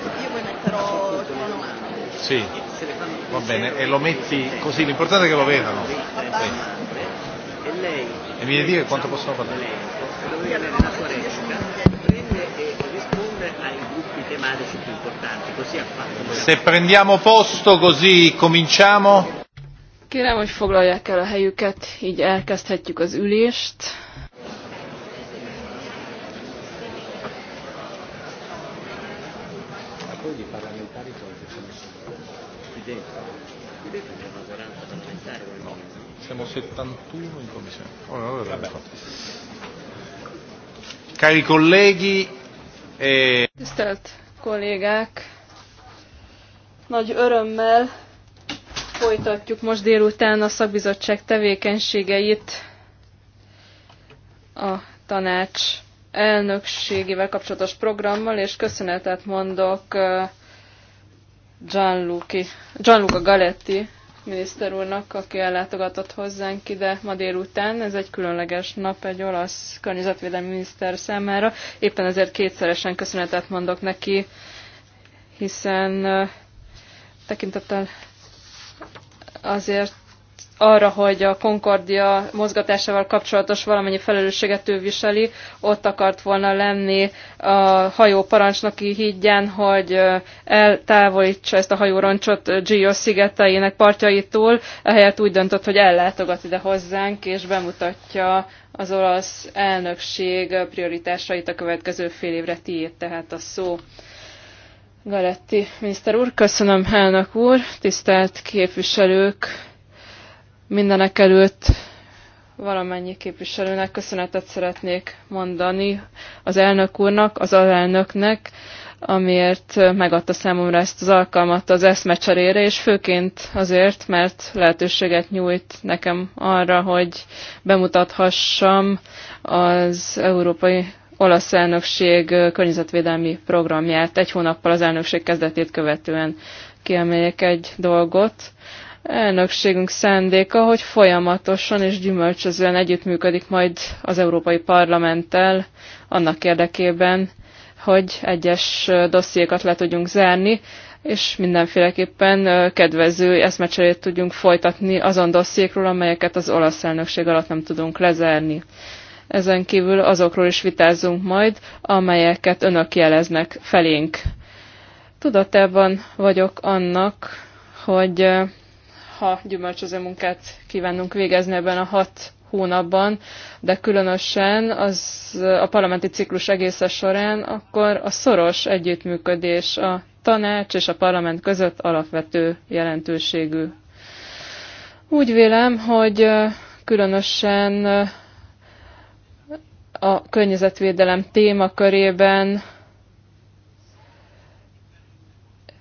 io poi metterò il Sì, va bene, e lo metti così, l'importante è che lo vedano. E lei e mi dire quanto possono parlare. Dovete prende e risponde ai gruppi tematici più importanti, così ha fatto. Se prendiamo posto così cominciamo. Kérem, hogy foglalják el a helyüket, így elkezdhetjük az ülést. No, siamo 71 in commissione. Oh, vabbè, vabbè. Cari colleghi, e... tisztelt kollégák, nagy örömmel folytatjuk most délután a szakbizottság tevékenységeit a tanács elnökségével kapcsolatos programmal, és köszönetet mondok uh, Gianluca, Gianluca Galetti miniszter úrnak, aki ellátogatott hozzánk ide ma délután. Ez egy különleges nap egy olasz környezetvédelmi miniszter számára. Éppen ezért kétszeresen köszönetet mondok neki, hiszen tekintettel azért arra, hogy a Concordia mozgatásával kapcsolatos valamennyi felelősséget ő viseli, ott akart volna lenni a hajó parancsnoki hídján, hogy eltávolítsa ezt a hajóroncsot Gio szigeteinek partjaitól, ehelyett úgy döntött, hogy ellátogat ide hozzánk, és bemutatja az olasz elnökség prioritásait a következő fél évre tiéd tehát a szó. Galetti miniszter úr, köszönöm elnök úr, tisztelt képviselők, Mindenek előtt valamennyi képviselőnek köszönetet szeretnék mondani az elnök úrnak, az alelnöknek, amiért megadta számomra ezt az alkalmat az eszmecserére, és főként azért, mert lehetőséget nyújt nekem arra, hogy bemutathassam az Európai Olasz Elnökség környezetvédelmi programját egy hónappal az elnökség kezdetét követően kiemeljek egy dolgot, elnökségünk szándéka, hogy folyamatosan és gyümölcsözően együttműködik majd az Európai Parlamenttel annak érdekében, hogy egyes dossziékat le tudjunk zárni, és mindenféleképpen kedvező eszmecserét tudjunk folytatni azon dossziékról, amelyeket az olasz elnökség alatt nem tudunk lezárni. Ezen kívül azokról is vitázzunk majd, amelyeket önök jeleznek felénk. Tudatában vagyok annak, hogy ha gyümölcsöző munkát kívánunk végezni ebben a hat hónapban, de különösen az a parlamenti ciklus egésze során, akkor a szoros együttműködés a tanács és a parlament között alapvető jelentőségű. Úgy vélem, hogy különösen a környezetvédelem témakörében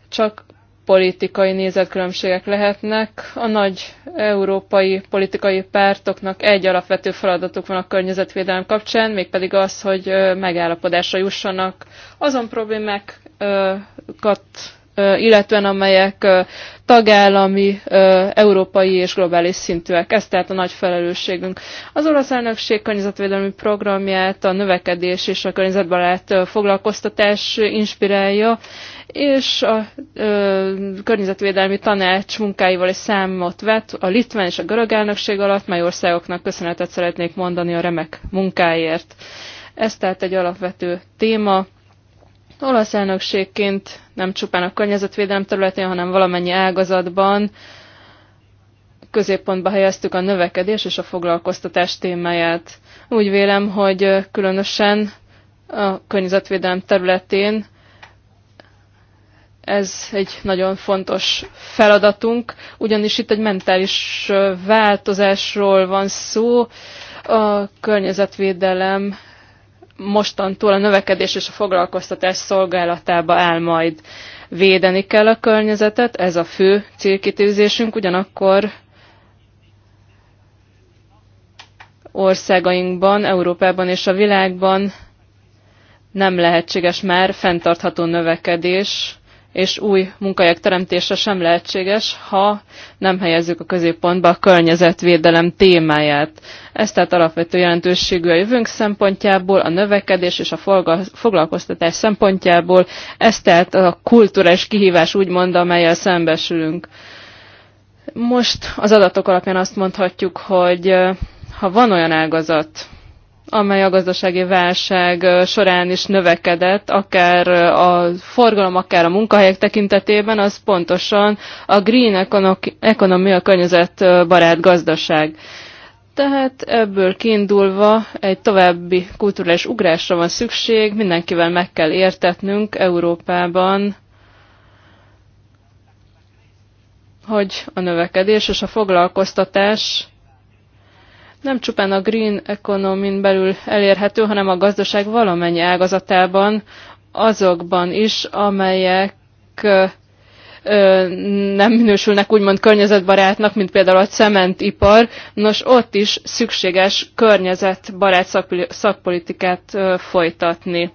csak politikai nézetkülönbségek lehetnek. A nagy európai politikai pártoknak egy alapvető feladatuk van a környezetvédelem kapcsán, mégpedig az, hogy megállapodásra jussanak azon problémákat illetően amelyek tagállami, európai és globális szintűek. Ez tehát a nagy felelősségünk. Az olasz elnökség környezetvédelmi programját a növekedés és a környezetbarát foglalkoztatás inspirálja, és a ö, környezetvédelmi tanács munkáival is számot vett a litván és a görög elnökség alatt, mely országoknak köszönetet szeretnék mondani a remek munkáért. Ez tehát egy alapvető téma olasz elnökségként nem csupán a környezetvédelem területén, hanem valamennyi ágazatban középpontba helyeztük a növekedés és a foglalkoztatás témáját. Úgy vélem, hogy különösen a környezetvédelem területén ez egy nagyon fontos feladatunk, ugyanis itt egy mentális változásról van szó. A környezetvédelem mostantól a növekedés és a foglalkoztatás szolgálatába áll majd. Védeni kell a környezetet, ez a fő célkitűzésünk, ugyanakkor országainkban, Európában és a világban nem lehetséges már fenntartható növekedés, és új munkahelyek teremtése sem lehetséges, ha nem helyezzük a középpontba a környezetvédelem témáját. Ez tehát alapvető jelentőségű a jövőnk szempontjából, a növekedés és a foglalkoztatás szempontjából, ez tehát a kulturális kihívás úgymond, amelyel szembesülünk. Most az adatok alapján azt mondhatjuk, hogy eh, ha van olyan ágazat, amely a gazdasági válság során is növekedett, akár a forgalom, akár a munkahelyek tekintetében, az pontosan a green economy, a környezetbarát gazdaság. Tehát ebből kiindulva egy további kulturális ugrásra van szükség, mindenkivel meg kell értetnünk Európában, hogy a növekedés és a foglalkoztatás nem csupán a green economy belül elérhető, hanem a gazdaság valamennyi ágazatában, azokban is, amelyek nem minősülnek úgymond környezetbarátnak, mint például a cementipar, nos ott is szükséges környezetbarát szakpolitikát folytatni.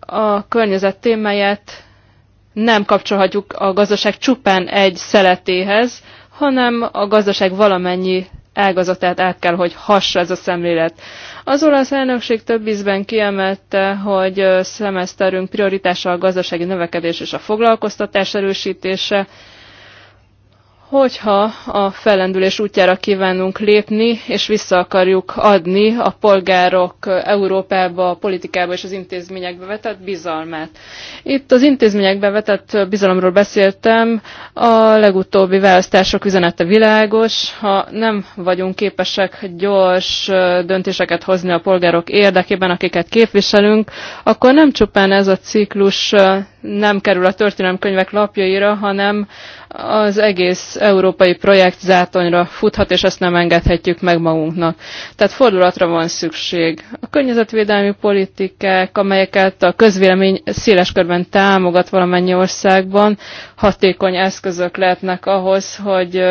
A környezet témáját nem kapcsolhatjuk a gazdaság csupán egy szeletéhez, hanem a gazdaság valamennyi ágazatát át kell, hogy hassa ez a szemlélet. Az olasz elnökség több ízben kiemelte, hogy szemeszterünk prioritása a gazdasági növekedés és a foglalkoztatás erősítése, hogyha a fellendülés útjára kívánunk lépni, és vissza akarjuk adni a polgárok Európába, a politikába és az intézményekbe vetett bizalmát. Itt az intézményekbe vetett bizalomról beszéltem, a legutóbbi választások üzenete világos, ha nem vagyunk képesek gyors döntéseket hozni a polgárok érdekében, akiket képviselünk, akkor nem csupán ez a ciklus nem kerül a történelemkönyvek lapjaira, hanem az egész európai projekt zátonyra futhat, és ezt nem engedhetjük meg magunknak. Tehát fordulatra van szükség. A környezetvédelmi politikák, amelyeket a közvélemény széles körben támogat valamennyi országban, hatékony eszközök lehetnek ahhoz, hogy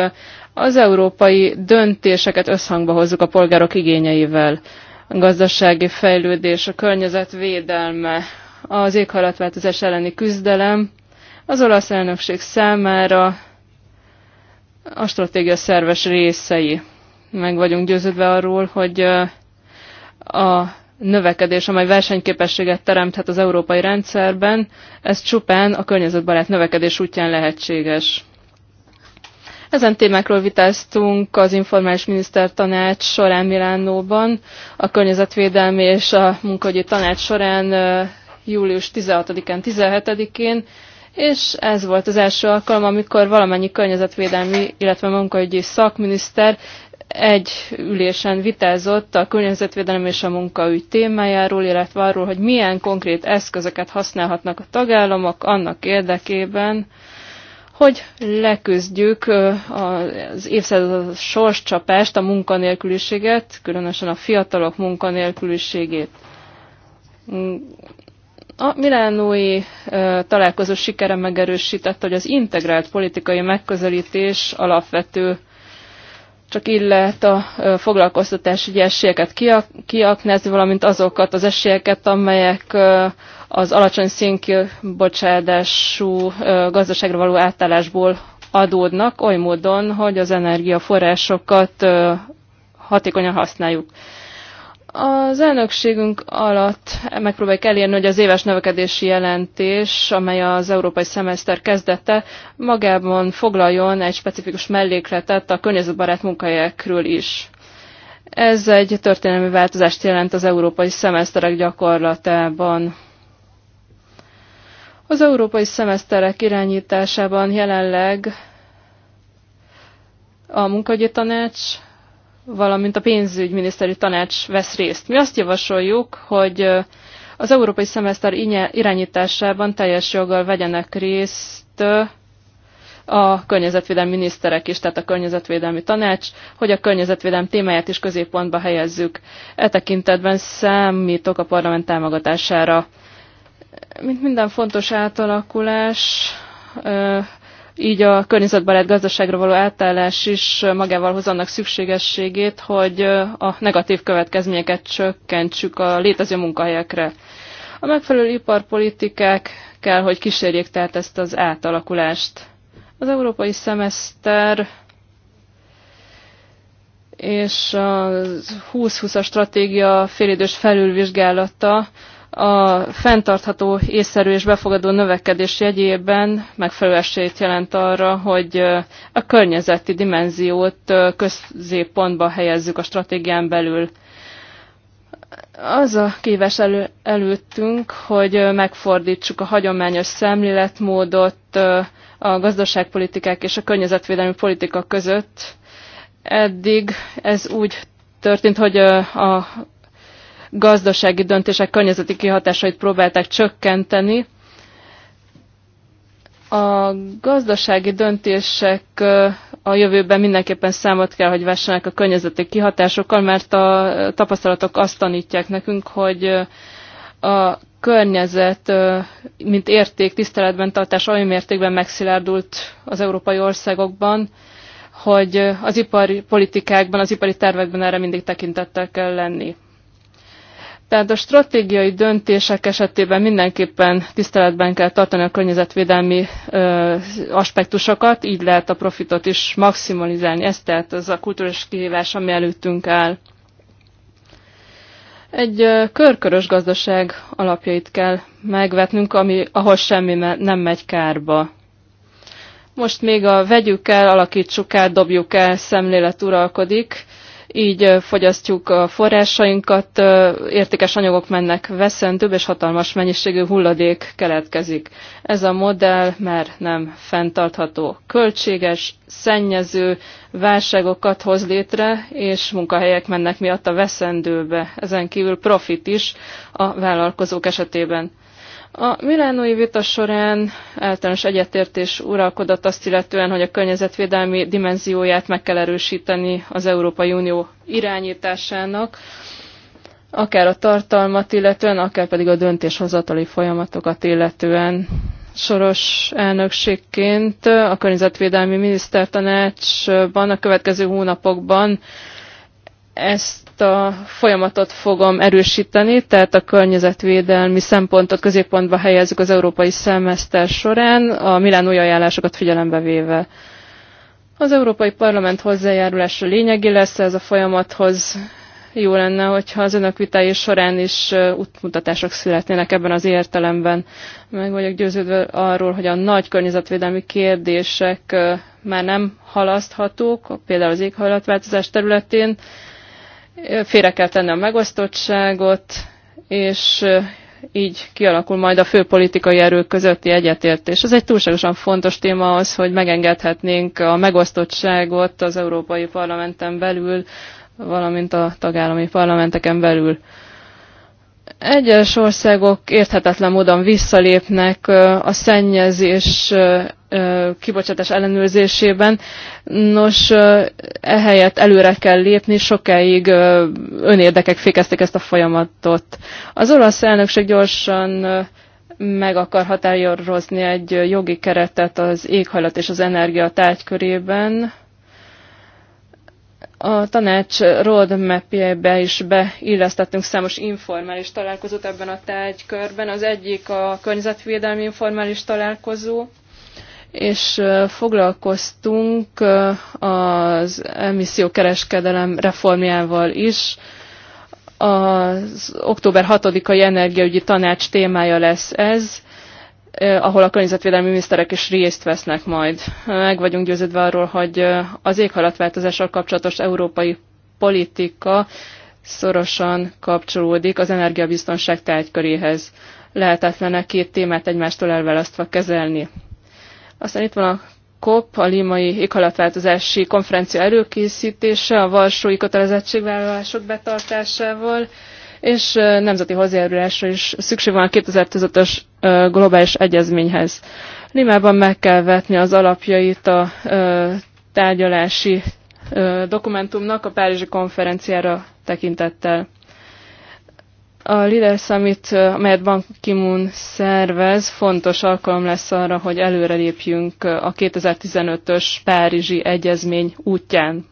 az európai döntéseket összhangba hozzuk a polgárok igényeivel. A gazdasági fejlődés, a környezetvédelme, az éghajlatváltozás elleni küzdelem az olasz elnökség számára a stratégia szerves részei. Meg vagyunk győződve arról, hogy a növekedés, amely versenyképességet teremthet az európai rendszerben, ez csupán a környezetbarát növekedés útján lehetséges. Ezen témákról vitáztunk az informális miniszter tanács során Milánóban, a környezetvédelmi és a munkahogyi tanács során július 16-án, 17-én, és ez volt az első alkalom, amikor valamennyi környezetvédelmi, illetve munkaügyi szakminiszter egy ülésen vitázott a környezetvédelem és a munkaügy témájáról, illetve arról, hogy milyen konkrét eszközöket használhatnak a tagállamok annak érdekében, hogy leküzdjük az évszázados sorscsapást, a munkanélküliséget, különösen a fiatalok munkanélküliségét. A milánói találkozó sikere megerősített, hogy az integrált politikai megközelítés alapvető csak így lehet a foglalkoztatási esélyeket kiaknázni, valamint azokat az esélyeket, amelyek az alacsony szénkibocsátású gazdaságra való átállásból adódnak, oly módon, hogy az energiaforrásokat hatékonyan használjuk. Az elnökségünk alatt megpróbáljuk elérni, hogy az éves növekedési jelentés, amely az európai szemeszter kezdete, magában foglaljon egy specifikus mellékletet a környezetbarát munkahelyekről is. Ez egy történelmi változást jelent az európai szemeszterek gyakorlatában. Az európai szemeszterek irányításában jelenleg a munkahogyi tanács, valamint a pénzügyminiszteri tanács vesz részt. Mi azt javasoljuk, hogy az európai szemeszter irányításában teljes joggal vegyenek részt a környezetvédelmi miniszterek is, tehát a környezetvédelmi tanács, hogy a környezetvédelem témáját is középpontba helyezzük. E tekintetben számítok a parlament támogatására. Mint minden fontos átalakulás, így a környezetbarát gazdaságra való átállás is magával hoz annak szükségességét, hogy a negatív következményeket csökkentsük a létező munkahelyekre. A megfelelő iparpolitikák kell, hogy kísérjék tehát ezt az átalakulást. Az európai szemeszter és a 2020-as stratégia félidős felülvizsgálata a fenntartható, észszerű és befogadó növekedés jegyében megfelelő esélyt jelent arra, hogy a környezeti dimenziót középpontba helyezzük a stratégián belül. Az a kíves elő, előttünk, hogy megfordítsuk a hagyományos szemléletmódot a gazdaságpolitikák és a környezetvédelmi politika között. Eddig ez úgy történt, hogy a gazdasági döntések környezeti kihatásait próbálták csökkenteni. A gazdasági döntések a jövőben mindenképpen számot kell, hogy vessenek a környezeti kihatásokkal, mert a tapasztalatok azt tanítják nekünk, hogy a környezet, mint érték, tiszteletben tartás olyan mértékben megszilárdult az európai országokban, hogy az ipari politikákban, az ipari tervekben erre mindig tekintettel kell lenni. Tehát a stratégiai döntések esetében mindenképpen tiszteletben kell tartani a környezetvédelmi ö, aspektusokat, így lehet a profitot is maximalizálni. Ez tehát az a kulturális kihívás, ami előttünk áll. Egy ö, körkörös gazdaság alapjait kell megvetnünk, ami, ahol semmi nem megy kárba. Most még a vegyük el, alakítsuk el, dobjuk el szemlélet uralkodik így fogyasztjuk a forrásainkat, értékes anyagok mennek veszendőbb, és hatalmas mennyiségű hulladék keletkezik. Ez a modell már nem fenntartható. Költséges, szennyező válságokat hoz létre, és munkahelyek mennek miatt a veszendőbe. Ezen kívül profit is a vállalkozók esetében. A milánói vita során általános egyetértés uralkodott azt illetően, hogy a környezetvédelmi dimenzióját meg kell erősíteni az Európai Unió irányításának, akár a tartalmat illetően, akár pedig a döntéshozatali folyamatokat illetően. Soros elnökségként a környezetvédelmi minisztertanácsban a következő hónapokban ezt a folyamatot fogom erősíteni, tehát a környezetvédelmi szempontot középpontba helyezzük az európai szemeszter során, a milánói ajánlásokat figyelembe véve. Az Európai Parlament hozzájárulása lényegi lesz ez a folyamathoz. Jó lenne, hogyha az önök vitái során is útmutatások születnének ebben az értelemben. Meg vagyok győződve arról, hogy a nagy környezetvédelmi kérdések már nem halaszthatók, például az éghajlatváltozás területén, Félre kell tenni a megosztottságot, és így kialakul majd a főpolitikai erők közötti egyetértés. Ez egy túlságosan fontos téma az, hogy megengedhetnénk a megosztottságot az Európai Parlamenten belül, valamint a tagállami parlamenteken belül. Egyes országok érthetetlen módon visszalépnek a szennyezés kibocsátás ellenőrzésében. Nos, ehelyett előre kell lépni, sokáig önérdekek fékezték ezt a folyamatot. Az olasz elnökség gyorsan meg akar határozni egy jogi keretet az éghajlat és az energia tárgykörében, a tanács roadmap-jébe is beillesztettünk számos informális találkozót ebben a tárgykörben. Az egyik a környezetvédelmi informális találkozó, és foglalkoztunk az emissziókereskedelem reformjával is. Az október 6-ai energiaügyi tanács témája lesz ez ahol a környezetvédelmi miniszterek is részt vesznek majd. Meg vagyunk győződve arról, hogy az éghajlatváltozással kapcsolatos európai politika szorosan kapcsolódik az energiabiztonság tárgyköréhez. Lehetetlen két témát egymástól elválasztva kezelni. Aztán itt van a COP, a Limai éghajlatváltozási konferencia előkészítése, a Varsói kötelezettségvállalások betartásával, és nemzeti hozzájárulásra is szükség van a 2015-ös globális egyezményhez. Limában meg kell vetni az alapjait a tárgyalási dokumentumnak a Párizsi konferenciára tekintettel. A Leader Summit, amelyet Ban Ki-moon szervez, fontos alkalom lesz arra, hogy előrelépjünk a 2015-ös Párizsi Egyezmény útján.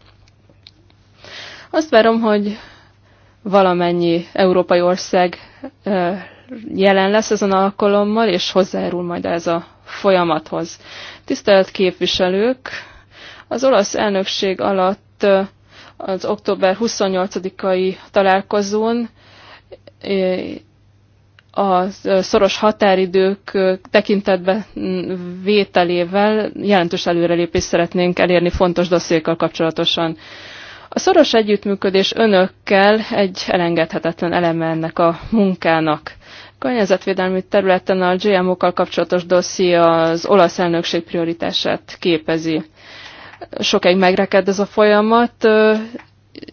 Azt várom, hogy valamennyi európai ország jelen lesz ezen alkalommal, és hozzájárul majd ez a folyamathoz. Tisztelt képviselők, az olasz elnökség alatt az október 28-ai találkozón a szoros határidők tekintetbe vételével jelentős előrelépést szeretnénk elérni fontos dossziékkal kapcsolatosan. A szoros együttműködés önökkel egy elengedhetetlen eleme ennek a munkának. Környezetvédelmi területen a GMO-kkal kapcsolatos dosszi az olasz elnökség prioritását képezi. egy megreked ez a folyamat.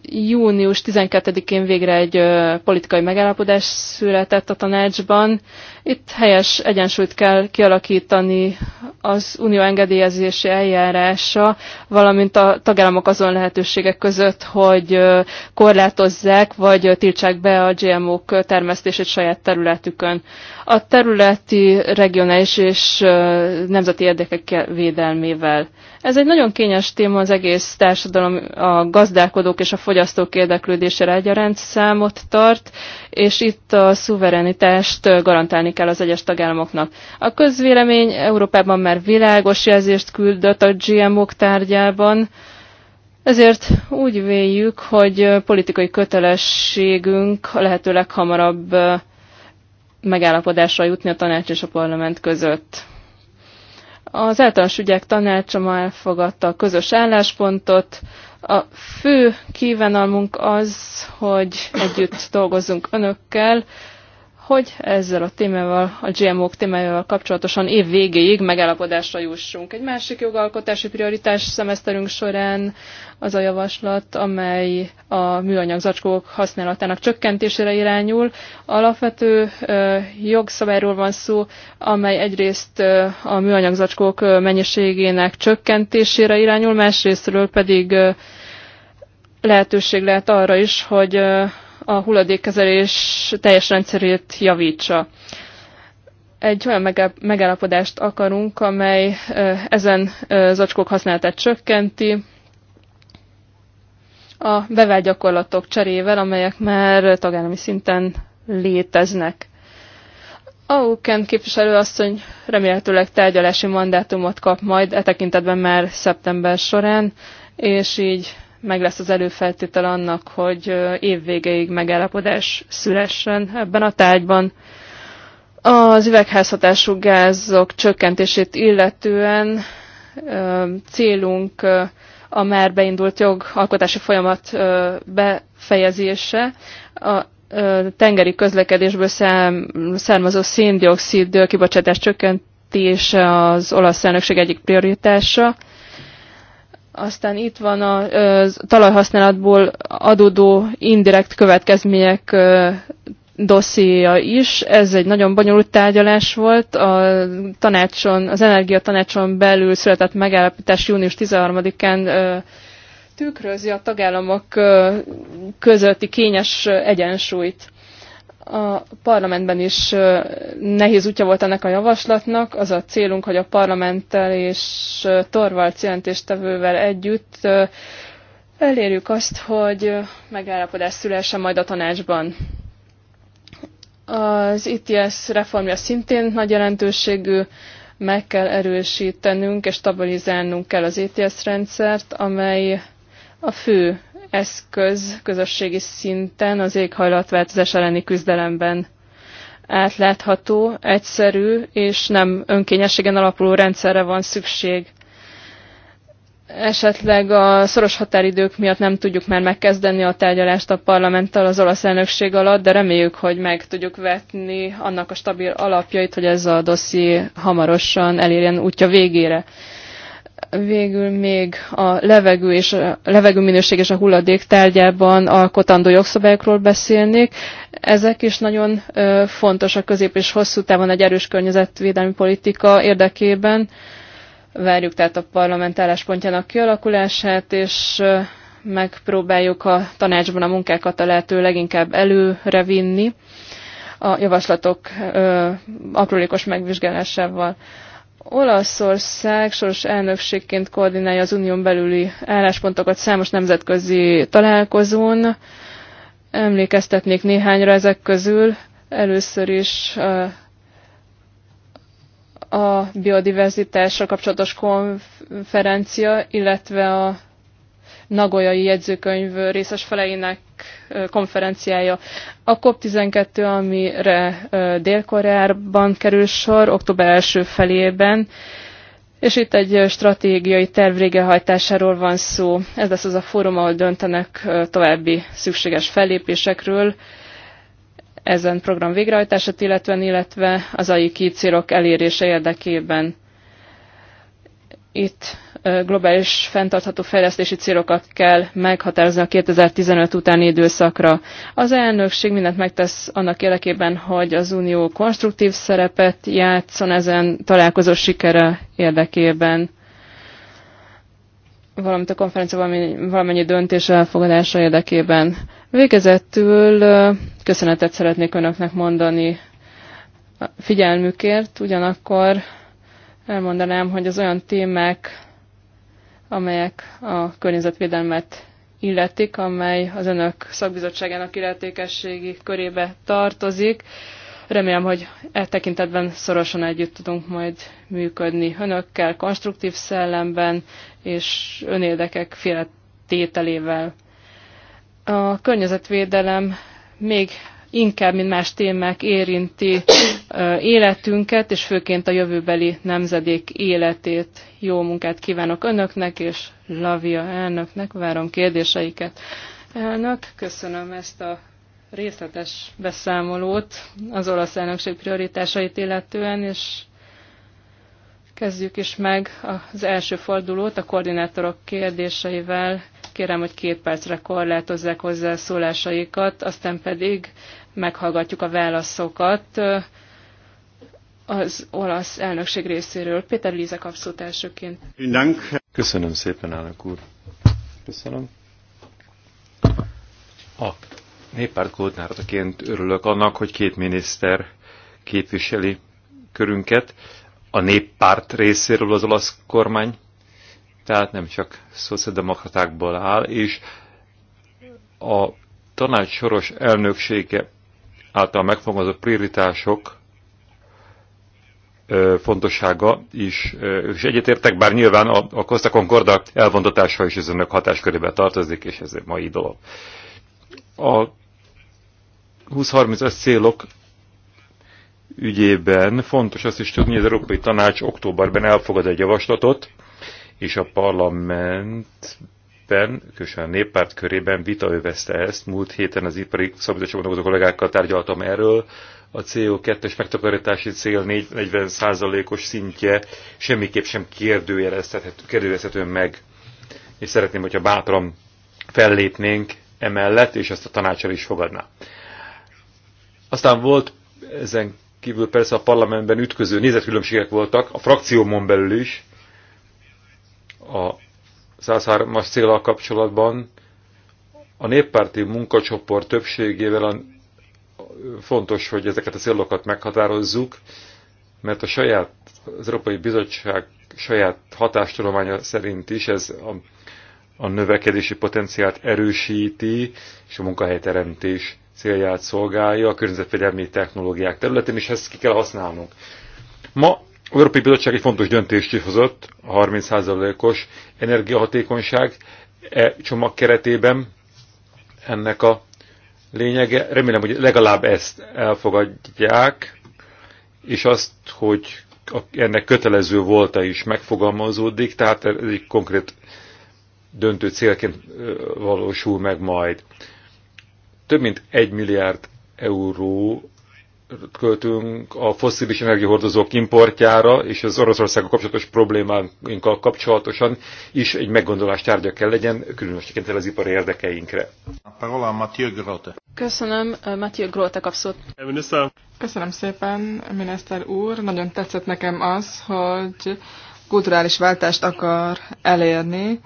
Június 12-én végre egy politikai megállapodás született a tanácsban, itt helyes egyensúlyt kell kialakítani az unió engedélyezési eljárása, valamint a tagállamok azon lehetőségek között, hogy korlátozzák vagy tiltsák be a GMO-k termesztését saját területükön. A területi, regionális és nemzeti érdekek védelmével. Ez egy nagyon kényes téma az egész társadalom, a gazdálkodók és a fogyasztók érdeklődésére egyaránt számot tart, és itt a szuverenitást garantálni kell az egyes tagállamoknak. A közvélemény Európában már világos jelzést küldött a GMO-k tárgyában, ezért úgy véljük, hogy politikai kötelességünk a lehető leghamarabb megállapodásra jutni a tanács és a parlament között. Az általános ügyek tanácsa ma elfogadta a közös álláspontot. A fő kívánalmunk az, hogy együtt dolgozzunk önökkel, hogy ezzel a témával, a GMO-k témájával kapcsolatosan év végéig megállapodásra jussunk. Egy másik jogalkotási prioritás szemeszterünk során az a javaslat, amely a műanyag zacskók használatának csökkentésére irányul. Alapvető jogszabályról van szó, amely egyrészt a műanyag zacskók mennyiségének csökkentésére irányul, másrésztről pedig lehetőség lehet arra is, hogy a hulladékkezelés teljes rendszerét javítsa. Egy olyan megállapodást akarunk, amely ezen zacskók használatát csökkenti, a bevált gyakorlatok cserével, amelyek már tagállami szinten léteznek. Auken képviselő asszony remélhetőleg tárgyalási mandátumot kap majd e tekintetben már szeptember során, és így meg lesz az előfeltétel annak, hogy évvégeig megállapodás szülessen ebben a tárgyban. Az üvegházhatású gázok csökkentését illetően célunk a már beindult jogalkotási folyamat befejezése. A tengeri közlekedésből származó széndiokszid kibocsátás csökkentése az olasz elnökség egyik prioritása. Aztán itt van a talajhasználatból adódó indirekt következmények dossziéja is. Ez egy nagyon bonyolult tárgyalás volt. A tanácson, az energia tanácson belül született megállapítás június 13-án tükrözi a tagállamok közötti kényes egyensúlyt a parlamentben is nehéz útja volt ennek a javaslatnak. Az a célunk, hogy a parlamenttel és Torvalc jelentéstevővel együtt elérjük azt, hogy megállapodás szülessen majd a tanácsban. Az ITS reformja szintén nagy jelentőségű, meg kell erősítenünk és stabilizálnunk kell az ETS rendszert, amely a fő eszköz közösségi szinten az éghajlatváltozás elleni küzdelemben átlátható, egyszerű és nem önkényességen alapuló rendszerre van szükség. Esetleg a szoros határidők miatt nem tudjuk már megkezdeni a tárgyalást a parlamenttal az olasz elnökség alatt, de reméljük, hogy meg tudjuk vetni annak a stabil alapjait, hogy ez a dosszi hamarosan elérjen útja végére végül még a levegő és a levegő minőség és a hulladék tárgyában alkotandó jogszabályokról beszélnék. Ezek is nagyon fontosak közép és hosszú távon egy erős környezetvédelmi politika érdekében. Várjuk tehát a parlament álláspontjának kialakulását, és megpróbáljuk a tanácsban a munkákat a lehető leginkább előre vinni a javaslatok aprólékos megvizsgálásával. Olaszország soros elnökségként koordinálja az unión belüli álláspontokat számos nemzetközi találkozón. Emlékeztetnék néhányra ezek közül. Először is eh, a biodiverzitásra kapcsolatos konferencia, illetve a Nagoyai jegyzőkönyv részes feleinek konferenciája. A COP12, amire Dél-Koreában kerül sor, október első felében, és itt egy stratégiai terv végrehajtásáról van szó. Ez lesz az a fórum, ahol döntenek további szükséges fellépésekről, ezen program végrehajtását illetően, illetve az AIKI célok elérése érdekében. Itt globális fenntartható fejlesztési célokat kell meghatározni a 2015 utáni időszakra. Az elnökség mindent megtesz annak érdekében, hogy az Unió konstruktív szerepet játszon ezen találkozó sikere érdekében valamint a konferencia valamennyi, döntés elfogadása érdekében. Végezetül köszönetet szeretnék Önöknek mondani figyelmükért, ugyanakkor elmondanám, hogy az olyan témák, amelyek a környezetvédelmet illetik, amely az önök szakbizottságának illetékességi körébe tartozik. Remélem, hogy e tekintetben szorosan együtt tudunk majd működni önökkel, konstruktív szellemben és önérdekek féle tételével. A környezetvédelem még inkább, mint más témák érinti életünket, és főként a jövőbeli nemzedék életét. Jó munkát kívánok önöknek, és Lavia elnöknek várom kérdéseiket. Elnök, köszönöm ezt a részletes beszámolót az olasz elnökség prioritásait illetően, és Kezdjük is meg az első fordulót a koordinátorok kérdéseivel. Kérem, hogy két percre korlátozzák hozzá szólásaikat, aztán pedig meghallgatjuk a válaszokat az olasz elnökség részéről. Péter Líze kapszót elsőként. Köszönöm szépen, elnök úr. Köszönöm. A néppárt koordinátoraként örülök annak, hogy két miniszter képviseli körünket a néppárt részéről az olasz kormány, tehát nem csak szociáldemokratákból áll, és a tanács soros elnöksége által megfogalmazott prioritások fontossága is, és egyetértek, bár nyilván a, a Costa Concorda elvontatása is az önök hatáskörébe tartozik, és ez egy mai dolog. A 20-35 célok ügyében fontos azt is tudni, hogy az Európai Tanács októberben elfogad egy javaslatot, és a parlamentben, különösen a néppárt körében vita övezte ezt. Múlt héten az ipari szabadságban dolgozó kollégákkal tárgyaltam erről. A CO2-es megtakarítási cél 40%-os szintje semmiképp sem kérdőjelezhető meg. És szeretném, hogyha bátran fellépnénk emellett, és ezt a tanácsal is fogadná. Aztán volt ezen kívül persze a parlamentben ütköző nézetkülönbségek voltak, a frakciómon belül is, a 103-as célral kapcsolatban a néppárti munkacsoport többségével a, fontos, hogy ezeket a célokat meghatározzuk, mert a saját, az Európai Bizottság saját hatástudománya szerint is ez a, a növekedési potenciált erősíti, és a munkahelyteremtés célját szolgálja a környezetvédelmi technológiák területén, és ezt ki kell használnunk. Ma a Európai Bizottság egy fontos döntést hozott, a 30%-os energiahatékonyság e csomag keretében ennek a lényege. Remélem, hogy legalább ezt elfogadják, és azt, hogy ennek kötelező volta is megfogalmazódik, tehát ez egy konkrét döntő célként valósul meg majd több mint egy milliárd euró költünk a fosszilis energiahordozók importjára, és az Oroszországgal kapcsolatos problémáinkkal kapcsolatosan is egy meggondolás tárgya kell legyen, különösen az ipari érdekeinkre. A parola Grote. Köszönöm, eh, Mathieu Grote kapszót. Eh, Köszönöm szépen, miniszter úr. Nagyon tetszett nekem az, hogy kulturális váltást akar elérni,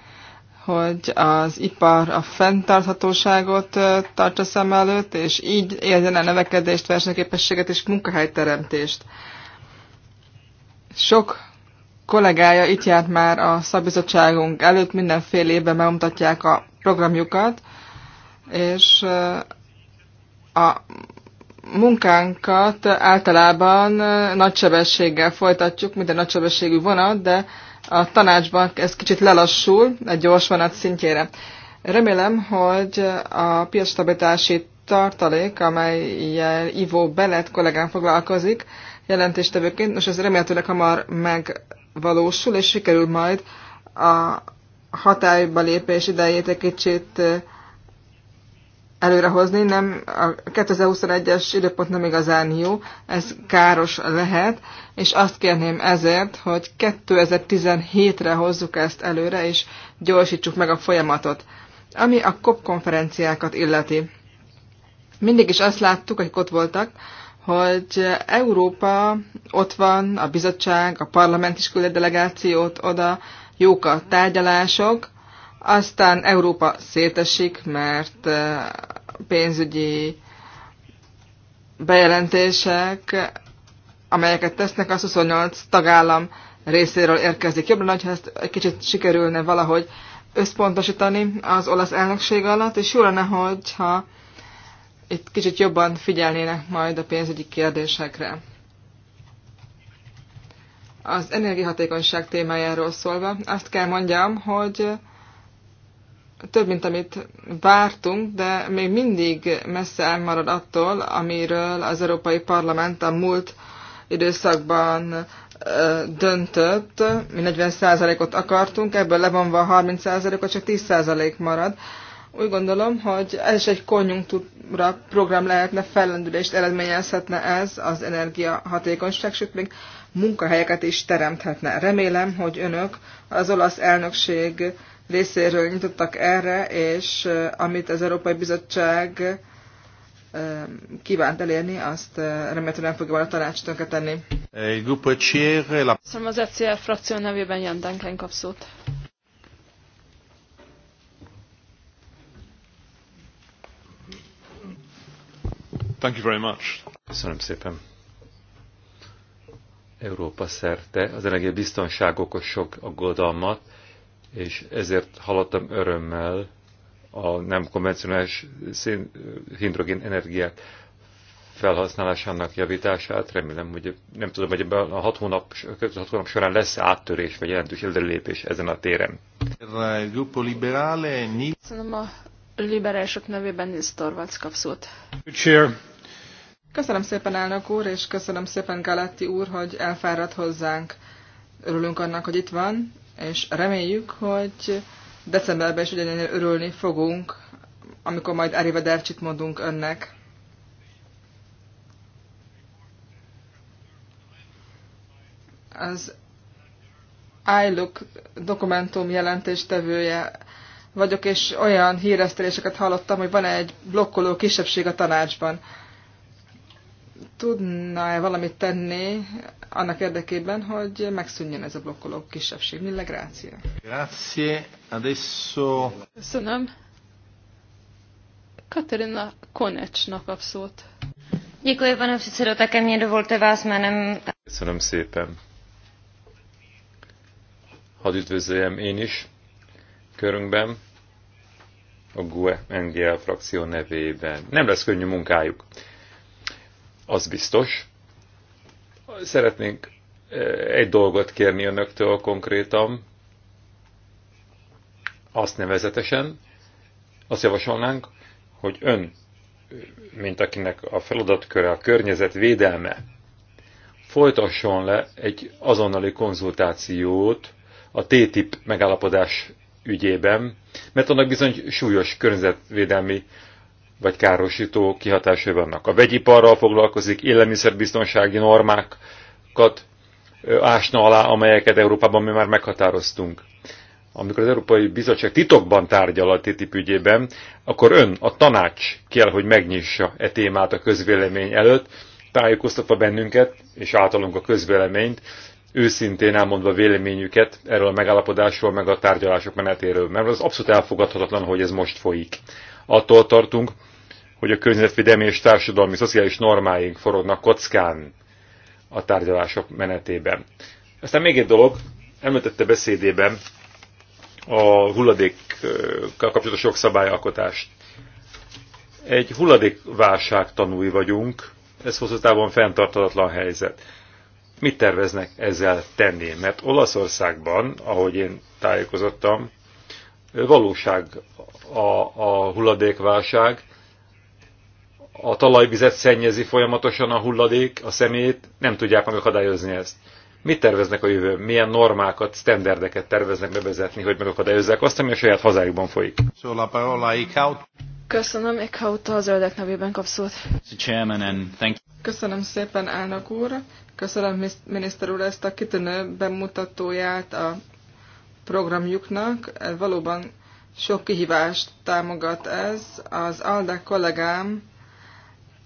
hogy az ipar a fenntarthatóságot tartsa szem előtt, és így érjen el növekedést, versenyképességet és munkahelyteremtést. Sok kollégája itt járt már a szabizottságunk előtt, minden fél évben bemutatják a programjukat, és a munkánkat általában nagysebességgel folytatjuk, minden nagysebességű vonat, de a tanácsban ez kicsit lelassul egy gyors vonat szintjére. Remélem, hogy a piacstabilitási tartalék, amelyel Ivo Belet kollégán foglalkozik jelentéstevőként, most ez remélhetőleg hamar megvalósul, és sikerül majd a hatályba lépés idejét egy kicsit előrehozni, nem, a 2021-es időpont nem igazán jó, ez káros lehet, és azt kérném ezért, hogy 2017-re hozzuk ezt előre, és gyorsítsuk meg a folyamatot. Ami a COP konferenciákat illeti. Mindig is azt láttuk, akik ott voltak, hogy Európa ott van, a bizottság, a parlament is küld delegációt oda, jók a tárgyalások, aztán Európa szétesik, mert eh, pénzügyi bejelentések, amelyeket tesznek, a 28 tagállam részéről érkezik. Jobban, hogyha ezt egy kicsit sikerülne valahogy összpontosítani az olasz elnökség alatt, és jó lenne, hogyha itt kicsit jobban figyelnének majd a pénzügyi kérdésekre. Az energiahatékonyság témájáról szólva azt kell mondjam, hogy több, mint amit vártunk, de még mindig messze elmarad attól, amiről az Európai Parlament a múlt időszakban döntött. Mi 40%-ot akartunk, ebből levonva 30%-ot, csak 10% marad. Úgy gondolom, hogy ez is egy konjunktúra program lehetne, fellendülést eredményezhetne ez az energia sőt még munkahelyeket is teremthetne. Remélem, hogy önök az olasz elnökség részéről nyitottak erre, és eh, amit az Európai Bizottság eh, kívánt elérni, azt eh, remélhetően fogja a tanács tönketenni. E e Köszönöm az ECR frakció nevében Jan Duncan kap szót. Thank you very much. Köszönöm szépen. Európa szerte az energia biztonság okoz sok aggodalmat, és ezért hallottam örömmel a nem konvencionális hidrogén energiák felhasználásának javítását. Remélem, hogy nem tudom, hogy ebben a hat hónap, a hat hónap során lesz áttörés, vagy jelentős előrelépés ezen a téren. Köszönöm a liberálisok nevében Nils Torvalds kap Köszönöm szépen, elnök úr, és köszönöm szépen, Galetti úr, hogy elfáradt hozzánk. Örülünk annak, hogy itt van, és reméljük, hogy decemberben is ugyanilyen örülni fogunk, amikor majd Arrivedercsit mondunk önnek. Az iLook dokumentum jelentéstevője vagyok, és olyan híresztéléseket hallottam, hogy van egy blokkoló kisebbség a tanácsban. Tudna e valamit tenni annak érdekében, hogy megszűnjön ez a blokkoló kisebbség? Mille grácia. Grazie. Adesso... Köszönöm. Katerina Konecsnak kap szót. Děkuji, pane předsedo, také mě dovolte vás jménem. Köszönöm szépen. Hadd üdvözöljem én is körünkben a GUE NGL frakció nevében. Nem lesz könnyű munkájuk az biztos. Szeretnénk eh, egy dolgot kérni önöktől konkrétan, azt nevezetesen, azt javasolnánk, hogy ön, mint akinek a feladatköre a környezet védelme, folytasson le egy azonnali konzultációt a TTIP megállapodás ügyében, mert annak bizony súlyos környezetvédelmi vagy károsító kihatásai vannak. A vegyiparral foglalkozik, élelmiszerbiztonsági normákat ásna alá, amelyeket Európában mi már meghatároztunk. Amikor az Európai Bizottság titokban tárgyal a TTIP ügyében, akkor ön, a tanács kell, hogy megnyissa e témát a közvélemény előtt, tájékoztatva bennünket, és általunk a közvéleményt, őszintén elmondva véleményüket erről a megállapodásról, meg a tárgyalások menetéről, mert az abszolút elfogadhatatlan, hogy ez most folyik. Attól tartunk, hogy a környezetvédelmi és társadalmi szociális normáink forognak kockán a tárgyalások menetében. Aztán még egy dolog, említette beszédében a hulladékkal kapcsolatos jogszabályalkotást. Egy hulladékválság tanúi vagyunk, ez hosszú távon fenntartatlan helyzet. Mit terveznek ezzel tenni? Mert Olaszországban, ahogy én tájékozottam, valóság a, a hulladékválság, a talajvizet szennyezi folyamatosan a hulladék, a szemét, nem tudják megakadályozni ezt. Mit terveznek a jövő? Milyen normákat, sztenderdeket terveznek bevezetni, hogy megakadályozzák azt, ami a saját hazájukban folyik? Köszönöm, Eckhout a zöldek nevében kap szót. Köszönöm szépen, elnök úr. Köszönöm, miniszter úr, ezt a kitűnő bemutatóját a programjuknak. Valóban sok kihívást támogat ez. Az Alda kollégám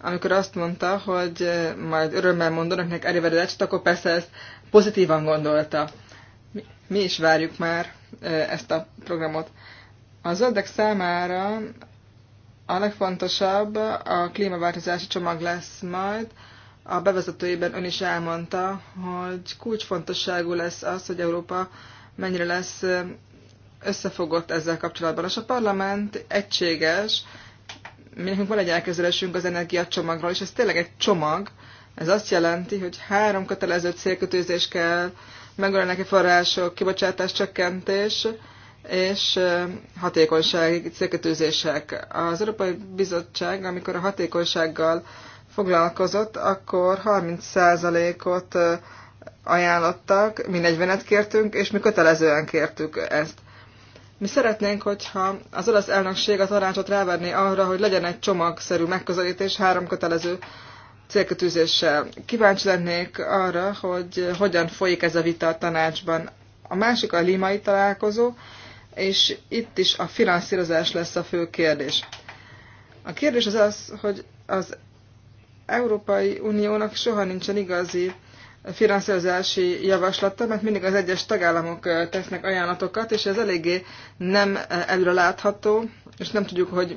amikor azt mondta, hogy eh, majd örömmel mondanak nek Eriveridácsot, akkor persze ezt pozitívan gondolta. Mi, mi is várjuk már eh, ezt a programot. A zöldek számára a legfontosabb a klímaváltozási csomag lesz majd. A bevezetőjében ön is elmondta, hogy kulcsfontosságú lesz az, hogy Európa mennyire lesz eh, összefogott ezzel kapcsolatban. És a parlament egységes, mi nekünk van egy elképzelésünk az energiacsomagról, és ez tényleg egy csomag. Ez azt jelenti, hogy három kötelező célkötőzés kell, a források, kibocsátás csökkentés, és hatékonysági célkötőzések. Az Európai Bizottság, amikor a hatékonysággal foglalkozott, akkor 30%-ot ajánlottak, mi 40-et kértünk, és mi kötelezően kértük ezt. Mi szeretnénk, hogyha az olasz elnökség a tanácsot rávenné arra, hogy legyen egy csomagszerű megközelítés három kötelező célkötűzéssel. Kíváncsi lennék arra, hogy hogyan folyik ez a vita a tanácsban. A másik a limai találkozó, és itt is a finanszírozás lesz a fő kérdés. A kérdés az az, hogy az Európai Uniónak soha nincsen igazi finanszírozási javaslata, mert mindig az egyes tagállamok tesznek ajánlatokat, és ez eléggé nem előre látható, és nem tudjuk, hogy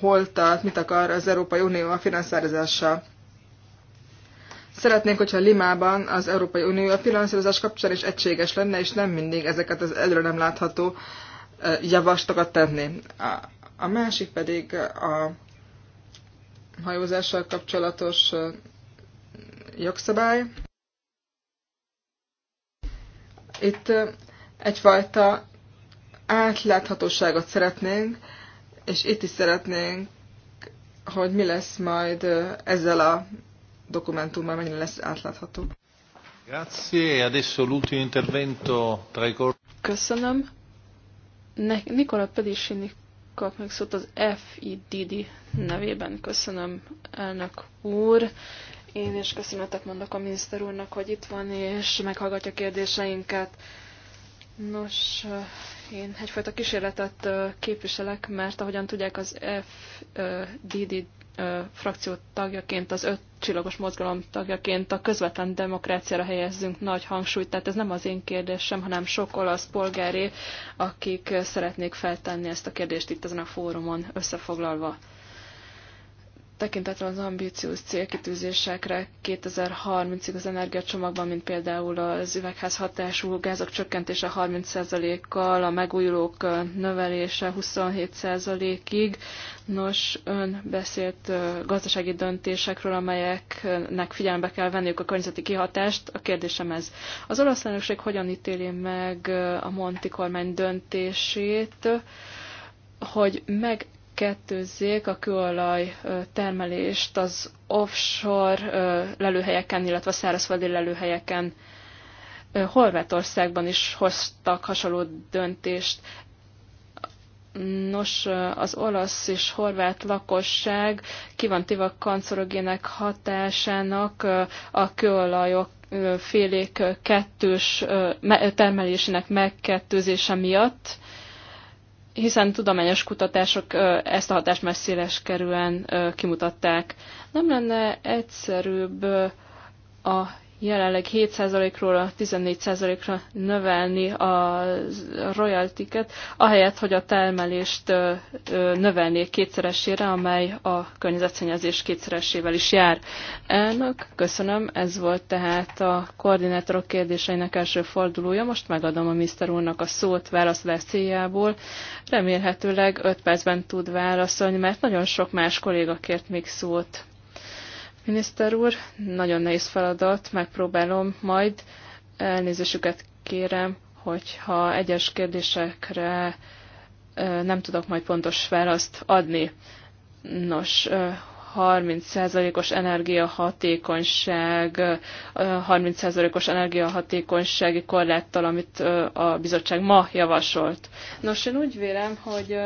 hol tart, mit akar az Európai Unió a finanszírozással. Szeretnénk, hogyha Limában az Európai Unió a finanszírozás kapcsán is egységes lenne, és nem mindig ezeket az előre nem látható javaslatokat tenni. A másik pedig a hajózással kapcsolatos jogszabály. Itt egyfajta átláthatóságot szeretnénk, és itt is szeretnénk, hogy mi lesz majd ezzel a dokumentummal, mennyire lesz átlátható. E Köszönöm. Nikola Pedicini kap meg szót az FIDD nevében. Köszönöm, elnök úr. Én is köszönetet mondok a miniszter úrnak, hogy itt van, és meghallgatja kérdéseinket. Nos, eh, én egyfajta kísérletet eh, képviselek, mert ahogyan tudják, az FDD eh, frakció tagjaként, az öt csillagos mozgalom tagjaként a közvetlen demokráciára helyezzünk nagy hangsúlyt, tehát ez nem az én kérdésem, hanem sok olasz polgári, akik szeretnék feltenni ezt a kérdést itt ezen a fórumon összefoglalva tekintetre az ambíciós célkitűzésekre 2030-ig az energiacsomagban, mint például az üvegházhatású gázok csökkentése 30%-kal, a megújulók növelése 27%-ig. Nos, ön beszélt gazdasági döntésekről, amelyeknek figyelembe kell venniük a környezeti kihatást. A kérdésem ez. Az olasz elnökség hogyan ítéli meg a Monti kormány döntését, hogy meg kettőzzék a kőolaj termelést az offshore lelőhelyeken, illetve a szárazföldi lelőhelyeken. Horvátországban is hoztak hasonló döntést. Nos, az olasz és horvát lakosság ki van a kancerogének hatásának a kőolajok félék kettős termelésének megkettőzése miatt hiszen tudományos kutatások ezt a hatást már széles kerülően kimutatták. Nem lenne egyszerűbb a jelenleg 7%-ról a 14%-ra növelni a royaltiket, ahelyett, hogy a termelést növelnék kétszeresére, amely a környezetszennyezés kétszeresével is jár. Elnök, köszönöm, ez volt tehát a koordinátorok kérdéseinek első fordulója. Most megadom a miniszter úrnak a szót válaszolás céljából. Remélhetőleg 5 percben tud válaszolni, mert nagyon sok más kolléga kért még szót. Miniszter úr, nagyon nehéz feladat, megpróbálom majd. Elnézésüket kérem, hogyha egyes kérdésekre nem tudok majd pontos választ adni. Nos, 30%-os energiahatékonyság, 30%-os energiahatékonysági korláttal, amit a bizottság ma javasolt. Nos, én úgy vélem, hogy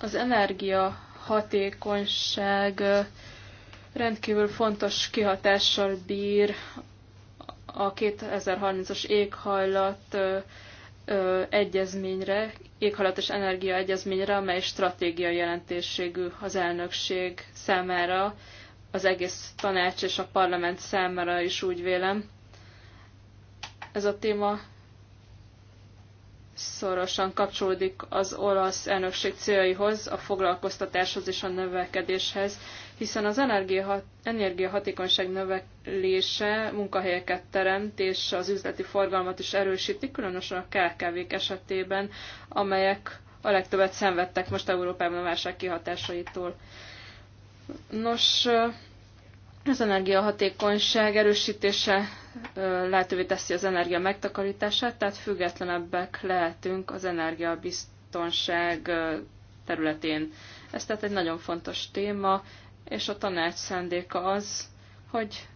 az energiahatékonyság hatékonyság rendkívül fontos kihatással bír a 2030-as éghajlat egyezményre, éghajlat és energia egyezményre, amely stratégiai jelentőségű az elnökség számára, az egész tanács és a parlament számára is úgy vélem. Ez a téma szorosan kapcsolódik az olasz elnökség céljaihoz, a foglalkoztatáshoz és a növekedéshez, hiszen az energiahatékonyság növelése munkahelyeket teremt, és az üzleti forgalmat is erősíti, különösen a kkv esetében, amelyek a legtöbbet szenvedtek most Európában a válság kihatásaitól. Nos, az energiahatékonyság erősítése lehetővé teszi az energia megtakarítását, tehát függetlenebbek lehetünk az energiabiztonság területén. Ez tehát egy nagyon fontos téma, és a tanács szándéka az, hogy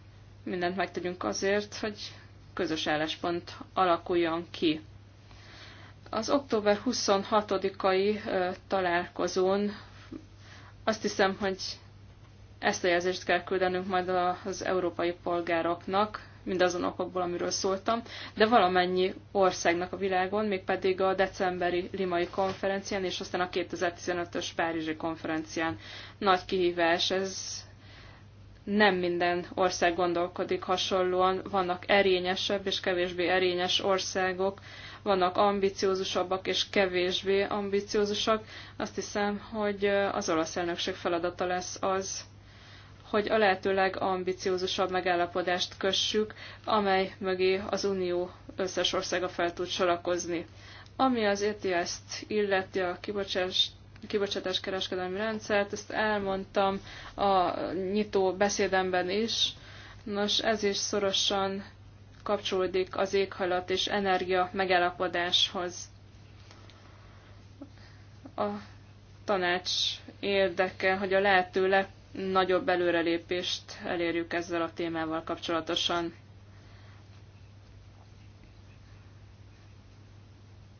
mindent megtegyünk azért, hogy közös álláspont alakuljon ki. Az október 26-ai találkozón azt hiszem, hogy ezt a jelzést kell küldenünk majd az európai polgároknak, mindazon okokból, amiről szóltam, de valamennyi országnak a világon, mégpedig a decemberi limai konferencián és aztán a 2015-ös párizsi konferencián. Nagy kihívás, ez nem minden ország gondolkodik hasonlóan, vannak erényesebb és kevésbé erényes országok, vannak ambiciózusabbak és kevésbé ambiciózusak. Azt hiszem, hogy az olasz elnökség feladata lesz az, hogy a lehető legambiciózusabb megállapodást kössük, amely mögé az Unió összes országa fel tud sorakozni. Ami az ETS-t illeti a kibocsátás kibocsátás kereskedelmi rendszert, ezt elmondtam a nyitó beszédemben is. Nos, ez is szorosan kapcsolódik az éghajlat és energia megállapodáshoz. A tanács érdeke, hogy a lehető nagyobb előrelépést elérjük ezzel a témával kapcsolatosan.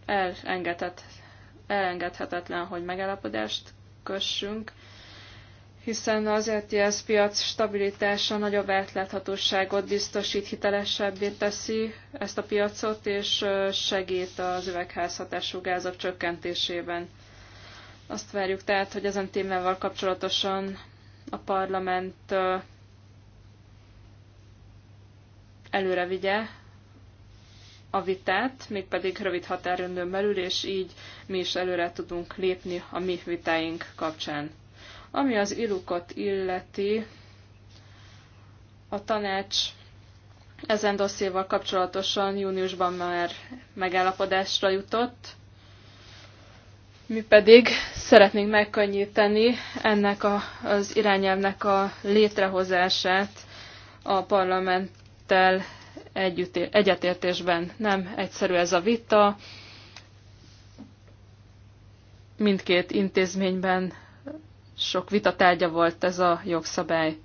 Elengedhet, elengedhetetlen, hogy megállapodást kössünk, hiszen az ETS piac stabilitása nagyobb átláthatóságot biztosít, hitelesebbé teszi ezt a piacot, és segít az üvegházhatású gázok csökkentésében. Azt várjuk tehát, hogy ezen témával kapcsolatosan a parlament előre vigye a vitát, mégpedig rövid határidőn belül, és így mi is előre tudunk lépni a mi vitáink kapcsán. Ami az ilukot illeti, a tanács ezen dosszéval kapcsolatosan júniusban már megállapodásra jutott, mi pedig szeretnénk megkönnyíteni ennek a, az irányelvnek a létrehozását a parlamenttel együtt, egyetértésben. Nem egyszerű ez a vita. Mindkét intézményben sok vita tárgya volt ez a jogszabály.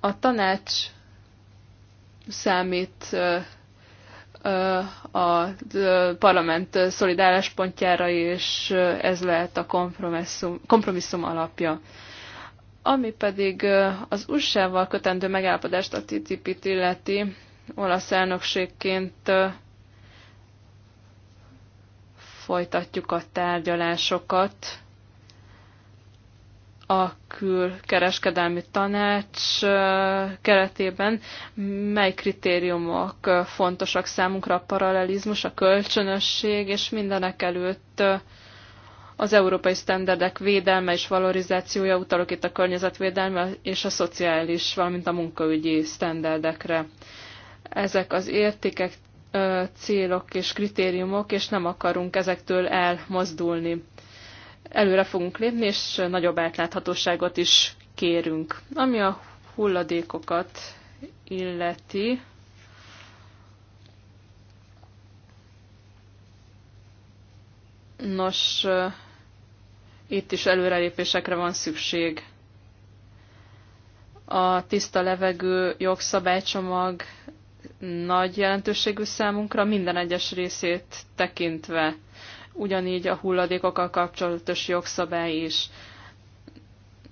A tanács számít a parlament szolid álláspontjára, és ez lehet a kompromisszum, kompromisszum alapja. Ami pedig az USA-val kötendő megállapodást a TTIP-t illeti, olasz elnökségként folytatjuk a tárgyalásokat a külkereskedelmi tanács keretében mely kritériumok fontosak számunkra, a paralelizmus, a kölcsönösség, és mindenek előtt az európai sztenderdek védelme és valorizációja, utalok itt a környezetvédelme és a szociális, valamint a munkaügyi sztenderdekre. Ezek az értékek, célok és kritériumok, és nem akarunk ezektől elmozdulni előre fogunk lépni, és nagyobb átláthatóságot is kérünk. Ami a hulladékokat illeti, Nos, itt is előrelépésekre van szükség. A tiszta levegő jogszabálycsomag nagy jelentőségű számunkra minden egyes részét tekintve ugyanígy a hulladékokkal kapcsolatos jogszabály is.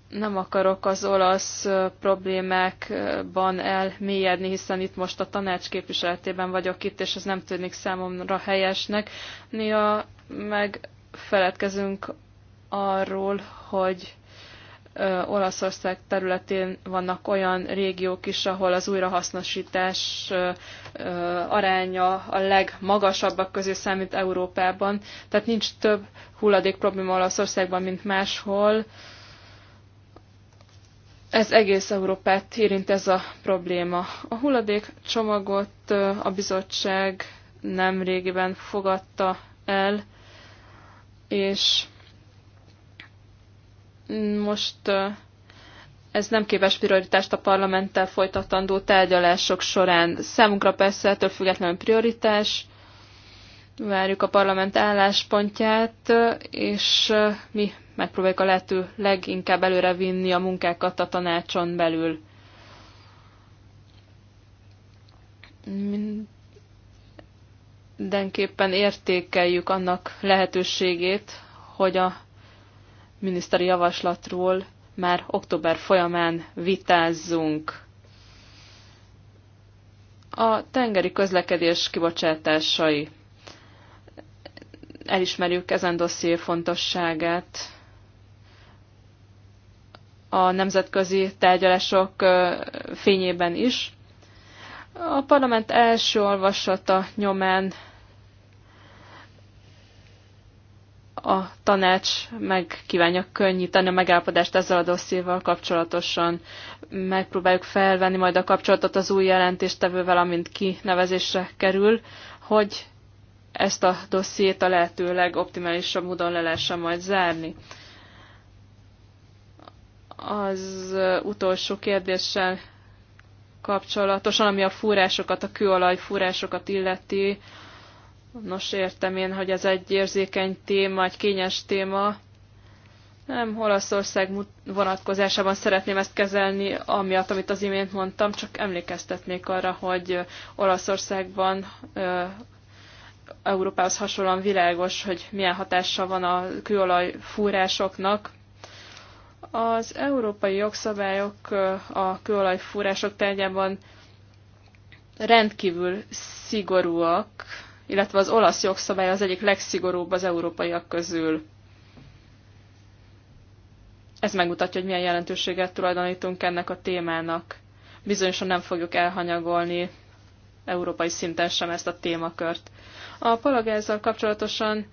Nem akarok az olasz problémákban elmélyedni, hiszen itt most a tanács képviseletében vagyok itt, és ez nem tűnik számomra helyesnek. Néha meg feledkezünk arról, hogy Olaszország területén vannak olyan régiók is, ahol az újrahasznosítás aránya a legmagasabbak közé számít Európában. Tehát nincs több hulladék probléma Olaszországban, mint máshol. Ez egész Európát érint ez a probléma. A hulladék csomagot a bizottság nem régiben fogadta el, és most ez nem képes prioritást a parlamenttel folytatandó tárgyalások során. Számunkra persze ettől függetlenül prioritás, várjuk a parlament álláspontját, és mi megpróbáljuk a lehető leginkább előrevinni a munkákat a tanácson belül. Mindenképpen értékeljük annak lehetőségét, hogy a miniszteri javaslatról már október folyamán vitázzunk. A tengeri közlekedés kibocsátásai. Elismerjük ezen dosszié fontosságát. A nemzetközi tárgyalások fényében is. A parlament első olvasata nyomán a tanács meg kívánja könnyíteni a megállapodást ezzel a dosszéval kapcsolatosan. Megpróbáljuk felvenni majd a kapcsolatot az új jelentéstevővel, amint kinevezésre kerül, hogy ezt a dossziét a lehető legoptimálisabb módon le lehessen majd zárni. Az utolsó kérdéssel kapcsolatosan, ami a fúrásokat, a kőolaj fúrásokat illeti, Nos, értem én, hogy ez egy érzékeny téma, egy kényes téma. Nem Olaszország vonatkozásában szeretném ezt kezelni, amiatt, amit az imént mondtam, csak emlékeztetnék arra, hogy Olaszországban Európához hasonlóan világos, hogy milyen hatása van a kőolaj fúrásoknak. Az európai jogszabályok a kőolaj fúrások tárgyában rendkívül szigorúak, illetve az olasz jogszabály az egyik legszigorúbb az európaiak közül. Ez megmutatja, hogy milyen jelentőséget tulajdonítunk ennek a témának. Bizonyosan nem fogjuk elhanyagolni európai szinten sem ezt a témakört. A palagázzal kapcsolatosan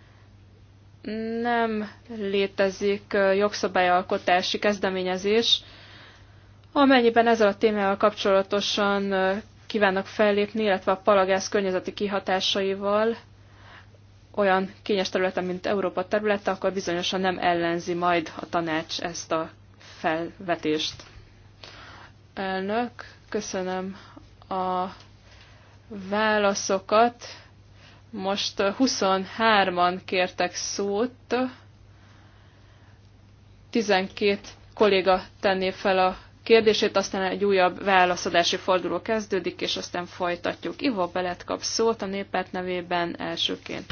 nem létezik jogszabályalkotási kezdeményezés, amennyiben ezzel a témával kapcsolatosan kívánnak fellépni, illetve a palagáz környezeti kihatásaival olyan kényes területen, mint Európa területe, akkor bizonyosan nem ellenzi majd a tanács ezt a felvetést. Elnök, köszönöm a válaszokat. Most 23-an kértek szót, 12 kolléga tenné fel a kérdését, aztán egy újabb válaszadási forduló kezdődik, és aztán folytatjuk. Ivo Belet kap szót a népet nevében elsőként.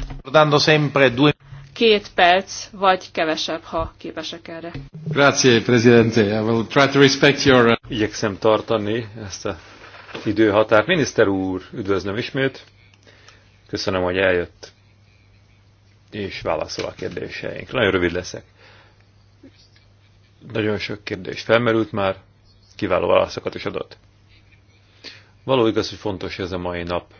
Két perc, vagy kevesebb, ha képesek erre. Grazie, Presidente. I will try to respect your... Uh, Igyekszem tartani ezt a időhatárt. Miniszter úr, üdvözlöm ismét. Köszönöm, hogy eljött és válaszol a kérdéseink. Nagyon rövid leszek. Nagyon sok kérdés felmerült már kiváló válaszokat is adott. Való igaz, hogy fontos ez a mai nap,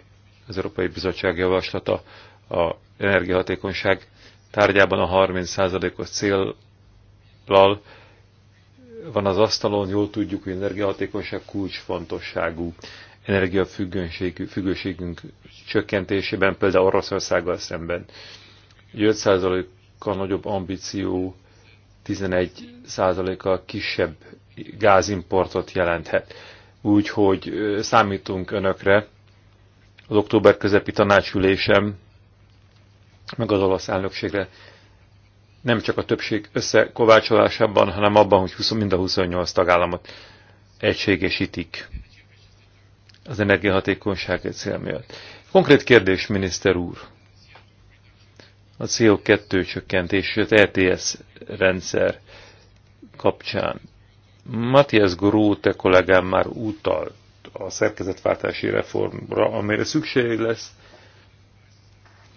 az Európai Bizottság javaslata a energiahatékonyság tárgyában a 30%-os célral van az asztalon, jól tudjuk, hogy energiahatékonyság kulcsfontosságú energiafüggőségünk csökkentésében, például Oroszországgal szemben. 5%-kal nagyobb ambíció, 11%-kal kisebb gázimportot jelenthet. Úgyhogy számítunk önökre az október közepi tanácsülésem, meg az olasz elnökségre nem csak a többség összekovácsolásában, hanem abban, hogy 20, mind a 28 tagállamot egységesítik az energiahatékonyság cél miatt. Konkrét kérdés, miniszter úr. A CO2 csökkentés, az ETS rendszer kapcsán Matthias Gróte kollégám már utalt a szerkezetváltási reformra, amire szükség lesz.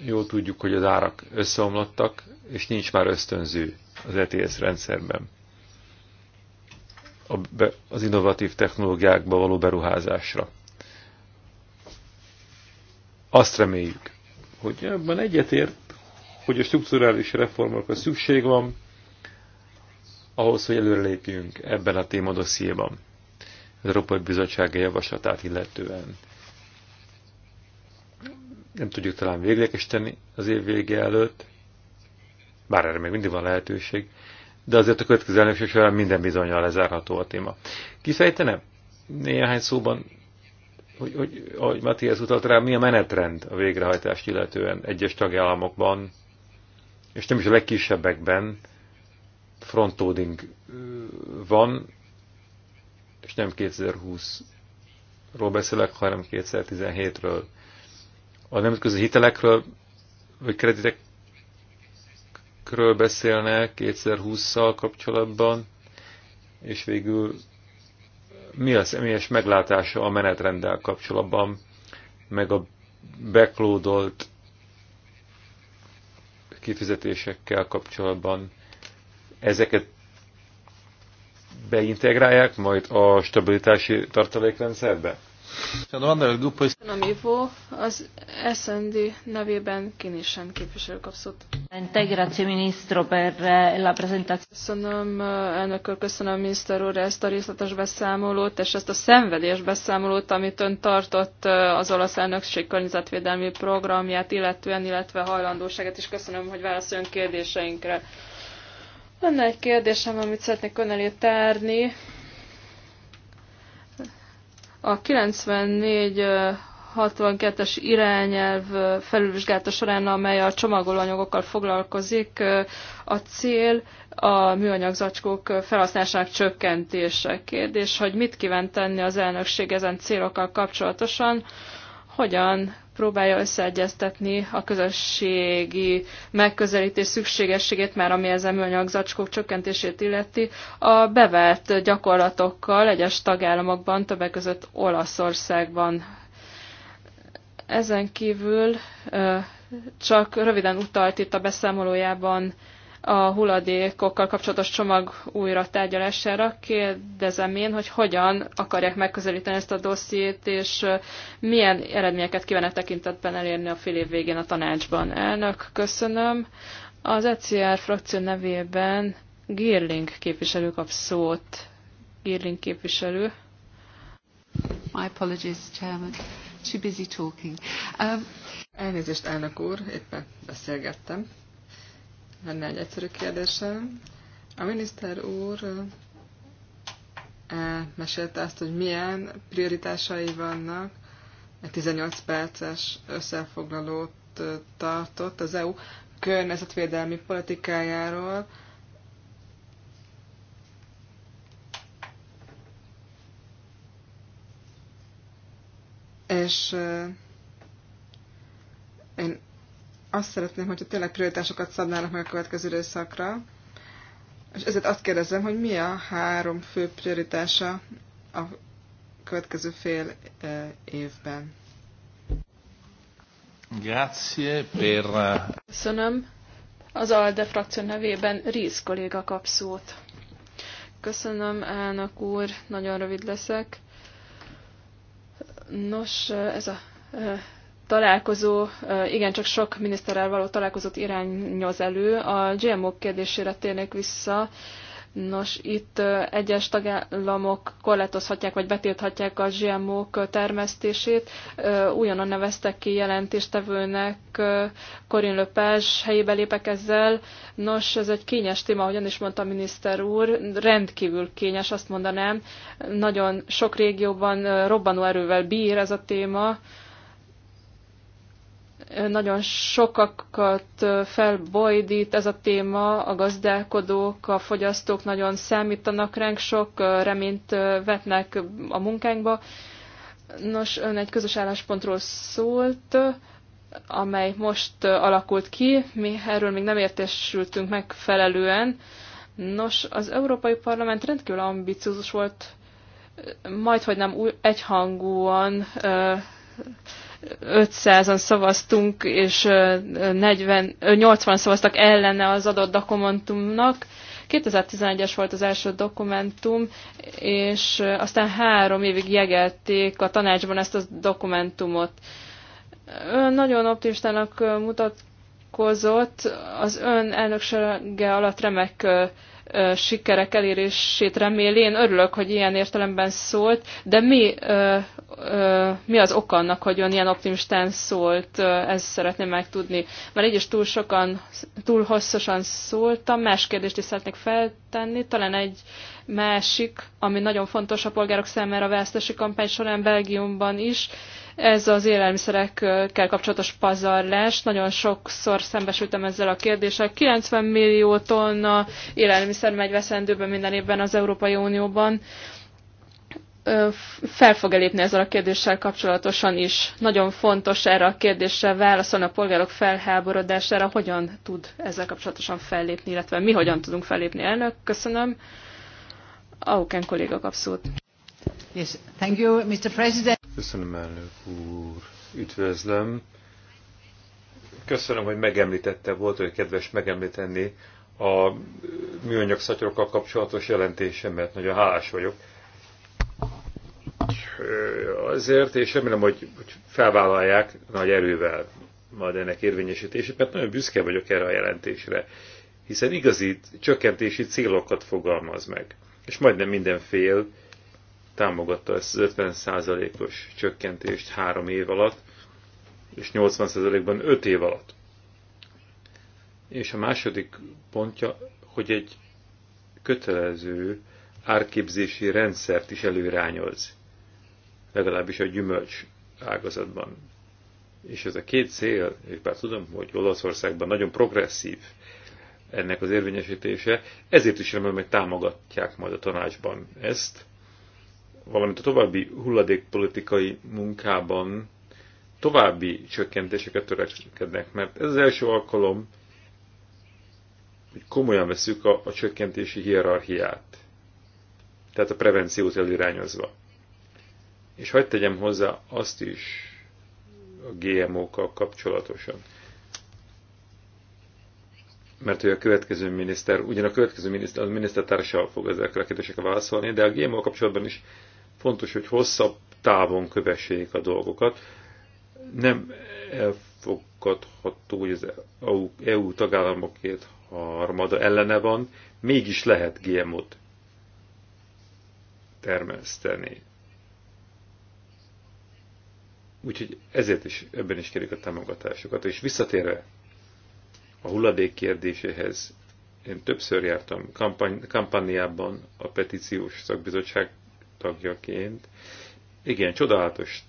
Jó tudjuk, hogy az árak összeomlottak, és nincs már ösztönző az ETS rendszerben. A be, az innovatív technológiákba való beruházásra. Azt reméljük, hogy ebben egyetért, hogy a strukturális reformokra szükség van, ahhoz, hogy előrelépjünk ebben a témadosszéban, az Európai Bizottsága javaslatát illetően. Nem tudjuk talán véglegesíteni az év vége előtt, bár erre még mindig van lehetőség, de azért a következő elnökség során minden bizonyal lezárható a téma. Kifejtenem néhány szóban, hogy, hogy ahogy Matthias utalt rá, mi a menetrend a végrehajtást illetően egyes tagállamokban, és nem is a legkisebbekben, frontloading van, és nem 2020-ról beszélek, hanem 2017-ről. A nemzetközi hitelekről, vagy kreditekről beszélnek 2020-szal kapcsolatban, és végül mi a személyes meglátása a menetrenddel kapcsolatban, meg a backloadolt kifizetésekkel kapcsolatban ezeket beintegrálják majd a stabilitási tartalékrendszerbe? a Mivo Az SND nevében kinésen képviselő kapszott. Grazie, ministro, per la presentazione. Köszönöm, elnök köszönöm, miniszter úr, ezt a részletes beszámolót, és ezt a szenvedés beszámolót, amit ön tartott eh, az olasz elnökség környezetvédelmi programját, illetően, illetve hajlandóságát, is. köszönöm, hogy válaszoljon kérdéseinkre. Lenne egy kérdésem, amit szeretnék ön elé tárni. A 94 62-es irányelv felülvizsgálata során, amely a csomagolóanyagokkal foglalkozik, a cél a műanyag zacskók felhasználásának csökkentése. Kérdés, hogy mit kíván tenni az elnökség ezen célokkal kapcsolatosan, hogyan próbálja összeegyeztetni a közösségi megközelítés szükségességét, már ami ezen műanyag zacskók csökkentését illeti, a bevált gyakorlatokkal egyes tagállamokban, többek között Olaszországban. Ezen kívül csak röviden utalt itt a beszámolójában a hulladékokkal kapcsolatos csomag újra tárgyalására. Kérdezem én, hogy hogyan akarják megközelíteni ezt a dossziét, és milyen eredményeket kíván a e tekintetben elérni a fél év végén a tanácsban. Elnök, köszönöm. Az ECR frakció nevében Girling képviselő kap szót. Girling képviselő. My apologies, Chairman. Too busy talking. Um... Elnézést, elnök úr, éppen beszélgettem. Lenne egy egyszerű kérdésem. A miniszter úr e, mesélte azt, hogy milyen prioritásai vannak. Egy 18 perces összefoglalót tartott az EU környezetvédelmi politikájáról. És én azt szeretném, hogyha tényleg prioritásokat szabnának meg a következő időszakra, és ezért azt kérdezem, hogy mi a három fő prioritása a következő fél eh, évben. Grazie per... Eh, Köszönöm. Az ALDE frakció nevében Ríz kolléga kap szót. Köszönöm, elnök úr, nagyon rövid leszek. Nos, eh, ez a találkozó, igen, csak sok miniszterrel való találkozót irányoz elő. A GMO kérdésére térnék vissza. Nos, itt egyes tagállamok korlátozhatják vagy betilthatják a GMO-k termesztését. Újonnan neveztek ki jelentéstevőnek, Corinne Lepage helyébe lépek ezzel. Nos, ez egy kényes téma, ahogyan is mondta a miniszter úr, rendkívül kényes, azt mondanám. Nagyon sok régióban robbanó erővel bír ez a téma nagyon sokakat felbojdít ez a téma, a gazdálkodók, a fogyasztók nagyon számítanak ránk, sok reményt vetnek a munkánkba. Nos, ön egy közös álláspontról szólt, amely most alakult ki, mi erről még nem értesültünk megfelelően. Nos, az Európai Parlament rendkívül ambiciózus volt, majdhogy nem egyhangúan 500-an szavaztunk, és 40, 80 szavaztak ellene az adott dokumentumnak. 2011-es volt az első dokumentum, és aztán három évig jegelték a tanácsban ezt a dokumentumot. Ön nagyon optimistának mutatkozott, az ön elnöksége alatt remek sikerek elérését reméli. Én örülök, hogy ilyen értelemben szólt, de mi, ö, ö, mi az oka annak, hogy ön ilyen optimistán szólt? Ezt szeretném megtudni. Mert így is túl sokan, túl hosszasan szóltam. Más kérdést is szeretnék feltenni. Talán egy másik, ami nagyon fontos a polgárok számára a választási kampány során Belgiumban is. Ez az élelmiszerekkel kapcsolatos pazarlás. Nagyon sokszor szembesültem ezzel a kérdéssel. 90 millió tonna élelmiszer megy veszendőbe minden évben az Európai Unióban fel fog elépni ezzel a kérdéssel kapcsolatosan is. Nagyon fontos erre a kérdésre válaszolni a polgárok felháborodására, hogyan tud ezzel kapcsolatosan fellépni, illetve mi hogyan tudunk fellépni. Elnök, köszönöm. Auken kolléga kap szót. Yes, thank you, Mr. President. Köszönöm, elnök úr. Üdvözlöm. Köszönöm, hogy megemlítette, volt hogy kedves megemlíteni a műanyag szatyorokkal kapcsolatos jelentésemet. Nagyon hálás vagyok. Azért, és remélem, hogy, hogy felvállalják nagy erővel majd ennek érvényesítését, mert nagyon büszke vagyok erre a jelentésre, hiszen igazi csökkentési célokat fogalmaz meg. És majdnem minden fél támogatta ezt az 50%-os csökkentést három év alatt, és 80%-ban öt év alatt. És a második pontja, hogy egy kötelező árképzési rendszert is előrányoz, legalábbis a gyümölcs ágazatban. És ez a két cél, és bár tudom, hogy Olaszországban nagyon progresszív ennek az érvényesítése, ezért is remélem, hogy támogatják majd a tanácsban ezt, valamint a további hulladékpolitikai munkában további csökkentéseket törekednek, mert ez az első alkalom, hogy komolyan veszük a, a csökkentési hierarchiát, tehát a prevenciót elirányozva. És hagyd tegyem hozzá azt is a GMO-kkal kapcsolatosan. Mert hogy a következő miniszter, ugyan a következő miniszter, a minisztertársa fog ezekre a kérdésekre válaszolni, de a GMO kapcsolatban is Fontos, hogy hosszabb távon kövessék a dolgokat. Nem elfogadható, hogy az EU tagállamokért harmada ellene van, mégis lehet GMO-t termeszteni. Úgyhogy ezért is ebben is kérjük a támogatásokat. És visszatérve a hulladék kérdéséhez, én többször jártam kampany, a petíciós szakbizottság tagjaként. Igen, csodálatos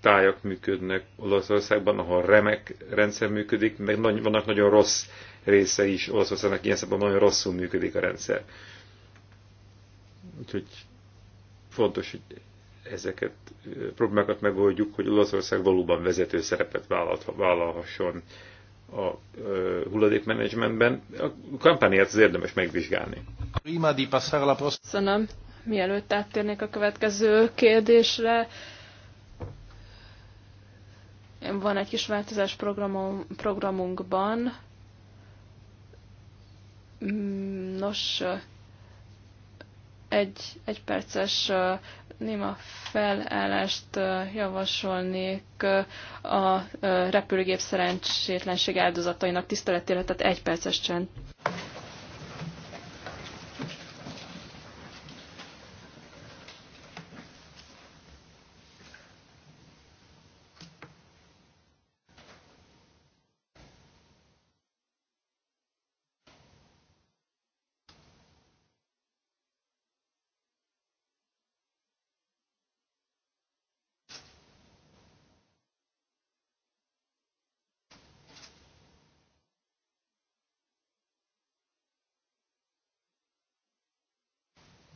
tájak működnek Olaszországban, ahol remek rendszer működik, meg nagy, vannak nagyon rossz része is Olaszországnak, ilyen szempontból nagyon rosszul működik a rendszer. Úgyhogy fontos, hogy ezeket problémákat megoldjuk, hogy Olaszország valóban vezető szerepet vállalhasson a hulladékmenedzsmentben. A kampányát az érdemes megvizsgálni. Köszönöm. Mielőtt áttérnék a következő kérdésre, van egy kis változás programom, programunkban. Nos, egy, egy perces néma felállást javasolnék a repülőgép szerencsétlenség áldozatainak tiszteletére, tehát egy perces csend.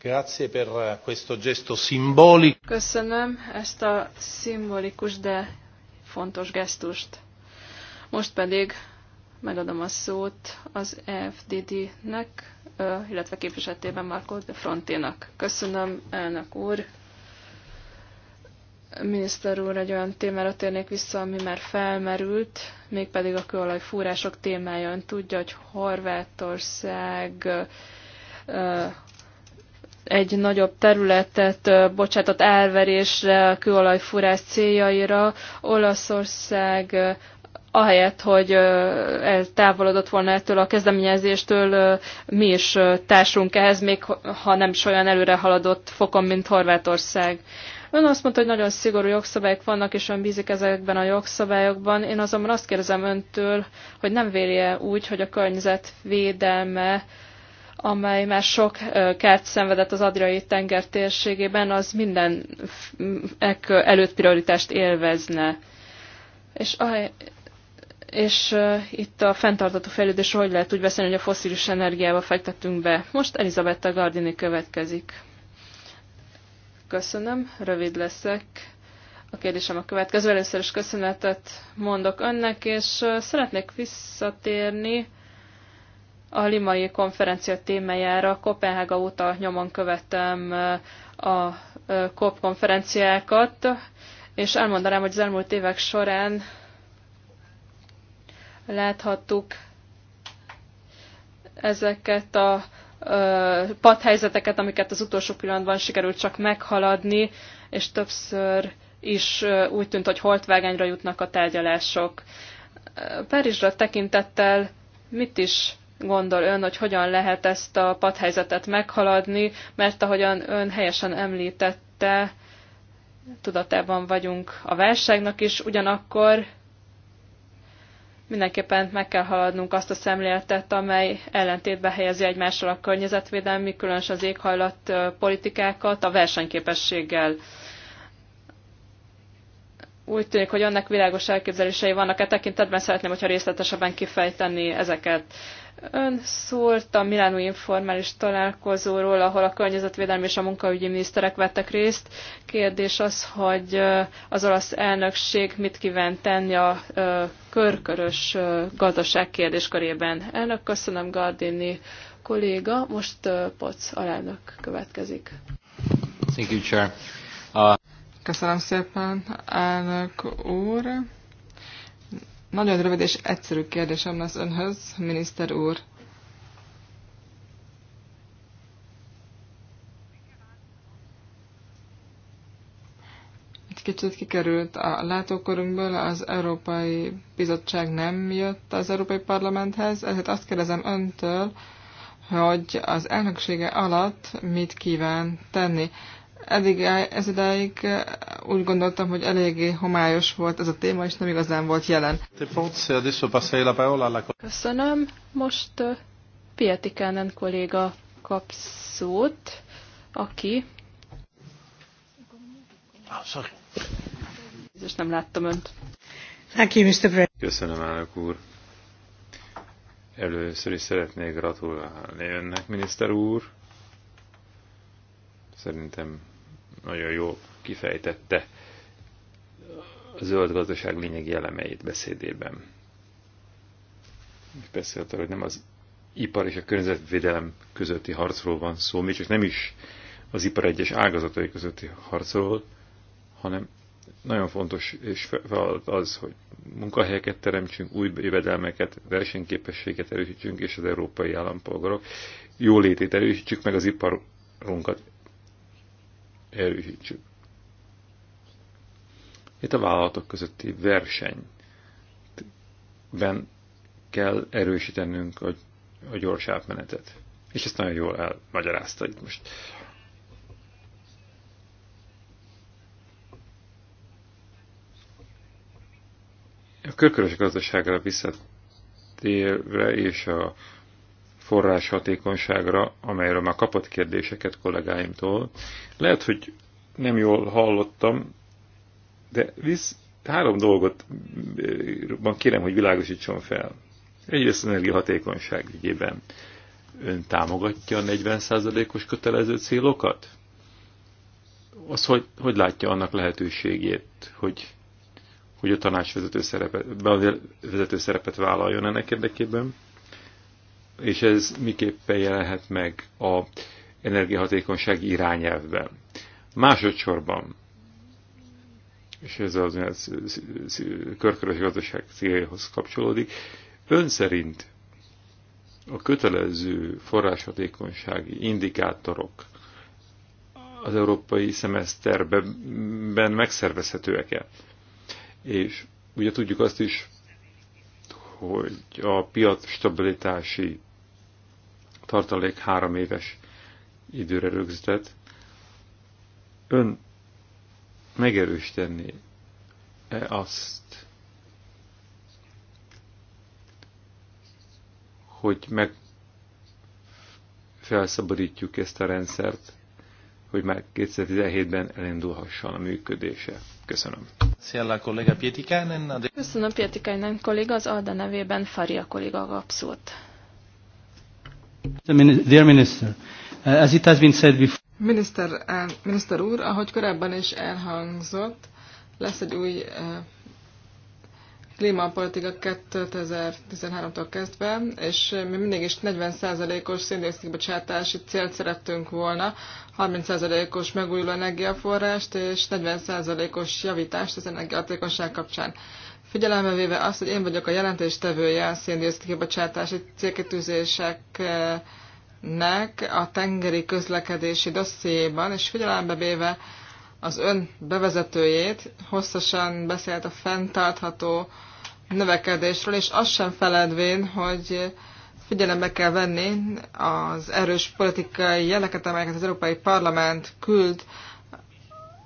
Grazie per eh, questo gesto simbolico. Köszönöm ezt a szimbolikus, de fontos gesztust. Most pedig megadom a szót az FDD-nek, illetve képviseletében Marco de Fronténak. Köszönöm, elnök úr. Miniszter úr, egy olyan témára térnék vissza, ami már felmerült, mégpedig a kőolaj fúrások témája. Ön tudja, hogy Horvátország egy nagyobb területet bocsátott elverésre, kőolajfúrás céljaira. Olaszország ahelyett, hogy eltávolodott volna ettől a kezdeményezéstől, mi is társunk ehhez, még ha nem is olyan előre haladott fokon, mint Horvátország. Ön azt mondta, hogy nagyon szigorú jogszabályok vannak, és ön bízik ezekben a jogszabályokban. Én azonban azt kérdezem öntől, hogy nem véli úgy, hogy a környezet védelme amely már sok kárt szenvedett az Adriai tenger térségében, az minden előtt prioritást élvezne. És, a, és itt a fenntartató fejlődésről hogy lehet úgy beszélni, hogy a foszilis energiába fektettünk be. Most Elizabetta Gardini következik. Köszönöm, rövid leszek. A kérdésem a következő. Először is köszönetet mondok önnek, és szeretnék visszatérni a limai konferencia témájára Kopenhága óta nyomon követem a COP konferenciákat, és elmondanám, hogy az elmúlt évek során láthattuk ezeket a padhelyzeteket, amiket az utolsó pillanatban sikerült csak meghaladni, és többször is úgy tűnt, hogy holtvágányra jutnak a tárgyalások. Párizsra tekintettel mit is gondol ön, hogy hogyan lehet ezt a padhelyzetet meghaladni, mert ahogyan ön helyesen említette, tudatában vagyunk a válságnak is, ugyanakkor mindenképpen meg kell haladnunk azt a szemléletet, amely ellentétbe helyezi egymással a környezetvédelmi, különösen az éghajlat politikákat a versenyképességgel. Úgy tűnik, hogy önnek világos elképzelései vannak e tekintetben, szeretném, hogyha részletesebben kifejteni ezeket. Ön szólt a Milánó informális találkozóról, ahol a környezetvédelmi és a munkaügyi miniszterek vettek részt. Kérdés az, hogy az olasz elnökség mit kíván tenni a körkörös gazdaság kérdéskörében. Elnök, köszönöm Gardini kolléga, most Poc alelnök következik. Thank you, Chair. Uh... Köszönöm szépen, elnök úr. Nagyon rövid és egyszerű kérdésem lesz önhöz, miniszter úr. Egy kicsit kikerült a látókorunkból, az Európai Bizottság nem jött az Európai Parlamenthez, ezért azt kérdezem öntől, hogy az elnöksége alatt mit kíván tenni. Eddig ez ideig eh, úgy gondoltam, hogy eléggé homályos volt ez a téma, és nem igazán volt jelen. Köszönöm. Most eh, Pietikánen kolléga kap szót, aki... Ah, És nem láttam önt. Thank you, Mr. President. Köszönöm, elnök úr. Először is szeretnék gratulálni önnek, miniszter úr. Szerintem nagyon jó kifejtette a zöld gazdaság lényegi elemeit beszédében. És beszélt arra, hogy nem az ipar és a környezetvédelem közötti harcról van szó, még csak nem is az ipar egyes ágazatai közötti harcról, hanem nagyon fontos és feladat az, hogy munkahelyeket teremtsünk, új jövedelmeket, versenyképességet erősítsünk, és az európai állampolgárok jólétét erősítsük, meg az iparunkat erősítsük. Itt a vállalatok közötti versenyben kell erősítenünk a, a gyors átmenetet. És ezt nagyon jól elmagyarázta itt most. A körkörös gazdaságra visszatérve és a forrás hatékonyságra, amelyről már kapott kérdéseket kollégáimtól. Lehet, hogy nem jól hallottam, de visz, három dolgot eh, kérem, hogy világosítson fel. Egyrészt energiahatékonyság ügyében. Ön támogatja a 40%-os kötelező célokat? Az, hogy, hogy látja annak lehetőségét, hogy, hogy a tanácsvezető szerepet, vezető szerepet vállaljon ennek érdekében? és ez miképpen jelenhet meg a energiahatékonyság irányelvben. Másodszorban, és ez az körkörös gazdaság céljához kapcsolódik, ön szerint a kötelező forráshatékonysági indikátorok az európai szemeszterben megszervezhetőek-e? És ugye tudjuk azt is, hogy a piac stabilitási tartalék három éves időre rögzített. Ön megerősíteni -e azt, hogy meg felszabadítjuk ezt a rendszert, hogy már 2017-ben elindulhasson a működése. Köszönöm. Köszönöm Pietikainen kolléga, az Alda nevében Faria kolléga kap Dear Minister, uh, as it has been said before... Miniszter, uh, úr, ahogy korábban is elhangzott, lesz egy új uh, klímapolitika 2013-tól kezdve, és mi mindig is 40%-os széndiokszidbocsátási célt szerettünk volna, 30%-os megújuló energiaforrást és 40%-os javítást az energiatékosság kapcsán. Figyelembe véve azt, hogy én vagyok a jelentéstevője a széndiokszid kibocsátási célkitűzéseknek a tengeri közlekedési dossziéban, és figyelembe véve az ön bevezetőjét, hosszasan beszélt a fenntartható növekedésről, és azt sem feledvén, hogy figyelembe kell venni az erős politikai jeleket, amelyeket az Európai Parlament küld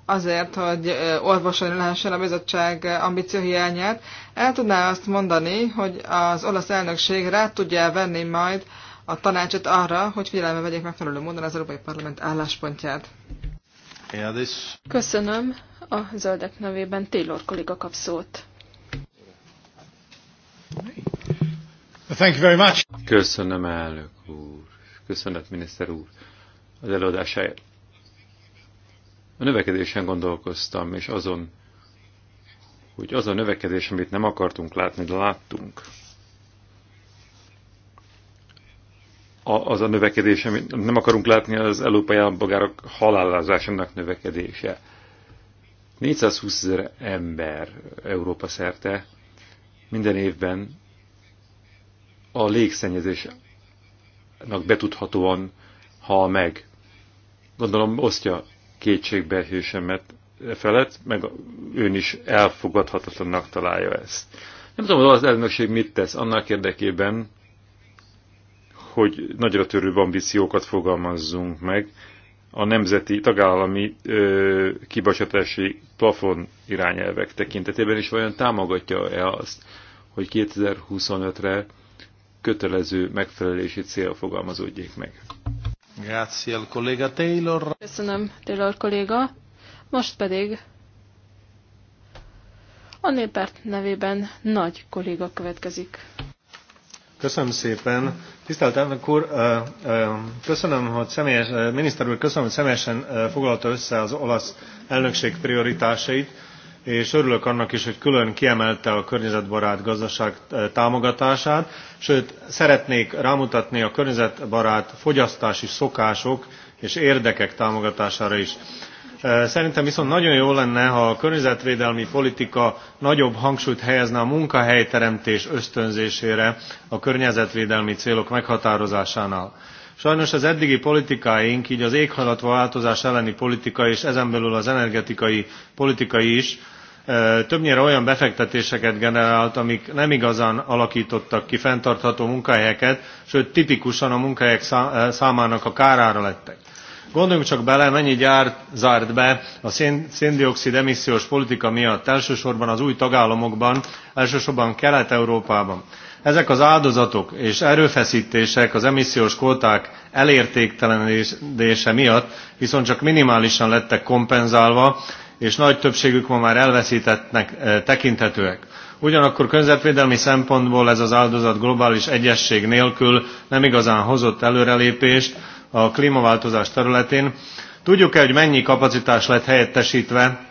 azért, hogy orvosolni lehessen a bizottság ambícióhiányát. El tudná azt mondani, hogy az olasz elnökség rá tudja venni majd a tanácsot arra, hogy figyelembe vegyék megfelelő módon az Európai Parlament álláspontját. Köszönöm. A zöldek nevében Taylor kolléga kap szót. Thank you very much. Köszönöm, elnök úr. Köszönet, miniszter úr, az előadásáért. A növekedésen gondolkoztam, és azon, hogy az a növekedés, amit nem akartunk látni, de láttunk, a, az a növekedés, amit nem akarunk látni, az európai állampolgárok halálázásának növekedése. 420 ezer ember Európa szerte minden évben a légszennyezésnek betudhatóan hal meg. Gondolom osztja kétségbehésemet felett, meg ön is elfogadhatatlannak találja ezt. Nem tudom, hogy az elnökség mit tesz annak érdekében, hogy nagyra törő ambíciókat fogalmazzunk meg a nemzeti tagállami ö, kibocsátási plafon irányelvek tekintetében, is vajon támogatja-e azt, hogy 2025-re kötelező megfelelési cél fogalmazódjék meg. Köszönöm, Taylor kolléga. Most pedig a néppárt nevében nagy kolléga következik. Köszönöm szépen. Tisztelt elnök úr, köszönöm, hogy személyes, miniszter úr, köszönöm, hogy személyesen foglalta össze az olasz elnökség prioritásait és örülök annak is, hogy külön kiemelte a környezetbarát gazdaság eh, támogatását, sőt szeretnék rámutatni a környezetbarát fogyasztási szokások és érdekek támogatására is. Eh, szerintem viszont nagyon jó lenne, ha a környezetvédelmi politika nagyobb hangsúlyt helyezne a munkahelyteremtés ösztönzésére a környezetvédelmi célok meghatározásánál. Sajnos az eddigi politikáink, így az éghajlatváltozás elleni politika és ezen belül az energetikai politikai is többnyire olyan befektetéseket generált, amik nem igazán alakítottak ki fenntartható munkahelyeket, sőt tipikusan a munkahelyek számának a kárára lettek. Gondoljunk csak bele, mennyi gyár zárt be a szén széndiokszid emissziós politika miatt, elsősorban az új tagállamokban, elsősorban Kelet-Európában. Ezek az áldozatok és erőfeszítések az emissziós kvóták elértéktelenedése miatt viszont csak minimálisan lettek kompenzálva, és nagy többségük ma már elveszítettnek eh, tekinthetőek. Ugyanakkor környezetvédelmi szempontból ez az áldozat globális egyesség nélkül nem igazán hozott előrelépést a klímaváltozás területén. Tudjuk-e, hogy mennyi kapacitás lett helyettesítve,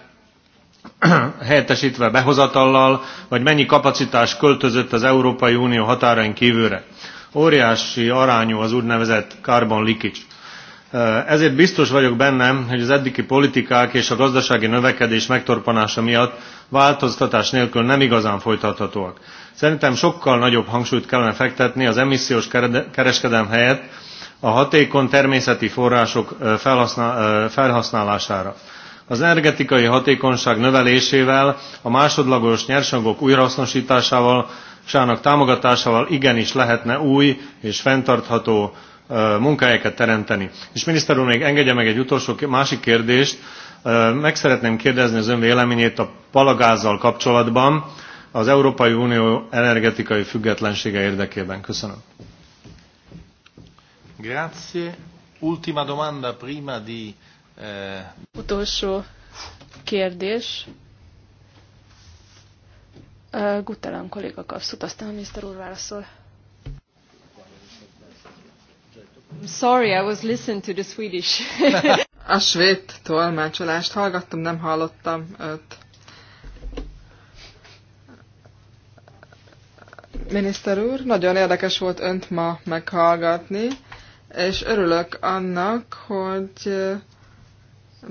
helyettesítve behozatallal, vagy mennyi kapacitás költözött az Európai Unió határain kívülre? Óriási arányú az úgynevezett carbon leakage. Ezért biztos vagyok bennem, hogy az eddigi politikák és a gazdasági növekedés megtorpanása miatt változtatás nélkül nem igazán folytathatóak. Szerintem sokkal nagyobb hangsúlyt kellene fektetni az emissziós kereskedelm helyett a hatékony természeti források felhasználására. Az energetikai hatékonyság növelésével, a másodlagos nyersanyagok újrahasznosításával, sának támogatásával igenis lehetne új és fenntartható munkahelyeket teremteni. És miniszter úr, még engedje meg egy utolsó másik kérdést. Meg szeretném kérdezni az ön véleményét a palagázzal kapcsolatban az Európai Unió energetikai függetlensége érdekében. Köszönöm. Grazie. Ultima domanda prima di... Eh... Utolsó kérdés. Eh, Guttelen kolléga kapszult, aztán a miniszter úr válaszol. Sorry, I was listening to the Swedish. a svéd tolmácsolást hallgattam, nem hallottam öt. Miniszter úr, nagyon érdekes volt önt ma meghallgatni, és örülök annak, hogy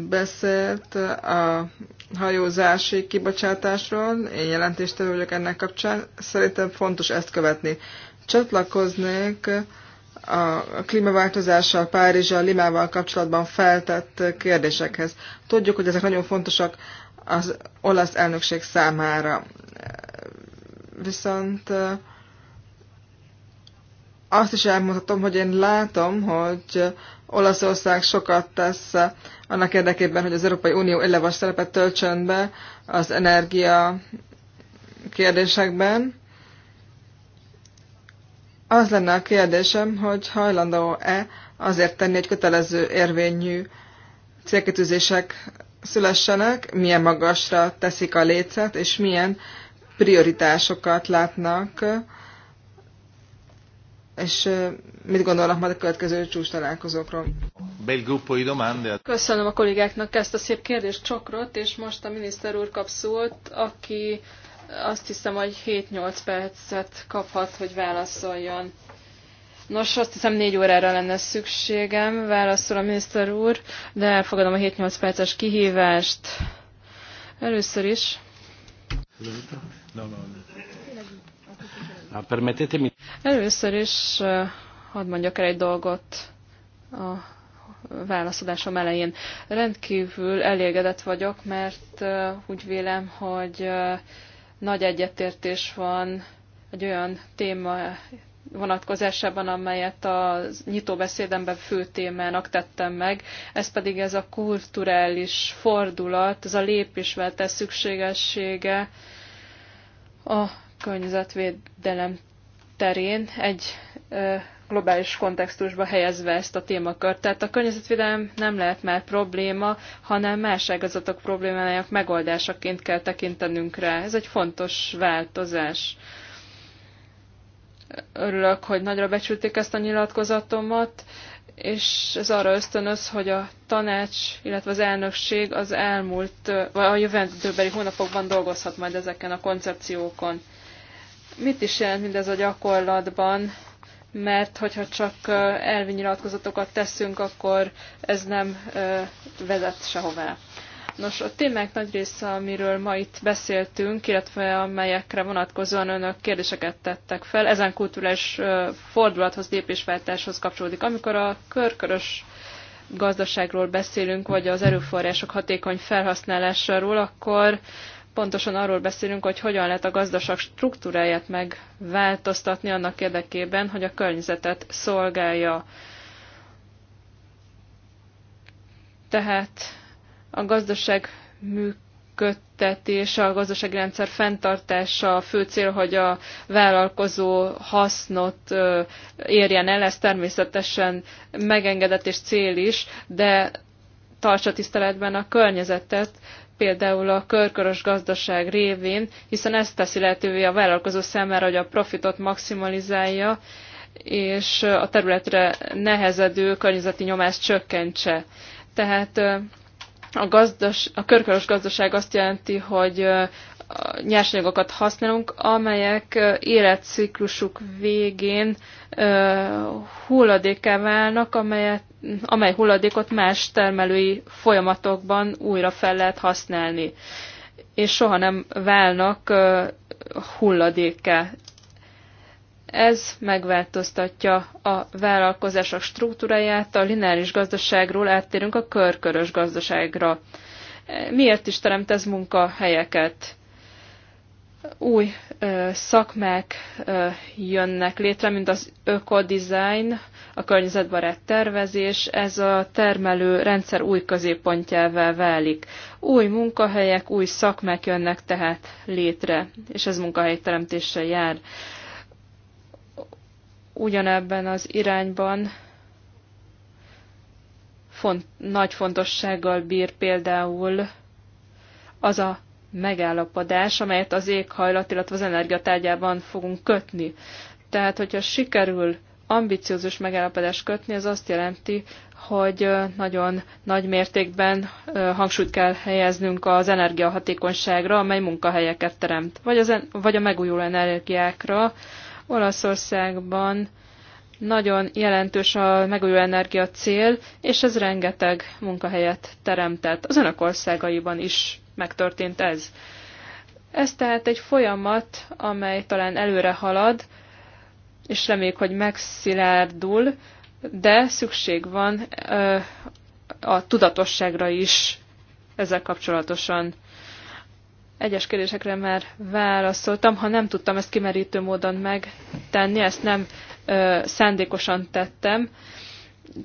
beszélt a hajózási kibocsátásról. Én jelentéstevő vagyok ennek kapcsán. Szerintem fontos ezt követni. Csatlakoznék a klímaváltozással, Párizsal, Limával kapcsolatban feltett kérdésekhez. Tudjuk, hogy ezek nagyon fontosak az olasz elnökség számára. Viszont eh, azt is elmondhatom, hogy én látom, hogy Olaszország sokat tesz annak érdekében, hogy az Európai Unió illevas szerepet töltsön be az energia kérdésekben. Az lenne a kérdésem, hogy hajlandó-e azért tenni, hogy kötelező érvényű célkitűzések szülessenek, milyen magasra teszik a lécet, és milyen prioritásokat látnak, és mit gondolnak majd a következő csúcs találkozókról. Köszönöm a kollégáknak ezt a szép kérdést csokrot, és most a miniszter úr kap szót, aki azt hiszem, hogy 7-8 percet kaphat, hogy válaszoljon. Nos, azt hiszem négy órára lenne szükségem, válaszol a miniszter úr, de elfogadom a 7-8 perces kihívást. Először is. Ah, Először is eh, hadd mondjak el egy dolgot a válaszadásom elején. Rendkívül elégedett vagyok, mert eh, úgy vélem, hogy eh, nagy egyetértés van egy olyan téma vonatkozásában, amelyet a nyitó beszédemben fő témának tettem meg, ez pedig ez a kulturális fordulat, ez a lépésvel, tesz szükségessége a környezetvédelem terén. Egy ö, globális kontextusba helyezve ezt a témakört. Tehát a környezetvédelem nem lehet már probléma, hanem más ágazatok problémájának megoldásaként kell tekintenünk rá. Ez egy fontos változás. Örülök, hogy nagyra becsülték ezt a nyilatkozatomat, és ez arra ösztönöz, hogy a tanács, illetve az elnökség az elmúlt, vagy a jövendőbeli hónapokban dolgozhat majd ezeken a koncepciókon. Mit is jelent mindez a gyakorlatban? mert hogyha csak elvi nyilatkozatokat teszünk, akkor ez nem vezet sehová. Nos, a témák nagy része, amiről ma itt beszéltünk, illetve amelyekre vonatkozóan önök kérdéseket tettek fel, ezen kulturális fordulathoz, lépésváltáshoz kapcsolódik. Amikor a körkörös gazdaságról beszélünk, vagy az erőforrások hatékony felhasználásáról, akkor pontosan arról beszélünk, hogy hogyan lehet a gazdaság struktúráját megváltoztatni annak érdekében, hogy a környezetet szolgálja. Tehát a gazdaság működtetése, a gazdasági rendszer fenntartása a fő cél, hogy a vállalkozó hasznot érjen el, ez természetesen megengedett és cél is, de tartsa tiszteletben a környezetet, például a körkörös gazdaság révén, hiszen ezt teszi lehetővé a vállalkozó számára, hogy a profitot maximalizálja, és a területre nehezedő környezeti nyomást csökkentse. Tehát a, gazdas, a körkörös gazdaság azt jelenti, hogy nyersanyagokat használunk, amelyek életciklusuk végén hulladéká válnak, amelyet, amely hulladékot más termelői folyamatokban újra fel lehet használni, és soha nem válnak hulladéká. Ez megváltoztatja a vállalkozások struktúráját, a lineáris gazdaságról áttérünk a körkörös gazdaságra. Miért is teremt ez munkahelyeket? új ö, szakmák ö, jönnek létre, mint az ökodizájn, a környezetbarát tervezés, ez a termelő rendszer új középpontjává válik. Új munkahelyek, új szakmák jönnek tehát létre, és ez munkahelyteremtéssel jár. Ugyanebben az irányban font, nagy fontossággal bír például az a megállapodás, amelyet az éghajlat, illetve az energiatárgyában fogunk kötni. Tehát, hogyha sikerül ambiciózus megállapodást kötni, ez azt jelenti, hogy nagyon nagy mértékben hangsúlyt kell helyeznünk az energiahatékonyságra, amely munkahelyeket teremt, vagy, az, vagy a megújuló energiákra. Olaszországban nagyon jelentős a megújuló energia cél, és ez rengeteg munkahelyet teremtett az önök országaiban is megtörtént ez. Ez tehát egy folyamat, amely talán előre halad, és reméljük, hogy megszilárdul, de szükség van a tudatosságra is ezzel kapcsolatosan. Egyes kérdésekre már válaszoltam, ha nem tudtam ezt kimerítő módon megtenni, ezt nem ö, szándékosan tettem,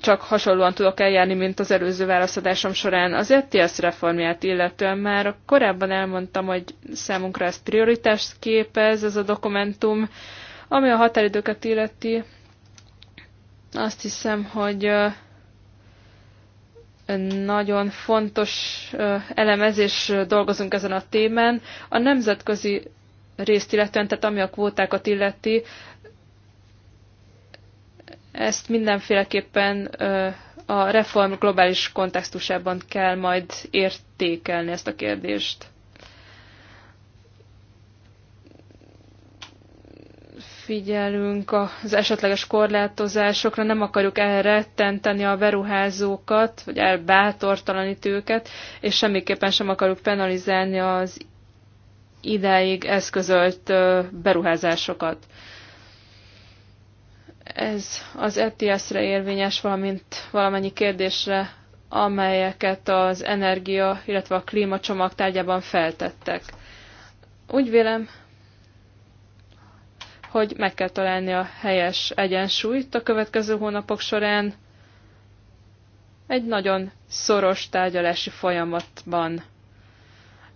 csak hasonlóan tudok eljárni, mint az előző válaszadásom során. Az ETS reformját illetően már korábban elmondtam, hogy számunkra ez prioritás képez, ez a dokumentum, ami a határidőket illeti. Azt hiszem, hogy nagyon fontos elemezés dolgozunk ezen a témán. A nemzetközi részt illetően, tehát ami a kvótákat illeti, ezt mindenféleképpen a reform globális kontextusában kell majd értékelni ezt a kérdést. figyelünk az esetleges korlátozásokra, nem akarjuk elrettenteni a beruházókat, vagy elbátortalanít őket, és semmiképpen sem akarjuk penalizálni az idáig eszközölt beruházásokat. Ez az ETS-re érvényes, valamint valamennyi kérdésre, amelyeket az energia, illetve a klímacsomag tárgyában feltettek. Úgy vélem, hogy meg kell találni a helyes egyensúlyt a következő hónapok során egy nagyon szoros tárgyalási folyamatban.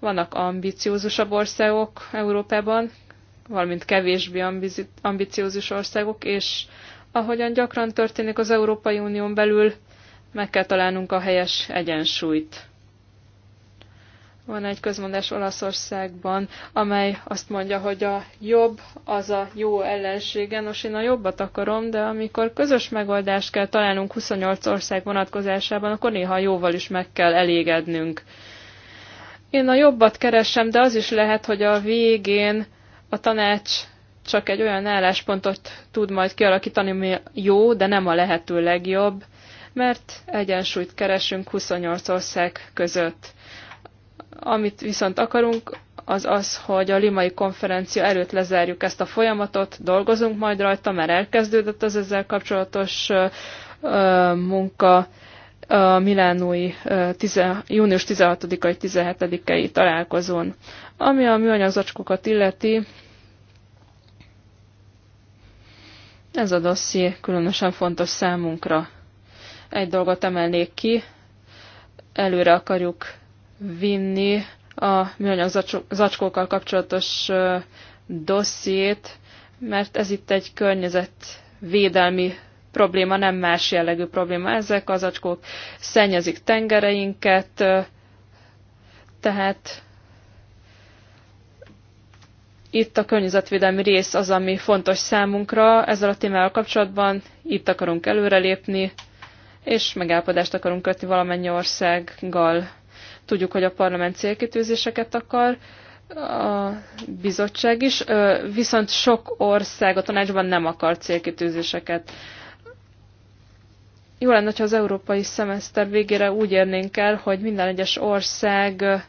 Vannak ambiciózusabb országok Európában, valamint kevésbé ambiciózus országok, és ahogyan gyakran történik az Európai Unión belül, meg kell találnunk a helyes egyensúlyt. Van egy közmondás Olaszországban, amely azt mondja, hogy a jobb az a jó ellensége. Nos, én a jobbat akarom, de amikor közös megoldást kell találnunk 28 ország vonatkozásában, akkor néha jóval is meg kell elégednünk. Én a jobbat keresem, de az is lehet, hogy a végén a tanács csak egy olyan álláspontot tud majd kialakítani, ami jó, de nem a lehető legjobb, mert egyensúlyt keresünk 28 ország között. Amit viszont akarunk, az az, hogy a limai konferencia előtt lezárjuk ezt a folyamatot, dolgozunk majd rajta, mert elkezdődött az ezzel kapcsolatos munka a Milánói 10, június 16-ai 17-ei találkozón. Ami a műanyag zacskókat illeti, ez a dosszié különösen fontos számunkra. Egy dolgot emelnék ki, előre akarjuk vinni a műanyag zacskókkal kapcsolatos dossziét, mert ez itt egy környezetvédelmi probléma, nem más jellegű probléma. Ezek az acskók szennyezik tengereinket, tehát itt a környezetvédelmi rész az, ami fontos számunkra ezzel a témával kapcsolatban. Itt akarunk előrelépni, és megállapodást akarunk kötni valamennyi országgal. Tudjuk, hogy a parlament célkitűzéseket akar, a bizottság is, viszont sok ország a tanácsban nem akar célkitűzéseket. Jó lenne, ha az európai szemeszter végére úgy érnénk el, hogy minden egyes ország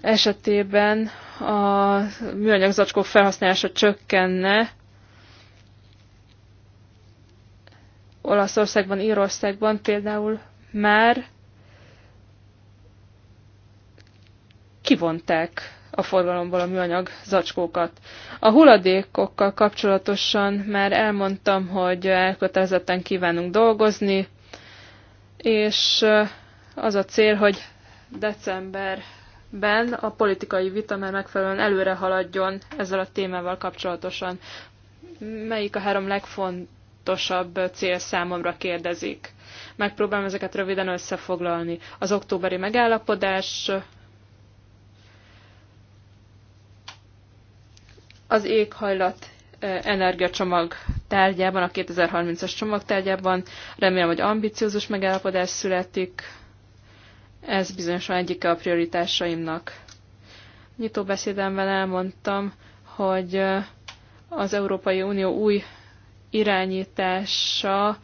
esetében a műanyag zacskók felhasználása csökkenne. Olaszországban, Írországban például már kivonták a forgalomból a műanyag zacskókat. A hulladékokkal kapcsolatosan már elmondtam, hogy elkötelezetten kívánunk dolgozni, és az a cél, hogy december ben a politikai vita már megfelelően előre haladjon ezzel a témával kapcsolatosan. Melyik a három legfontosabb cél számomra kérdezik? Megpróbálom ezeket röviden összefoglalni. Az októberi megállapodás, az éghajlat eh, energiacsomag tárgyában, a 2030-as csomag tárgyában. Remélem, hogy ambiciózus megállapodás születik ez bizonyosan egyike a prioritásaimnak. Nyitó beszédemben elmondtam, hogy az Európai Unió új irányítása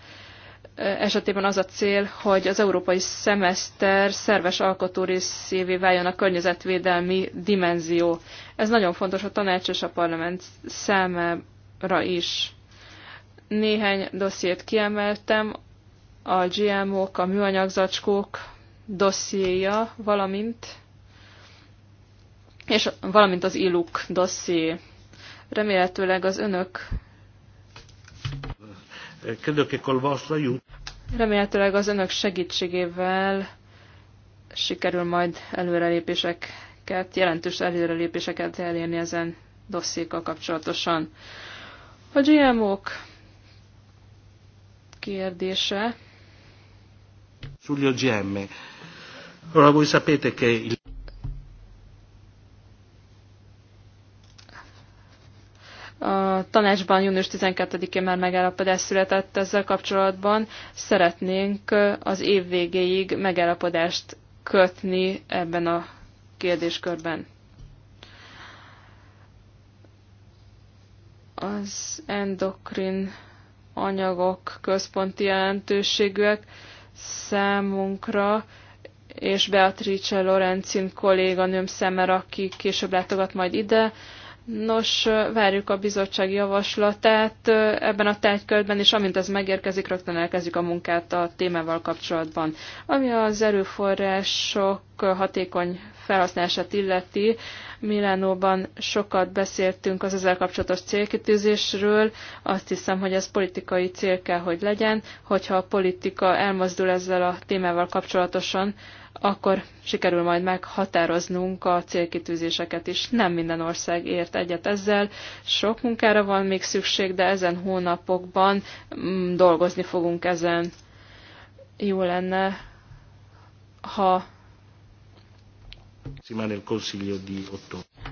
esetében az a cél, hogy az európai szemeszter szerves alkotó részévé váljon a környezetvédelmi dimenzió. Ez nagyon fontos a tanács és a parlament számára is. Néhány dossziét kiemeltem, a GMO-k, a műanyagzacskók, dossziéja, valamint és valamint az ILUK dosszié. Remélhetőleg az önök Remélhetőleg az önök segítségével sikerül majd előrelépéseket, jelentős előrelépéseket elérni ezen dossziékkal kapcsolatosan. A GMO-k kérdése. Sulio GM. Ora voi sapete che il A tanácsban június 12-én már megállapodás született ezzel kapcsolatban. Szeretnénk az év végéig megállapodást kötni ebben a kérdéskörben. Az endokrin anyagok központi jelentőségűek számunkra, és Beatrice Lorenzin kolléganőm szemmel, aki később látogat majd ide. Nos, várjuk a bizottság javaslatát ebben a tárgykörben, és amint ez megérkezik, rögtön elkezdjük a munkát a témával kapcsolatban. Ami az erőforrások hatékony felhasználását illeti, Milánóban sokat beszéltünk az ezzel kapcsolatos célkitűzésről, azt hiszem, hogy ez politikai cél kell, hogy legyen, hogyha a politika elmozdul ezzel a témával kapcsolatosan, akkor sikerül majd meghatároznunk a célkitűzéseket is. Nem minden ország ért egyet ezzel, sok munkára van még szükség, de ezen hónapokban mm, dolgozni fogunk ezen. Jó lenne, ha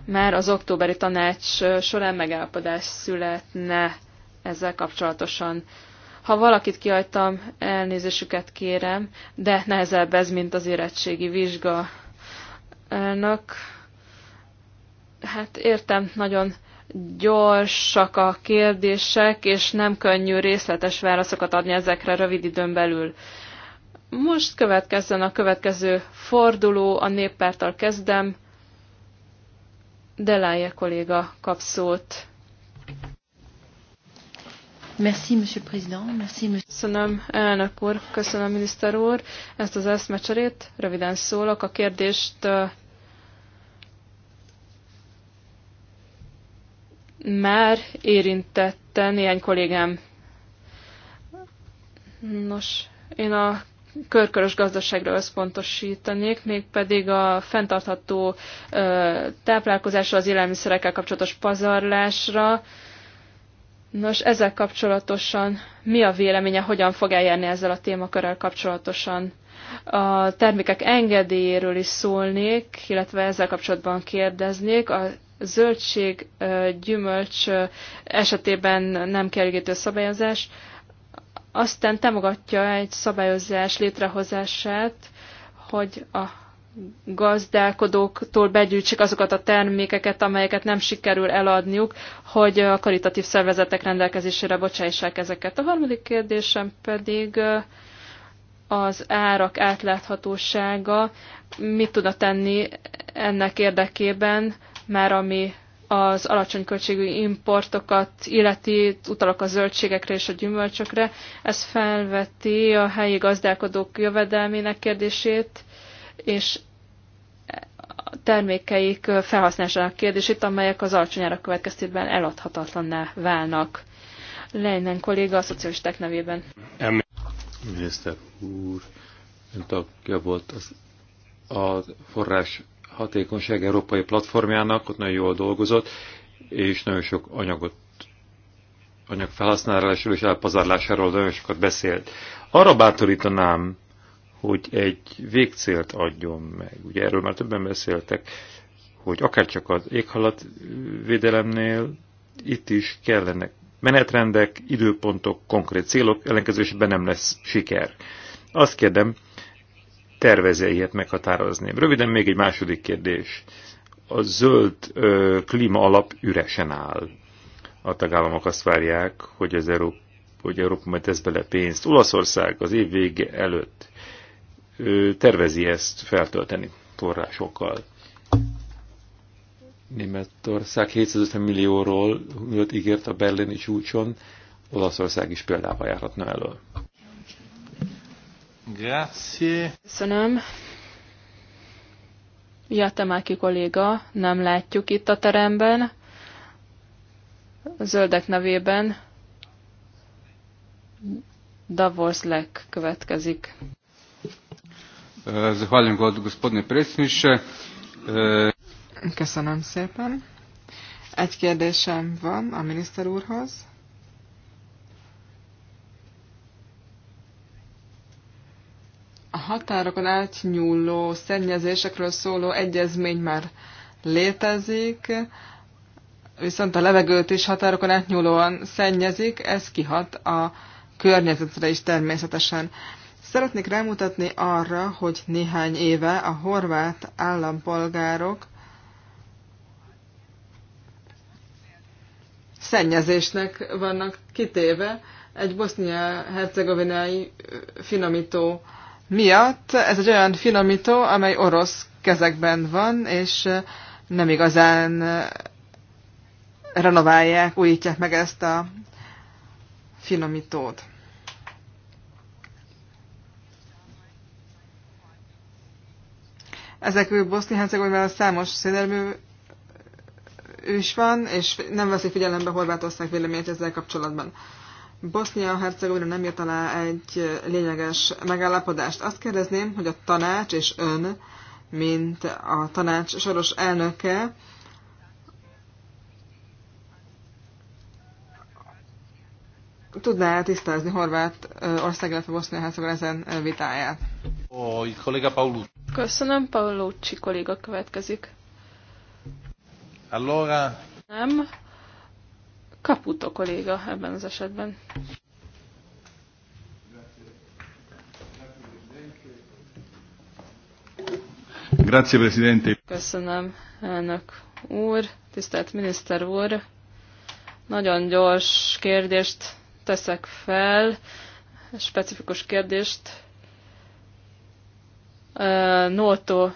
már az októberi tanács során megállapodás születne ezzel kapcsolatosan. Ha valakit kihagytam, elnézésüket kérem, de nehezebb ez, mint az érettségi vizsga. Elnök, hát értem, nagyon gyorsak a kérdések, és nem könnyű részletes válaszokat adni ezekre rövid időn belül. Most következzen a következő forduló, a néppártal kezdem. Delája kolléga kap szót. Merci, Monsieur Merci, Monsieur... Köszönöm, elnök úr, köszönöm, miniszter úr. Ezt az eszmecserét röviden szólok. A kérdést már érintette néhány kollégám. Nos, én a körkörös gazdaságra összpontosítanék, mégpedig a fenntartható táplálkozásra, az élelmiszerekkel kapcsolatos pazarlásra, Nos, ezzel kapcsolatosan mi a véleménye, hogyan fog eljárni ezzel a témakörrel kapcsolatosan? A termékek engedélyéről is szólnék, illetve ezzel kapcsolatban kérdeznék. A zöldség, gyümölcs esetében nem kerülgető szabályozás, aztán támogatja egy szabályozás létrehozását, hogy a gazdálkodóktól begyűjtsék azokat a termékeket, amelyeket nem sikerül eladniuk, hogy a karitatív szervezetek rendelkezésére bocsássák ezeket. A harmadik kérdésem pedig az árak átláthatósága. Mit tudna tenni ennek érdekében, már ami az alacsony költségű importokat illeti, utalok a zöldségekre és a gyümölcsökre. Ez felveti a helyi gazdálkodók jövedelmének kérdését, és termékeik felhasználásának kérdését, amelyek az alacsonyára következtében eladhatatlanná válnak. Leinen kolléga a szocialisták nevében. Miniszter úr, mint tagja volt az, a forrás hatékonyság európai platformjának, ott nagyon jól dolgozott, és nagyon sok anyagot anyag felhasználásról és elpazarlásáról nagyon sokat beszélt. Arra bátorítanám hogy egy végcélt adjon meg. Ugye erről már többen beszéltek, hogy akárcsak az védelemnél itt is kellene menetrendek, időpontok, konkrét célok, ellenkező nem lesz siker. Azt kérdem, tervezze ilyet meghatározni? Röviden még egy második kérdés. A zöld ö, klíma alap üresen áll. A tagállamok azt várják, hogy az Európa, hogy Európa majd tesz bele pénzt. Olaszország az év vége előtt tervezi ezt feltölteni forrásokkal. Németország 750 millióról milliót ígért a berlini csúcson, Olaszország is példával járhatna elől. Grazie. Köszönöm. Jatemáki kolléga, nem látjuk itt a teremben. A zöldek nevében Leck következik. Zahvaljujem gospodine predsjedniče. E, Köszönöm szépen. Egy kérdésem van a miniszter úrhoz. A határokon átnyúló szennyezésekről szóló egyezmény már létezik, viszont a levegőt is határokon átnyúlóan szennyezik, ez kihat a környezetre is természetesen. Szeretnék rámutatni arra, hogy néhány éve a horvát állampolgárok szennyezésnek vannak kitéve egy bosznia-hercegovinai finomító miatt. Ez egy olyan finomító, amely orosz kezekben van, és nem igazán renoválják, újítják meg ezt a finomítót. Ezekről Bosznia-Hercegovinával számos szénermű is van, és nem veszik figyelembe Horvátország véleményét ezzel kapcsolatban. Bosznia-Hercegovina nem írt alá egy lényeges megállapodást. Azt kérdezném, hogy a tanács és ön, mint a tanács soros elnöke, tudná tisztázni Horvát ország, illetve Bosznia-Hercegovina ezen vitáját. Oj, kollega Paulucci. Köszönöm, Paulucci kolléga következik. Allora... Nem. Caputo kolléga ebben az esetben. Grazie, Presidente. Köszönöm, elnök úr, tisztelt miniszter úr. Nagyon gyors kérdést teszek fel, specifikus kérdést Noto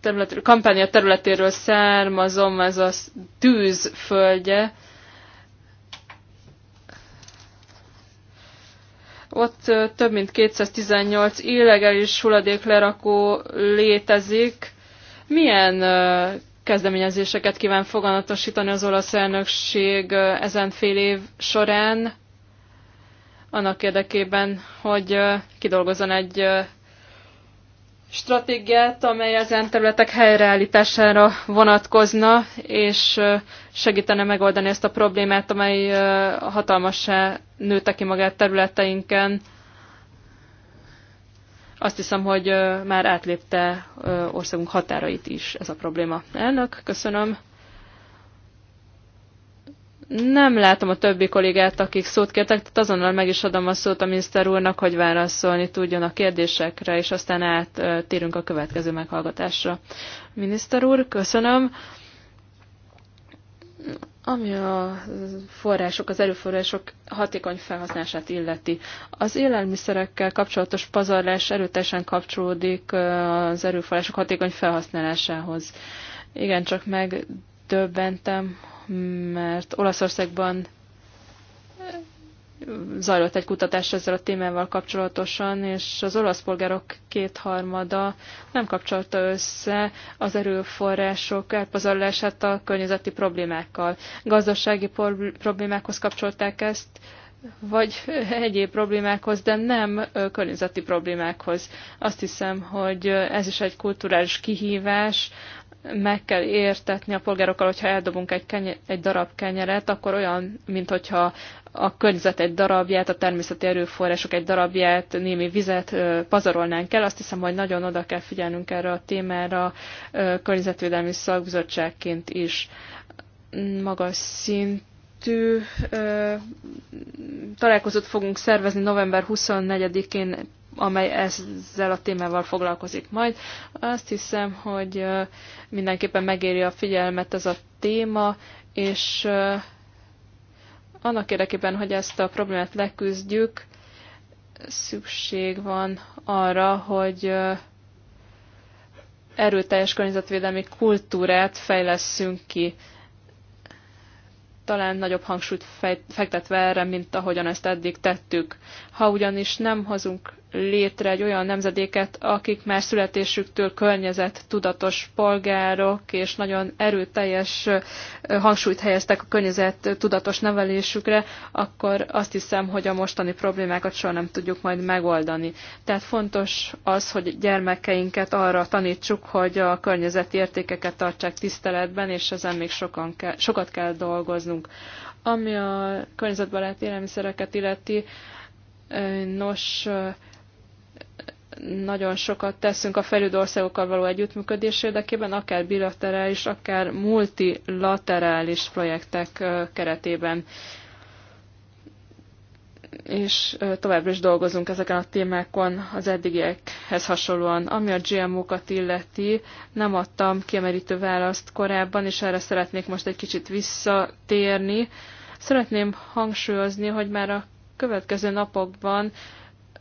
területről, kampánya területéről származom, ez a tűz földje. Ott több mint 218 illegális lerakó létezik. Milyen kezdeményezéseket kíván foganatosítani az olasz elnökség ezen fél év során? annak érdekében, hogy kidolgozzon egy stratégiát, amely ezen területek helyreállítására vonatkozna, és segítene megoldani ezt a problémát, amely hatalmasá nőtte ki magát területeinken. Azt hiszem, hogy már átlépte országunk határait is ez a probléma. Elnök, köszönöm. Nem látom a többi kollégát, akik szót kértek, tehát azonnal meg is adom a szót a miniszter úrnak, hogy válaszolni tudjon a kérdésekre, és aztán áttérünk a következő meghallgatásra. Miniszter úr, köszönöm. Ami a források, az erőforrások hatékony felhasználását illeti. Az élelmiszerekkel kapcsolatos pazarlás erőteljesen kapcsolódik az erőforrások hatékony felhasználásához. Igen, csak meg megdöbbentem, mert Olaszországban eh, zajlott egy kutatás ezzel a témával kapcsolatosan, és az olasz polgárok kétharmada nem kapcsolta össze az erőforrások elpazarlását a környezeti problémákkal. Gazdasági problémákhoz kapcsolták ezt, vagy egyéb problémákhoz, de nem környezeti problémákhoz. Azt hiszem, hogy ez is egy kulturális kihívás, meg kell értetni a polgárokkal, hogyha eldobunk egy, kenyer, egy darab kenyeret, akkor olyan, mint hogyha a környezet egy darabját, a természeti erőforrások egy darabját, némi vizet pazarolnánk el. Azt hiszem, hogy nagyon oda kell figyelnünk erre a témára környezetvédelmi szakbizottságként is magas szint ö, találkozót fogunk szervezni november 24-én amely ezzel a témával foglalkozik majd. Azt hiszem, hogy mindenképpen megéri a figyelmet ez a téma, és annak érdekében, hogy ezt a problémát leküzdjük, szükség van arra, hogy erőteljes környezetvédelmi kultúrát fejleszünk ki, talán nagyobb hangsúlyt fektetve erre, mint ahogyan ezt eddig tettük. Ha ugyanis nem hozunk létre egy olyan nemzedéket, akik már születésüktől környezet tudatos polgárok, és nagyon erőteljes hangsúlyt helyeztek a környezet tudatos nevelésükre, akkor azt hiszem, hogy a mostani problémákat soha nem tudjuk majd megoldani. Tehát fontos az, hogy gyermekeinket arra tanítsuk, hogy a környezeti értékeket tartsák tiszteletben, és ezen még sokan kell, sokat kell dolgoznunk. Ami a környezetbarát élelmiszereket illeti, nos, nagyon sokat teszünk a fejlődő országokkal való együttműködés érdekében, akár bilaterális, akár multilaterális projektek keretében. És továbbra is dolgozunk ezeken a témákon az eddigiekhez hasonlóan. Ami a GMO-kat illeti, nem adtam kiemelítő választ korábban, és erre szeretnék most egy kicsit visszatérni. Szeretném hangsúlyozni, hogy már a következő napokban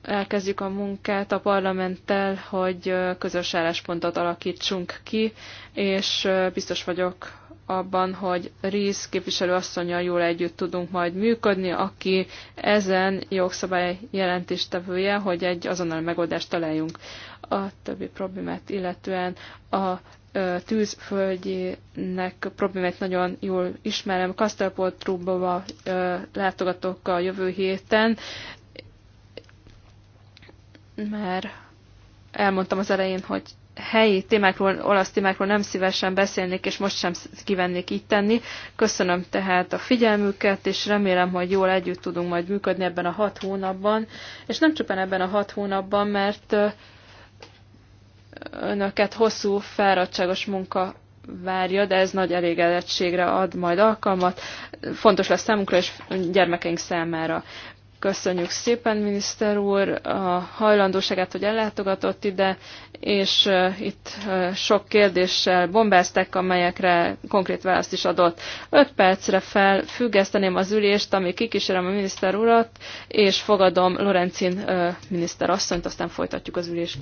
elkezdjük a munkát a parlamenttel, hogy közös álláspontot alakítsunk ki, és biztos vagyok abban, hogy Ríz képviselő asszonyjal jól együtt tudunk majd működni, aki ezen jogszabály jelentéstevője, hogy egy azonnal megoldást találjunk a többi problémát, illetően a tűzföldjének problémát nagyon jól ismerem. Kastelport látogatok a jövő héten mert elmondtam az elején, hogy helyi témákról, olasz témákról nem szívesen beszélnék, és most sem kivennék itt tenni. Köszönöm tehát a figyelmüket, és remélem, hogy jól együtt tudunk majd működni ebben a hat hónapban, és nem csupán ebben a hat hónapban, mert önöket hosszú, fáradtságos munka várja, de ez nagy elégedettségre ad majd alkalmat. Fontos lesz számunkra és gyermekeink számára. Köszönjük szépen, miniszter úr, a hajlandóságát, hogy ellátogatott ide, és itt sok kérdéssel bombáztak, amelyekre konkrét választ is adott. Öt percre fel az ülést, ami kikísérem a miniszter urat, és fogadom Lorencin miniszter asszonyt, aztán folytatjuk az ülést.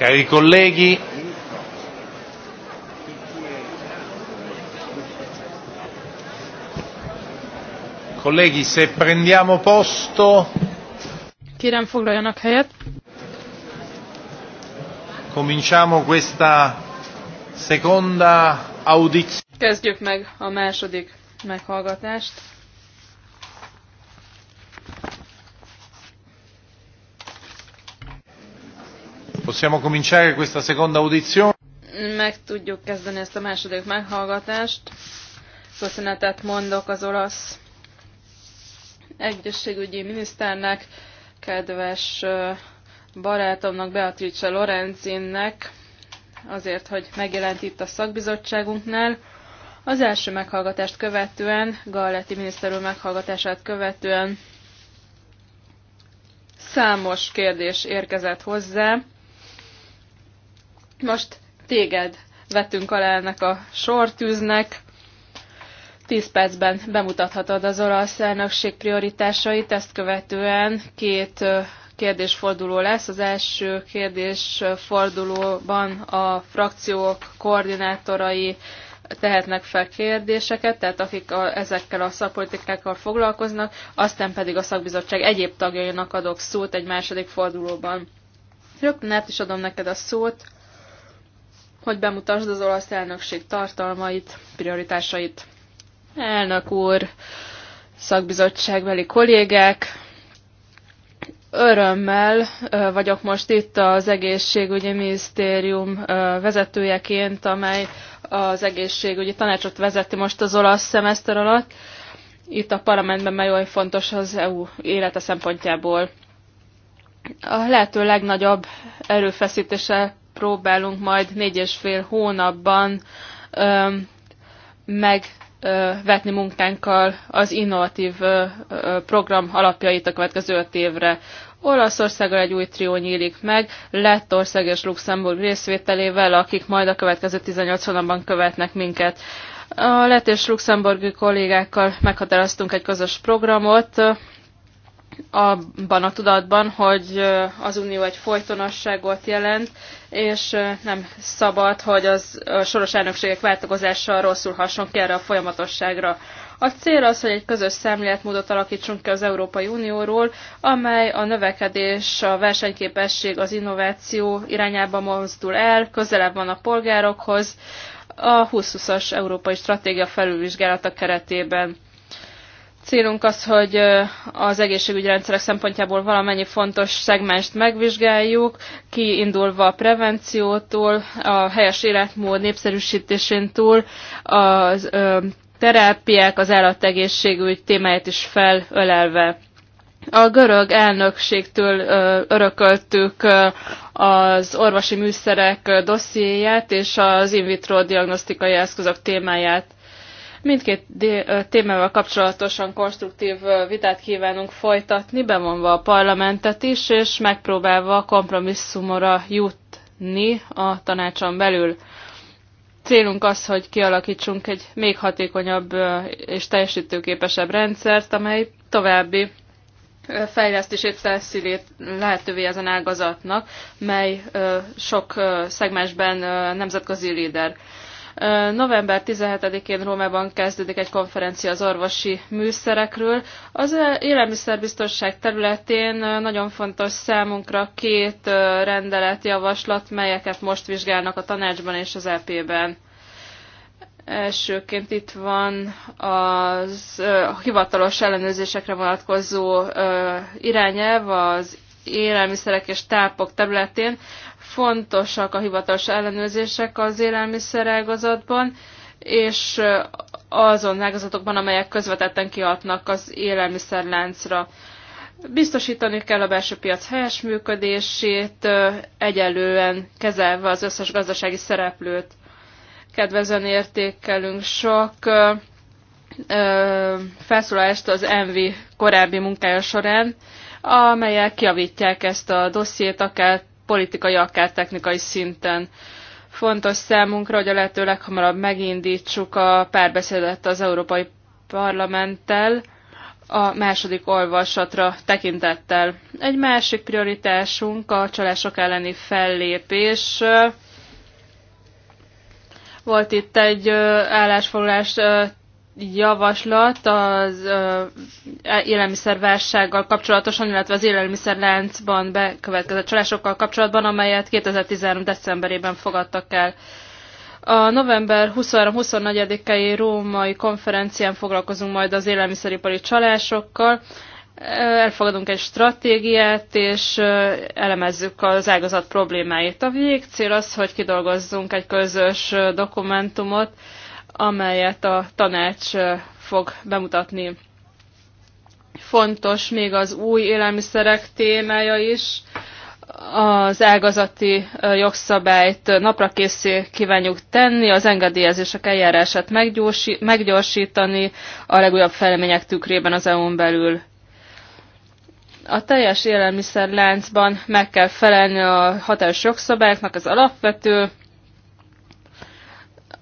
Cari colleghi, colleghi se prendiamo posto. Kérem foglaljanak helyet. Cominciamo questa seconda audizione. Kezdjük meg a második meghallgatást. Possiamo cominciare questa seconda audizione? Meg tudjuk kezdeni ezt a második meghallgatást. Köszönetet mondok az olasz egészségügyi miniszternek, kedves barátomnak, Beatrice Lorenzinnek, azért, hogy megjelent itt a szakbizottságunknál. Az első meghallgatást követően, Galletti miniszterő meghallgatását követően számos kérdés érkezett hozzá, most téged vetünk alá ennek a sortűznek. Tíz percben bemutathatod az olasz elnökség prioritásait, ezt követően két kérdésforduló lesz. Az első kérdésfordulóban a frakciók koordinátorai tehetnek fel kérdéseket, tehát akik a, ezekkel a szakpolitikákkal foglalkoznak, aztán pedig a szakbizottság egyéb tagjainak adok szót egy második fordulóban. Rögtön át is adom neked a szót, hogy bemutasd az olasz elnökség tartalmait, prioritásait. Elnök úr, szakbizottságbeli kollégák, örömmel vagyok most itt az egészségügyi minisztérium vezetőjeként, amely az egészségügyi tanácsot vezeti most az olasz szemeszter alatt. Itt a parlamentben mely olyan fontos az EU élete szempontjából. A lehető legnagyobb erőfeszítéssel próbálunk majd négy és fél hónapban ö, megvetni munkánkkal az innovatív program alapjait a következő öt évre. Olaszországgal egy új trió nyílik meg, Lettország és Luxemburg részvételével, akik majd a következő 18 hónapban követnek minket. A lett és luxemburgi kollégákkal meghatároztunk egy közös programot, abban a tudatban, hogy az unió egy folytonosságot jelent, és nem szabad, hogy az a soros elnökségek változása rosszul hasson ki erre a folyamatosságra. A cél az, hogy egy közös szemléletmódot alakítsunk ki az Európai Unióról, amely a növekedés, a versenyképesség, az innováció irányába mozdul el, közelebb van a polgárokhoz, a 2020-as Európai Stratégia felülvizsgálata keretében. Célunk az, hogy az rendszerek szempontjából valamennyi fontos szegmást megvizsgáljuk, kiindulva a prevenciótól, a helyes életmód népszerűsítésén túl, az terápiák, az állategészségügy témáját is felölelve. A görög elnökségtől örököltük az orvosi műszerek dossziéját és az in vitro diagnosztikai eszközök témáját. Mindkét témával kapcsolatosan konstruktív vitát kívánunk folytatni, bevonva a parlamentet is, és megpróbálva kompromisszumra jutni a tanácson belül. Célunk az, hogy kialakítsunk egy még hatékonyabb és teljesítőképesebb rendszert, amely további fejlesztését teszi lehetővé ezen ágazatnak, mely sok szegmensben nemzetközi líder. November 17-én Rómában kezdődik egy konferencia az orvosi műszerekről. Az e- élelmiszerbiztonság területén nagyon fontos számunkra két rendelet javaslat, melyeket most vizsgálnak a tanácsban és az EP-ben. Elsőként itt van az hivatalos ellenőrzésekre vonatkozó irányelv, az élelmiszerek és tápok területén, fontosak a hivatalos ellenőrzések az élelmiszerágazatban, és azon ágazatokban, amelyek közvetetten kiadnak az élelmiszerláncra. Biztosítani kell a belső piac helyes működését, egyelően kezelve az összes gazdasági szereplőt. Kedvezően értékelünk sok felszólalást az ENVI korábbi munkája során, amelyek javítják ezt a dossziét, akár politikai, akár technikai szinten. Fontos számunkra, hogy a lehető leghamarabb megindítsuk a párbeszédet az Európai Parlamenttel, a második olvasatra tekintettel. Egy másik prioritásunk a csalások elleni fellépés. Volt itt egy állásfoglalás javaslat az e, élelmiszerválsággal kapcsolatosan, illetve az élelmiszerláncban bekövetkezett csalásokkal kapcsolatban, amelyet 2013. decemberében fogadtak el. A november 23-24-i római konferencián foglalkozunk majd az élelmiszeripari csalásokkal. Elfogadunk egy stratégiát, és elemezzük az ágazat problémáit. A végcél az, hogy kidolgozzunk egy közös dokumentumot, amelyet a tanács fog bemutatni. Fontos még az új élelmiszerek témája is. Az ágazati jogszabályt készé kívánjuk tenni, az engedélyezések eljárását meggyorsítani a legújabb fejlemények tükrében az EU-n belül a teljes élelmiszerláncban meg kell felelni a hatályos jogszabályoknak, az alapvető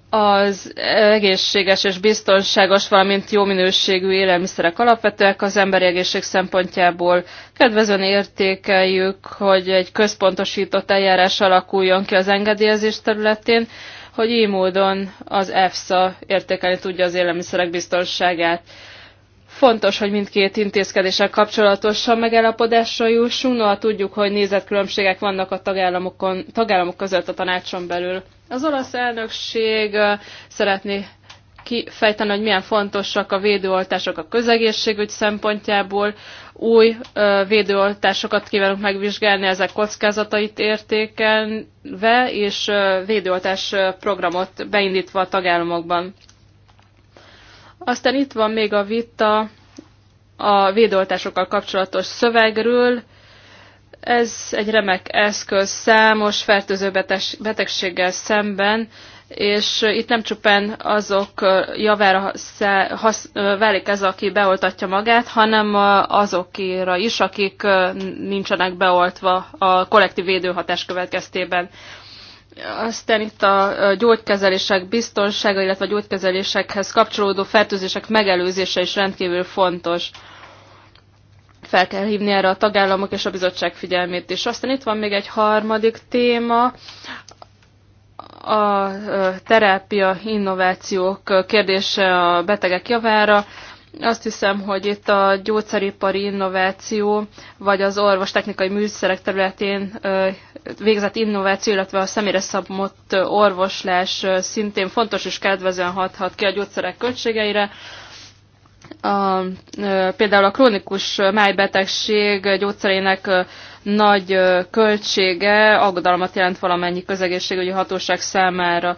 az egészséges és biztonságos, valamint jó minőségű élelmiszerek alapvetőek az emberi egészség szempontjából. Kedvezően értékeljük, hogy egy központosított eljárás alakuljon ki az engedélyezés területén, hogy így módon az EFSA értékelni tudja az élelmiszerek biztonságát. Fontos, hogy mindkét intézkedéssel kapcsolatosan megállapodásra jussunk, noha tudjuk, hogy nézetkülönbségek vannak a tagállamokon, tagállamok között a tanácson belül. Az olasz elnökség szeretné kifejteni, hogy milyen fontosak a védőoltások a közegészségügy szempontjából. Új védőoltásokat kívánunk megvizsgálni, ezek kockázatait értékelve, és védőoltás programot beindítva a tagállamokban. Aztán itt van még a vita a védoltásokkal kapcsolatos szövegről. Ez egy remek eszköz számos fertőző betegséggel szemben, és itt nem csupán azok javára hasz, válik ez, aki beoltatja magát, hanem azokra is, akik nincsenek beoltva a kollektív védőhatás következtében. Aztán itt a gyógykezelések biztonsága, illetve a gyógykezelésekhez kapcsolódó fertőzések megelőzése is rendkívül fontos. Fel kell hívni erre a tagállamok és a bizottság figyelmét is. Aztán itt van még egy harmadik téma, a terápia innovációk kérdése a betegek javára. Azt hiszem, hogy itt a gyógyszeripari innováció, vagy az orvostechnikai műszerek területén végzett innováció, illetve a személyre szabott orvoslás szintén fontos és kedvezően hathat ki a gyógyszerek költségeire. A, például a krónikus májbetegség gyógyszerének nagy költsége aggodalmat jelent valamennyi közegészségügyi hatóság számára.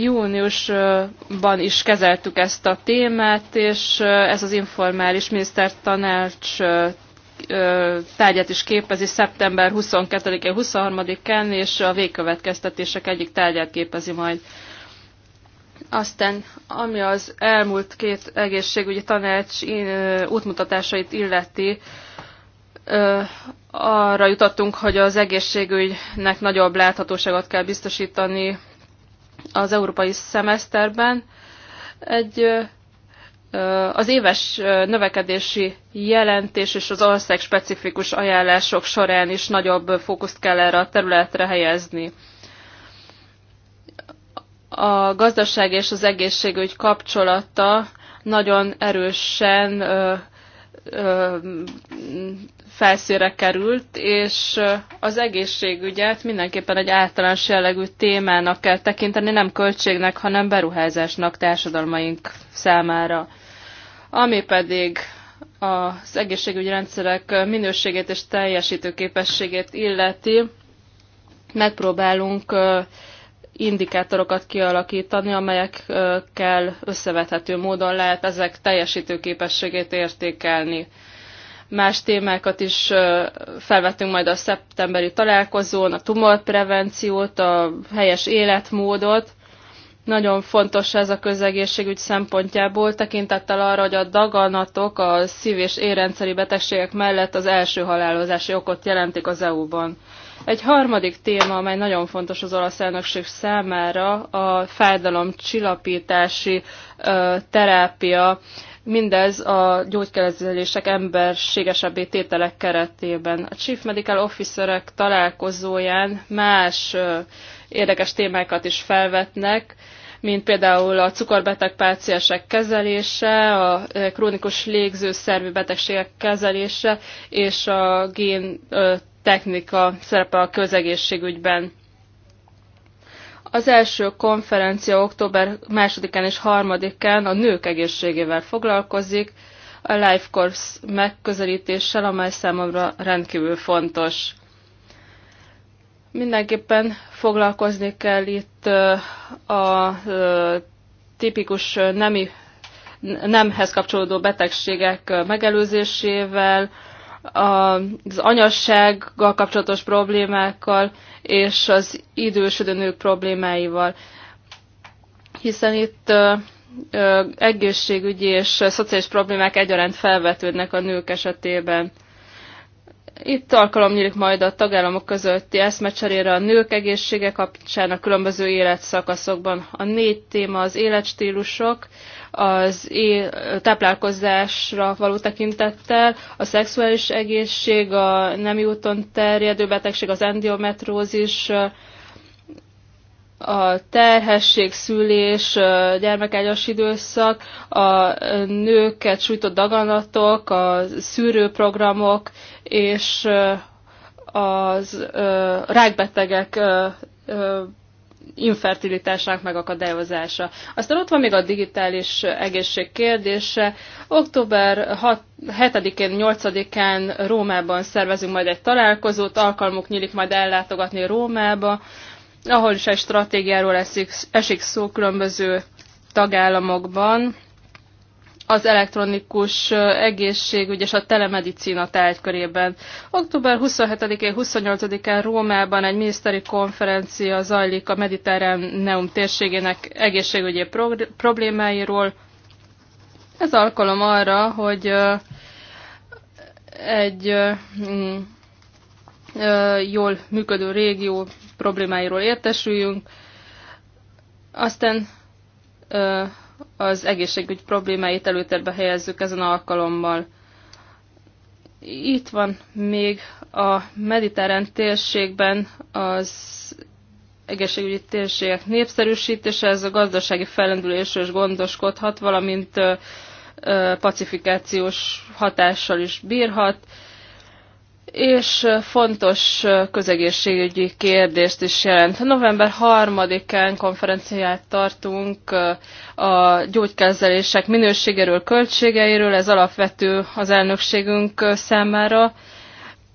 Júniusban is kezeltük ezt a témát, és ez az informális minisztertanács tárgyát is képezi szeptember 22-én, 23-án, és a végkövetkeztetések egyik tárgyát képezi majd. Aztán, ami az elmúlt két egészségügyi tanács útmutatásait illeti, arra jutottunk, hogy az egészségügynek nagyobb láthatóságot kell biztosítani az európai szemeszterben egy az éves növekedési jelentés és az ország specifikus ajánlások során is nagyobb fókuszt kell erre a területre helyezni. A gazdaság és az egészségügy kapcsolata nagyon erősen felszére került, és az egészségügyet mindenképpen egy általános jellegű témának kell tekinteni, nem költségnek, hanem beruházásnak társadalmaink számára. Ami pedig az egészségügyi rendszerek minőségét és teljesítő képességét illeti, megpróbálunk indikátorokat kialakítani, amelyekkel összevethető módon lehet ezek teljesítő képességét értékelni. Más témákat is felvettünk majd a szeptemberi találkozón, a tumorprevenciót, a helyes életmódot. Nagyon fontos ez a közegészségügy szempontjából, tekintettel arra, hogy a daganatok a szív- és érrendszeri betegségek mellett az első halálozási okot jelentik az EU-ban. Egy harmadik téma, amely nagyon fontos az olasz elnökség számára, a fájdalom csillapítási terápia Mindez a gyógykezelések emberségesebbé tételek keretében. A Chief Medical Officerek találkozóján más érdekes témákat is felvetnek, mint például a cukorbeteg páciensek kezelése, a krónikus légzőszervi betegségek kezelése és a gén technika szerepe a közegészségügyben. Az első konferencia október 2-án és 3-án a nők egészségével foglalkozik, a Life Course megközelítéssel, amely számomra rendkívül fontos. Mindenképpen foglalkozni kell itt a tipikus nemi, nemhez kapcsolódó betegségek megelőzésével, az anyassággal kapcsolatos problémákkal, és az idősödő nők problémáival. Hiszen itt egészségügyi és szociális problémák egyaránt felvetődnek a nők esetében. Itt alkalom nyílik majd a tagállamok közötti eszmecserére a nők egészsége kapcsán a különböző életszakaszokban. A négy téma az életstílusok, az táplálkozásra való tekintettel, a szexuális egészség, a nem úton terjedő betegség, az endiometrózis, a terhesség, szülés, gyermekágyas időszak, a nőket sújtott daganatok, a szűrőprogramok és az rákbetegek infertilitásának megakadályozása. Aztán ott van még a digitális egészség kérdése. Október 7-én, 8-án Rómában szervezünk majd egy találkozót, alkalmuk nyílik majd ellátogatni Rómába, ahol is egy stratégiáról esik, esik szó különböző tagállamokban, az elektronikus egészség, és a telemedicína tárgykörében. Október 27-én, 28-án Rómában egy miniszteri konferencia zajlik a mediterrán Neum térségének egészségügyi problémáiról. Ez alkalom arra, hogy egy mm, jól működő régió problémáiról értesüljünk. Aztán az egészségügy problémáit előterbe helyezzük ezen alkalommal. Itt van még a mediterrán térségben az egészségügyi térségek népszerűsítése, ez a gazdasági fellendülésről is gondoskodhat, valamint pacifikációs hatással is bírhat és fontos közegészségügyi kérdést is jelent. November 3-án konferenciát tartunk a gyógykezelések minőségéről, költségeiről, ez alapvető az elnökségünk számára.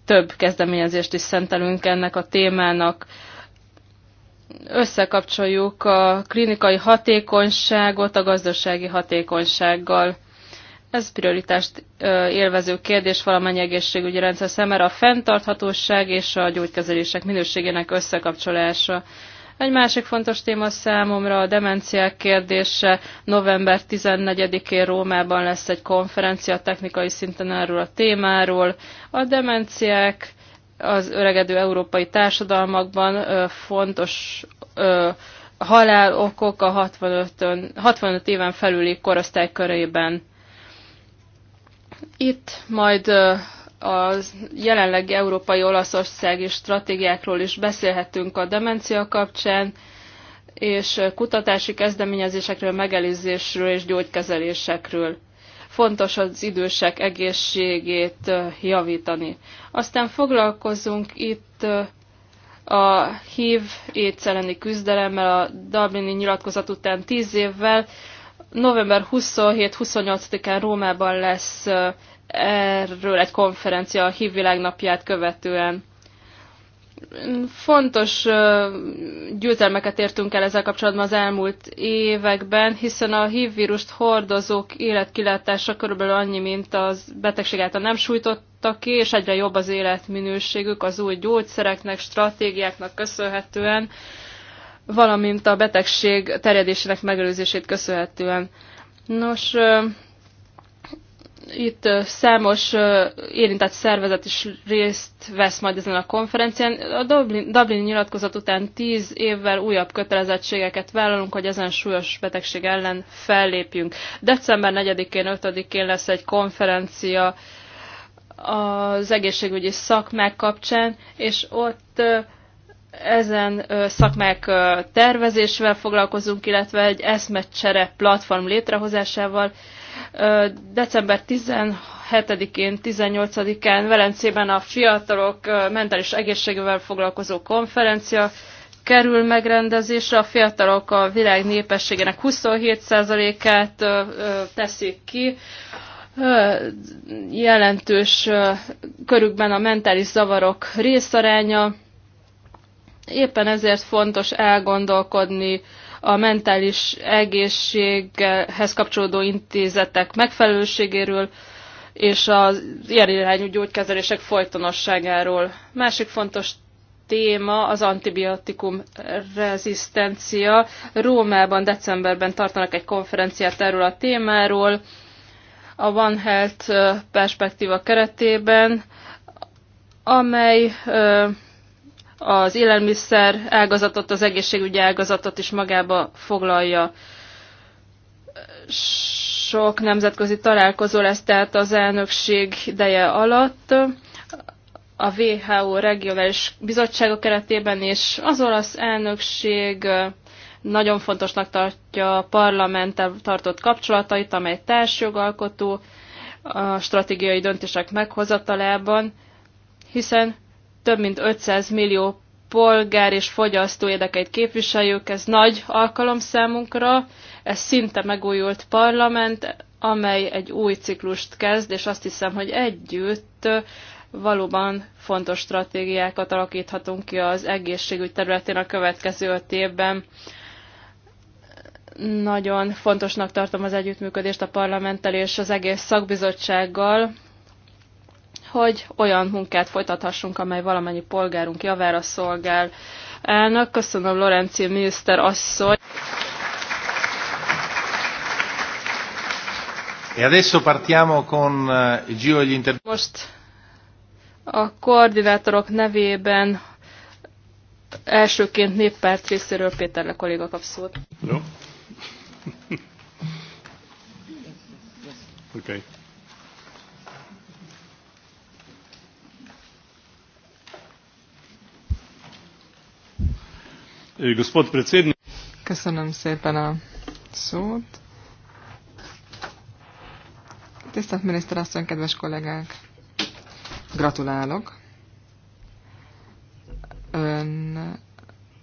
Több kezdeményezést is szentelünk ennek a témának. Összekapcsoljuk a klinikai hatékonyságot a gazdasági hatékonysággal ez prioritást élvező kérdés valamennyi egészségügyi rendszer szemére a fenntarthatóság és a gyógykezelések minőségének összekapcsolása. Egy másik fontos téma számomra a demenciák kérdése. November 14-én Rómában lesz egy konferencia technikai szinten erről a témáról. A demenciák az öregedő európai társadalmakban fontos halálokok a 65, 65 éven felüli korosztály körében. Itt majd a jelenlegi európai olaszországi stratégiákról is beszélhetünk a demencia kapcsán, és kutatási kezdeményezésekről, megelőzésről és gyógykezelésekről. Fontos az idősek egészségét javítani. Aztán foglalkozunk itt a HIV étszereni küzdelemmel a Dublini nyilatkozat után 10 évvel. November 27-28-án Rómában lesz erről egy konferencia a HIV világnapját követően. Fontos gyűjtelmeket értünk el ezzel kapcsolatban az elmúlt években, hiszen a HIV vírust hordozók életkilátása körülbelül annyi, mint az betegség által nem sújtottak ki, és egyre jobb az életminőségük az új gyógyszereknek, stratégiáknak köszönhetően, valamint a betegség terjedésének megelőzését köszönhetően. Nos, itt számos érintett szervezet is részt vesz majd ezen a konferencián. A Dublin, Dublin nyilatkozat után tíz évvel újabb kötelezettségeket vállalunk, hogy ezen súlyos betegség ellen fellépjünk. December 4-én, 5-én lesz egy konferencia az egészségügyi szakmák kapcsán, és ott ezen szakmák tervezésével foglalkozunk, illetve egy eszmecsere platform létrehozásával, December 17-én, 18-án Velencében a fiatalok mentális egészségével foglalkozó konferencia kerül megrendezésre. A fiatalok a világ népességének 27%-át teszik ki jelentős körükben a mentális zavarok részaránya. Éppen ezért fontos elgondolkodni a mentális egészséghez kapcsolódó intézetek megfelelőségéről, és az ilyen irányú gyógykezelések folytonosságáról. Másik fontos téma az antibiotikum rezisztencia. Rómában decemberben tartanak egy konferenciát erről a témáról, a One Health perspektíva keretében, amely az élelmiszer ágazatot, az egészségügyi ágazatot is magába foglalja. Sok nemzetközi találkozó lesz tehát az elnökség ideje alatt a WHO regionális bizottsága keretében, és az olasz elnökség nagyon fontosnak tartja a parlamenttel tartott kapcsolatait, amely társjogalkotó a stratégiai döntések meghozatalában, hiszen több mint 500 millió polgár és fogyasztó érdekeit képviseljük, ez nagy alkalom számunkra, ez szinte megújult parlament, amely egy új ciklust kezd, és azt hiszem, hogy együtt valóban fontos stratégiákat alakíthatunk ki az egészségügy területén a következő öt évben. Nagyon fontosnak tartom az együttműködést a parlamenttel és az egész szakbizottsággal, hogy olyan munkát folytathassunk, amely valamennyi polgárunk javára szolgál. Elnök, köszönöm Lorenci miniszter asszony. E adesso partiamo con eh, il giro degli interventi. Most a koordinátorok nevében elsőként néppárt részéről Péter le kolléga kap szót. No. okay. Eh, gospod predsednik. Köszönöm szépen a szót. Tisztelt miniszterasszony, kedves kollégák! Gratulálok! Ön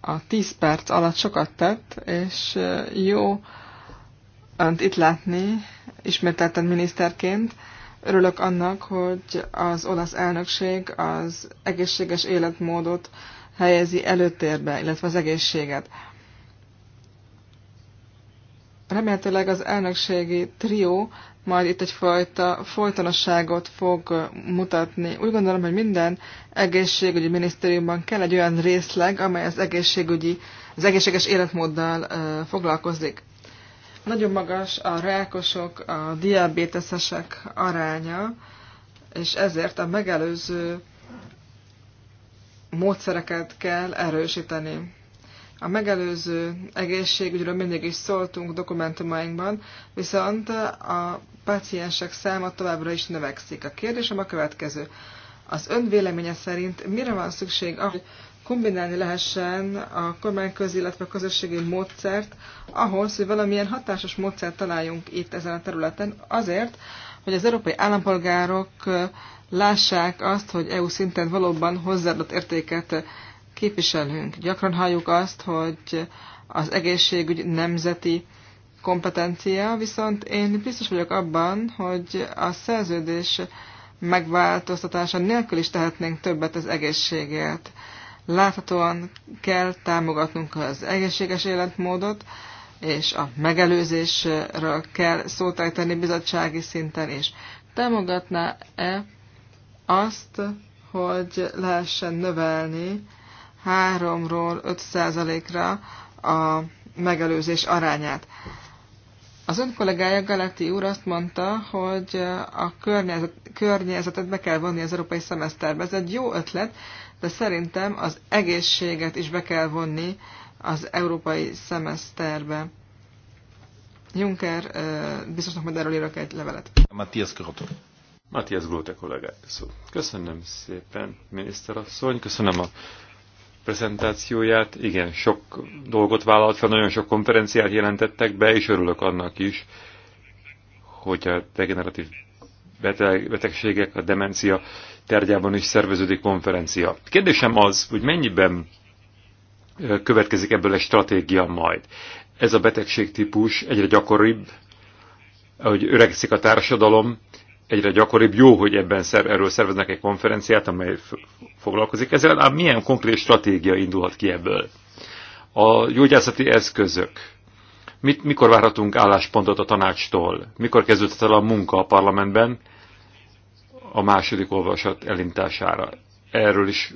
a 10 perc alatt sokat tett, és eh, jó önt itt látni, ismételten miniszterként. Örülök annak, hogy az olasz elnökség az egészséges életmódot helyezi előtérbe, illetve az egészséget. Remélhetőleg az elnökségi trió majd itt egyfajta folytonosságot fog mutatni. Úgy gondolom, hogy minden egészségügyi minisztériumban kell egy olyan részleg, amely az egészségügyi, az egészséges életmóddal foglalkozik. Nagyon magas a rákosok, a diabéteszesek aránya, és ezért a megelőző módszereket kell erősíteni. A megelőző egészségügyről mindig is szóltunk dokumentumainkban, viszont a páciensek száma továbbra is növekszik. A kérdésem a következő. Az ön véleménye szerint mire van szükség, ahhoz, hogy kombinálni lehessen a kormányközi, illetve a közösségi módszert ahhoz, hogy valamilyen hatásos módszert találjunk itt ezen a területen, azért, hogy az európai állampolgárok lássák azt, hogy EU szinten valóban hozzáadott értéket képviselünk. Gyakran halljuk azt, hogy az egészségügy nemzeti kompetencia, viszont én biztos vagyok abban, hogy a szerződés megváltoztatása nélkül is tehetnénk többet az egészségért. Láthatóan kell támogatnunk az egészséges életmódot, és a megelőzésről kell szótájtani bizottsági szinten is. Támogatná-e azt, hogy lehessen növelni 3-ról 5%-ra a megelőzés arányát? Az ön kollégája Galati úr azt mondta, hogy a környezet, környezetet be kell vonni az európai szemeszterbe. Ez egy jó ötlet, de szerintem az egészséget is be kell vonni az európai szemeszterbe. Juncker biztosnak majd erről írok egy levelet. Matthias Grotto. Matthias Grotto kollégát szó. Köszönöm szépen, miniszterasszony, köszönöm a prezentációját. Igen, sok dolgot vállalt fel, nagyon sok konferenciát jelentettek be, és örülök annak is, hogy a degeneratív beteg, betegségek, a demencia tárgyában is szerveződik konferencia. Kérdésem az, hogy mennyiben következik ebből egy stratégia majd. Ez a betegségtípus egyre gyakoribb, ahogy öregszik a társadalom, egyre gyakoribb. Jó, hogy ebben szer, erről szerveznek egy konferenciát, amely foglalkozik ezzel, ám milyen konkrét stratégia indulhat ki ebből? A gyógyászati eszközök. Mit, mikor várhatunk álláspontot a tanácstól? Mikor kezdődhet el a munka a parlamentben a második olvasat elintására? erről is,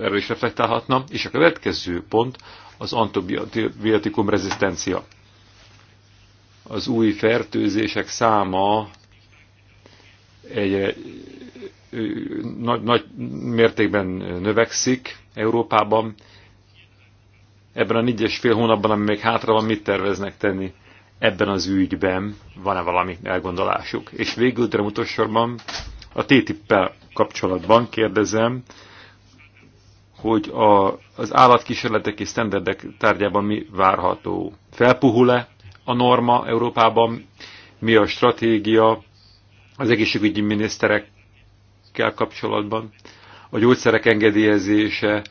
erről is reflektálhatna. És a következő pont az antibiotikum rezisztencia. Az új fertőzések száma egy nagy, nagy mértékben növekszik Európában. Ebben a négyes fél hónapban, ami még hátra van, mit terveznek tenni ebben az ügyben? Van-e valami elgondolásuk? És végül, de utolsorban a TTIP-pel kapcsolatban kérdezem, hogy a, az állatkísérletek és sztenderdek tárgyában mi várható? Felpuhul-e a norma Európában? Mi a stratégia az egészségügyi miniszterekkel kapcsolatban? A gyógyszerek engedélyezése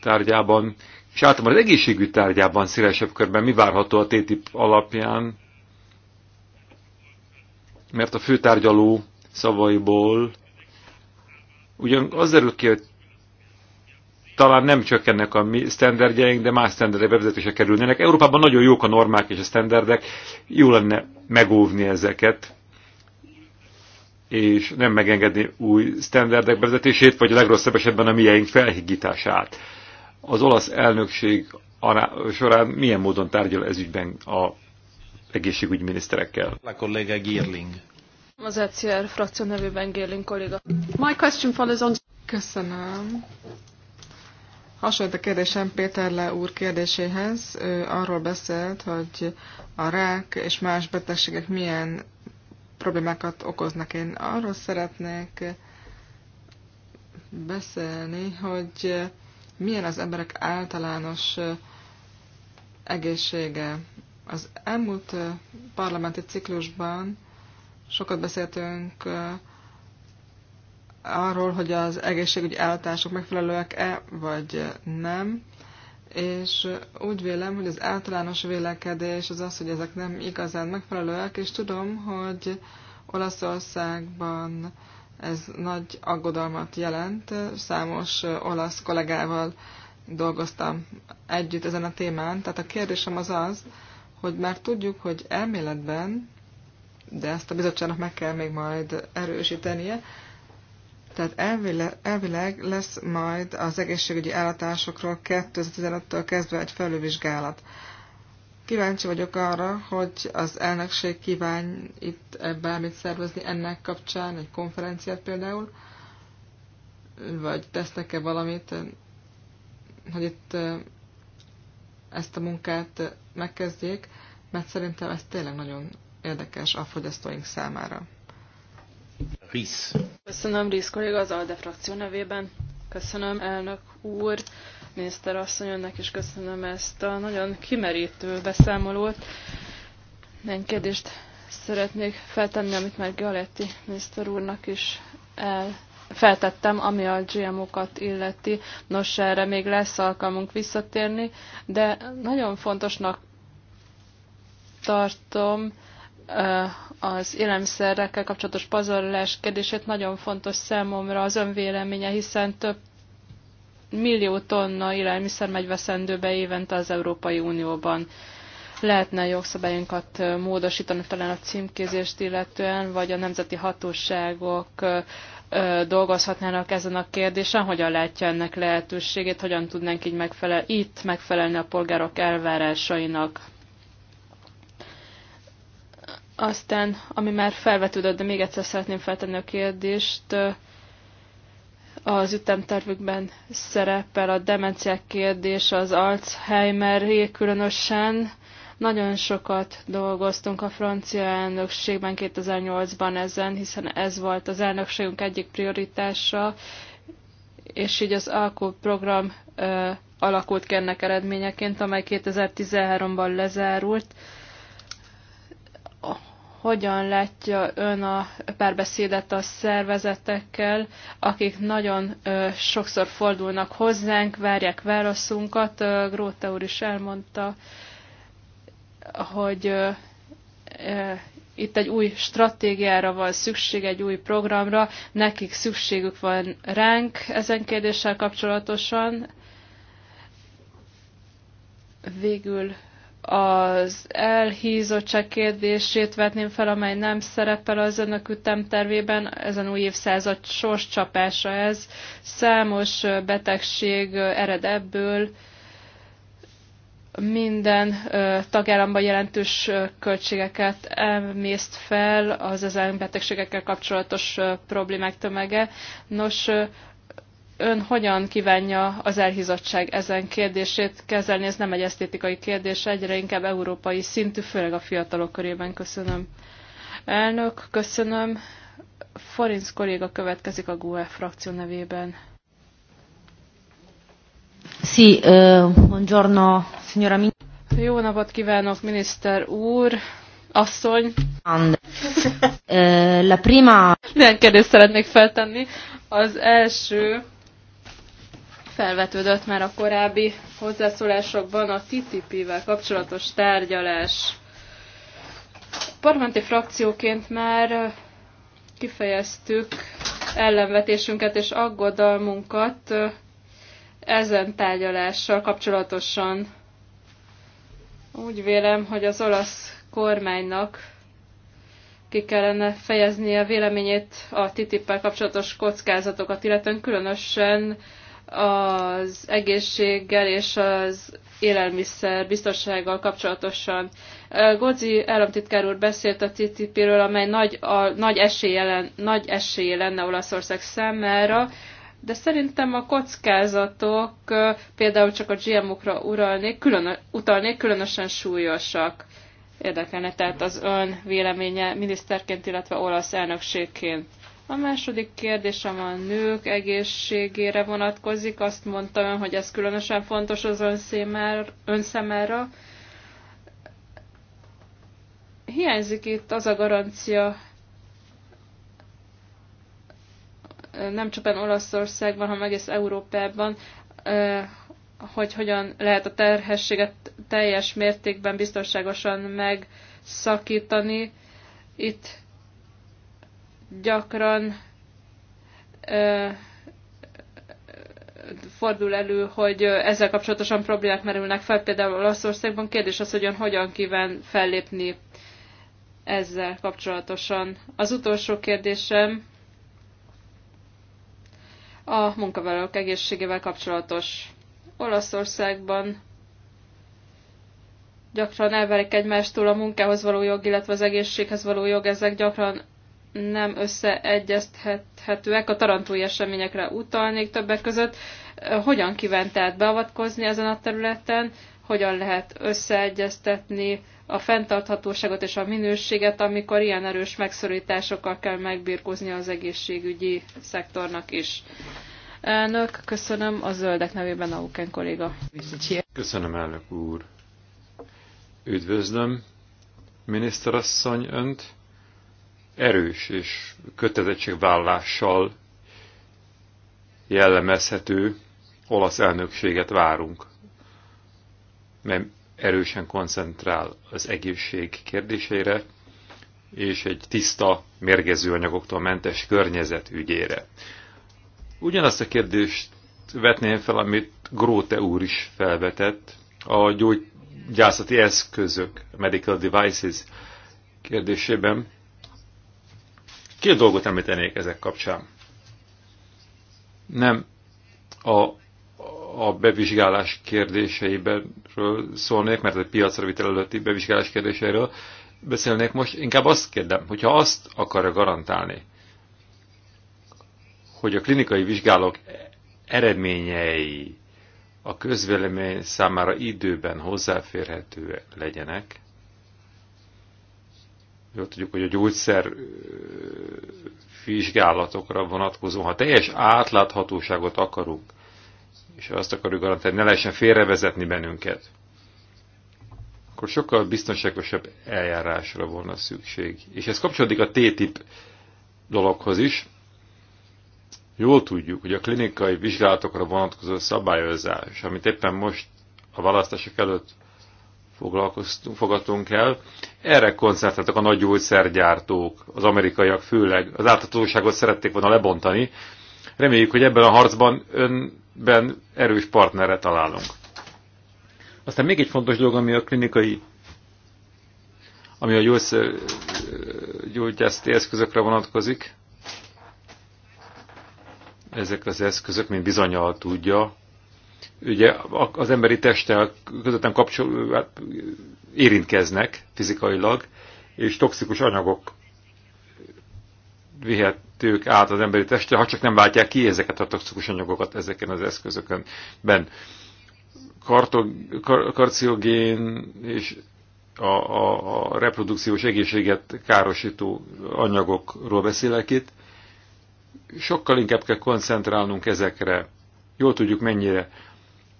tárgyában? És általában az egészségügy tárgyában szélesebb körben mi várható a TTIP alapján? Mert a főtárgyaló szavaiból Ugyan az derül ki, hogy talán nem csökkennek a mi sztenderdjeink, de más sztenderdek bevezetése kerülnének. Európában nagyon jók a normák és a sztenderdek, jó lenne megóvni ezeket, és nem megengedni új sztenderdek bevezetését, vagy a legrosszabb esetben a mieink felhigítását. Az olasz elnökség során milyen módon tárgyal ez ügyben a egészségügyminiszterekkel? A kollega Gierling. Az ECR frakció nevében Gélin kolléga. My question follows on... Köszönöm. Hasonlít a kérdésem Péter Le úr kérdéséhez. Ő arról beszélt, hogy a rák és más betegségek milyen problémákat okoznak. Én arról szeretnék beszélni, hogy milyen az emberek általános egészsége. Az elmúlt parlamenti ciklusban Sokat beszéltünk arról, hogy az egészségügyi állátások megfelelőek-e, vagy nem. És úgy vélem, hogy az általános vélekedés az az, hogy ezek nem igazán megfelelőek, és tudom, hogy Olaszországban ez nagy aggodalmat jelent. Számos olasz kollégával dolgoztam együtt ezen a témán. Tehát a kérdésem az az, hogy már tudjuk, hogy elméletben de ezt a bizottságnak meg kell még majd erősítenie. Tehát elvileg, elvileg lesz majd az egészségügyi állatásokról 2015-től kezdve egy felülvizsgálat. Kíváncsi vagyok arra, hogy az elnökség kíván itt e bármit szervezni ennek kapcsán, egy konferenciát például, vagy tesznek-e valamit, hogy itt e, ezt a munkát megkezdjék, mert szerintem ez tényleg nagyon érdekes a fogyasztóink számára. Rész. Köszönöm Rész kolléga az ALDE frakció nevében. Köszönöm elnök úr, miniszter asszony, önnek is köszönöm ezt a nagyon kimerítő beszámolót. Nem kérdést szeretnék feltenni, amit már Galetti miniszter úrnak is el feltettem, ami a GMO-kat illeti. Nos, erre még lesz alkalmunk visszatérni, de nagyon fontosnak tartom, az élelmiszerekkel kapcsolatos pazarlás kérdését nagyon fontos számomra az önvéleménye, hiszen több millió tonna élelmiszer megy veszendőbe évente az Európai Unióban. Lehetne jogszabályunkat módosítani talán a címkézést illetően, vagy a nemzeti hatóságok dolgozhatnának ezen a kérdésen, hogyan látja ennek lehetőségét, hogyan tudnánk így megfelel, itt megfelelni a polgárok elvárásainak aztán, ami már felvetődött, de még egyszer szeretném feltenni a kérdést, az ütemtervükben szerepel a demenciák kérdés, az Alzheimer különösen. Nagyon sokat dolgoztunk a francia elnökségben 2008-ban ezen, hiszen ez volt az elnökségünk egyik prioritása, és így az ALKO program ö, alakult ki ennek eredményeként, amely 2013-ban lezárult. Ö, hogyan látja ön a párbeszédet a szervezetekkel, akik nagyon ö, sokszor fordulnak hozzánk, várják válaszunkat? Gróta úr is elmondta, hogy ö, ö, itt egy új stratégiára van szükség, egy új programra, nekik szükségük van ránk ezen kérdéssel kapcsolatosan. Végül az elhízottság kérdését vetném fel, amely nem szerepel az önök ütemtervében. Ezen új évszázad csapása ez. Számos betegség ered ebből. Minden tagállamban jelentős költségeket emészt fel az ezen betegségekkel kapcsolatos problémák tömege. Nos, ön hogyan kívánja az elhízottság ezen kérdését kezelni? Ez nem egy esztétikai kérdés, egyre inkább európai szintű, főleg a fiatalok körében. Köszönöm. Elnök, köszönöm. Forinc kolléga következik a GUE frakció nevében. Sí, uh, buongiorno, signora min. Jó napot kívánok, miniszter úr, asszony. And, uh, eh, la prima... Milyen kérdést szeretnék feltenni. Az első felvetődött már a korábbi hozzászólásokban a TTIP-vel kapcsolatos tárgyalás. Parlamenti frakcióként már kifejeztük ellenvetésünket és aggodalmunkat ezen tárgyalással kapcsolatosan. Úgy vélem, hogy az olasz kormánynak ki kellene fejeznie a véleményét a ttip kapcsolatos kockázatokat, illetően különösen az egészséggel és az élelmiszer biztonsággal kapcsolatosan. Gozi államtitkár úr beszélt a TTIP-ről, amely nagy, a, nagy, esélye, lenne, nagy esélye lenne Olaszország számára, de szerintem a kockázatok például csak a GMO-kra uralnék, külön, utalnék, különösen súlyosak. Érdekelne tehát az ön véleménye miniszterként, illetve olasz elnökségként. A második kérdésem a nők egészségére vonatkozik. Azt mondta ön, hogy ez különösen fontos az ön számára. Hiányzik itt az a garancia, nem csupán Olaszországban, hanem egész Európában, hogy hogyan lehet a terhességet teljes mértékben biztonságosan megszakítani. Itt gyakran ö, fordul elő, hogy ezzel kapcsolatosan problémák merülnek fel, például Olaszországban. Kérdés az, hogy hogyan kíván fellépni ezzel kapcsolatosan. Az utolsó kérdésem a munkavállalók egészségével kapcsolatos. Olaszországban gyakran elverik egymástól a munkához való jog, illetve az egészséghez való jog, ezek gyakran nem összeegyeztethetőek, a tarantói eseményekre utalnék többek között. Hogyan kívánt tehát beavatkozni ezen a területen, hogyan lehet összeegyeztetni a fenntarthatóságot és a minőséget, amikor ilyen erős megszorításokkal kell megbírkozni az egészségügyi szektornak is. Elnök, köszönöm a zöldek nevében Auken kolléga. Köszönöm, elnök úr. Üdvözlöm, miniszterasszony önt erős és kötelezettségvállással jellemezhető olasz elnökséget várunk, mert erősen koncentrál az egészség kérdésére, és egy tiszta, mérgező anyagoktól mentes környezet ügyére. Ugyanazt a kérdést vetném fel, amit Gróte úr is felvetett, a gyógyászati eszközök, medical devices kérdésében. Két dolgot említenék ezek kapcsán. Nem a, a bevizsgálás kérdéseiről szólnék, mert a piacra vitel előtti bevizsgálás kérdéseiről beszélnék most, inkább azt kérdem, hogyha azt akarja garantálni, hogy a klinikai vizsgálók eredményei a közvélemény számára időben hozzáférhetőek legyenek, Jól tudjuk, hogy a gyógyszer vizsgálatokra vonatkozó, ha teljes átláthatóságot akarunk, és azt akarjuk garantálni, ne lehessen félrevezetni bennünket, akkor sokkal biztonságosabb eljárásra volna szükség. És ez kapcsolódik a TTIP dologhoz is. Jól tudjuk, hogy a klinikai vizsgálatokra vonatkozó szabályozás, amit éppen most a választások előtt foglalkoztunk, fogadtunk el. Erre koncertáltak a nagy gyógyszergyártók, az amerikaiak főleg. Az áltatóságot szerették volna lebontani. Reméljük, hogy ebben a harcban önben erős partnerre találunk. Aztán még egy fontos dolog, ami a klinikai, ami a gyógyszer, gyógyászati eszközökre vonatkozik. Ezek az eszközök, mint bizonyal tudja, ugye az emberi testtel közvetlen kapcsolat hát, érintkeznek fizikailag, és toxikus anyagok vihetők át az emberi testre, ha csak nem váltják ki ezeket a toxikus anyagokat ezeken az eszközökön. Ben. karciogén és a, a, a reprodukciós egészséget károsító anyagokról beszélek itt. Sokkal inkább kell koncentrálnunk ezekre Jól tudjuk, mennyire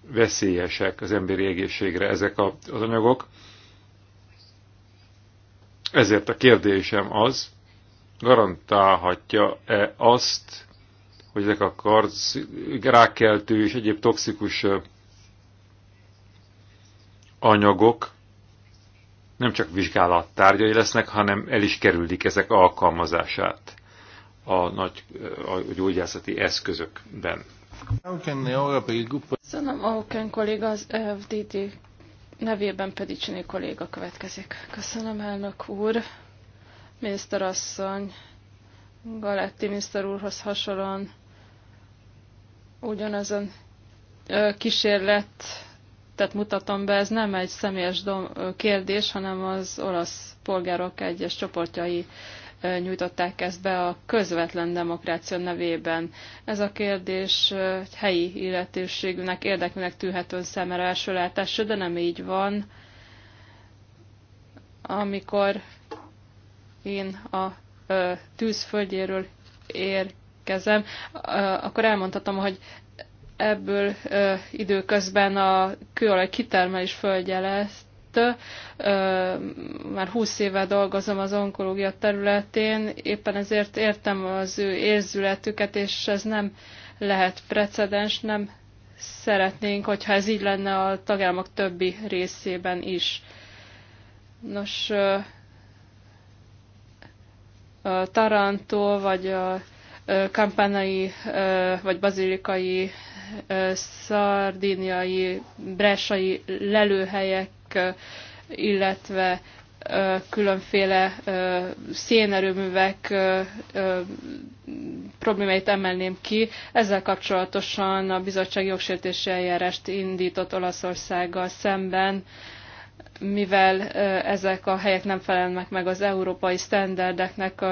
veszélyesek az emberi egészségre ezek a, az anyagok. Ezért a kérdésem az, garantálhatja-e azt, hogy ezek a karc, rákeltő és egyéb toxikus anyagok nem csak vizsgálat tárgyai lesznek, hanem el is kerülik ezek alkalmazását a nagy a gyógyászati eszközökben. Köszönöm, Auken kolléga, az FDD nevében Csini kolléga következik. Köszönöm, elnök úr. Miniszterasszony, Galetti miniszter úrhoz hasonlóan ugyanazon kísérlet tehát mutatom be, ez nem egy személyes kérdés, hanem az olasz polgárok egyes csoportjai nyújtották ezt be a közvetlen demokrácia nevében. Ez a kérdés egy helyi illetőségűnek, érdekűnek tűhető szemre első látásra, de nem így van. Amikor én a tűzföldjéről érkezem, akkor elmondhatom, hogy ebből ö, időközben a kőolaj kitermelés földje lesz, már 20 éve dolgozom az onkológia területén, éppen ezért értem az ő érzületüket, és ez nem lehet precedens, nem szeretnénk, hogyha ez így lenne a tagállamok többi részében is. Nos, a Tarantó, vagy a kampanai, vagy bazilikai, szardíniai, bresai lelőhelyek illetve különféle szénerőművek problémáit emelném ki. Ezzel kapcsolatosan a bizottság jogsértési eljárást indított Olaszországgal szemben mivel ezek a helyek nem felelnek meg az európai sztenderdeknek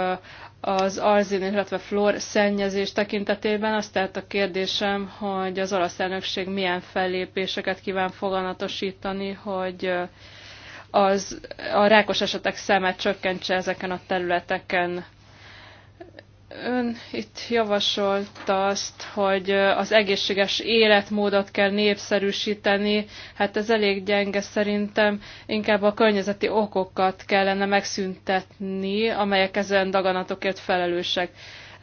az arzén, illetve flor szennyezés tekintetében. Azt tehát a kérdésem, hogy az olasz elnökség milyen fellépéseket kíván foganatosítani, hogy az, a rákos esetek számát csökkentse ezeken a területeken. Ön itt javasolta azt, hogy az egészséges életmódot kell népszerűsíteni. Hát ez elég gyenge szerintem. Inkább a környezeti okokat kellene megszüntetni, amelyek ezen daganatokért felelősek.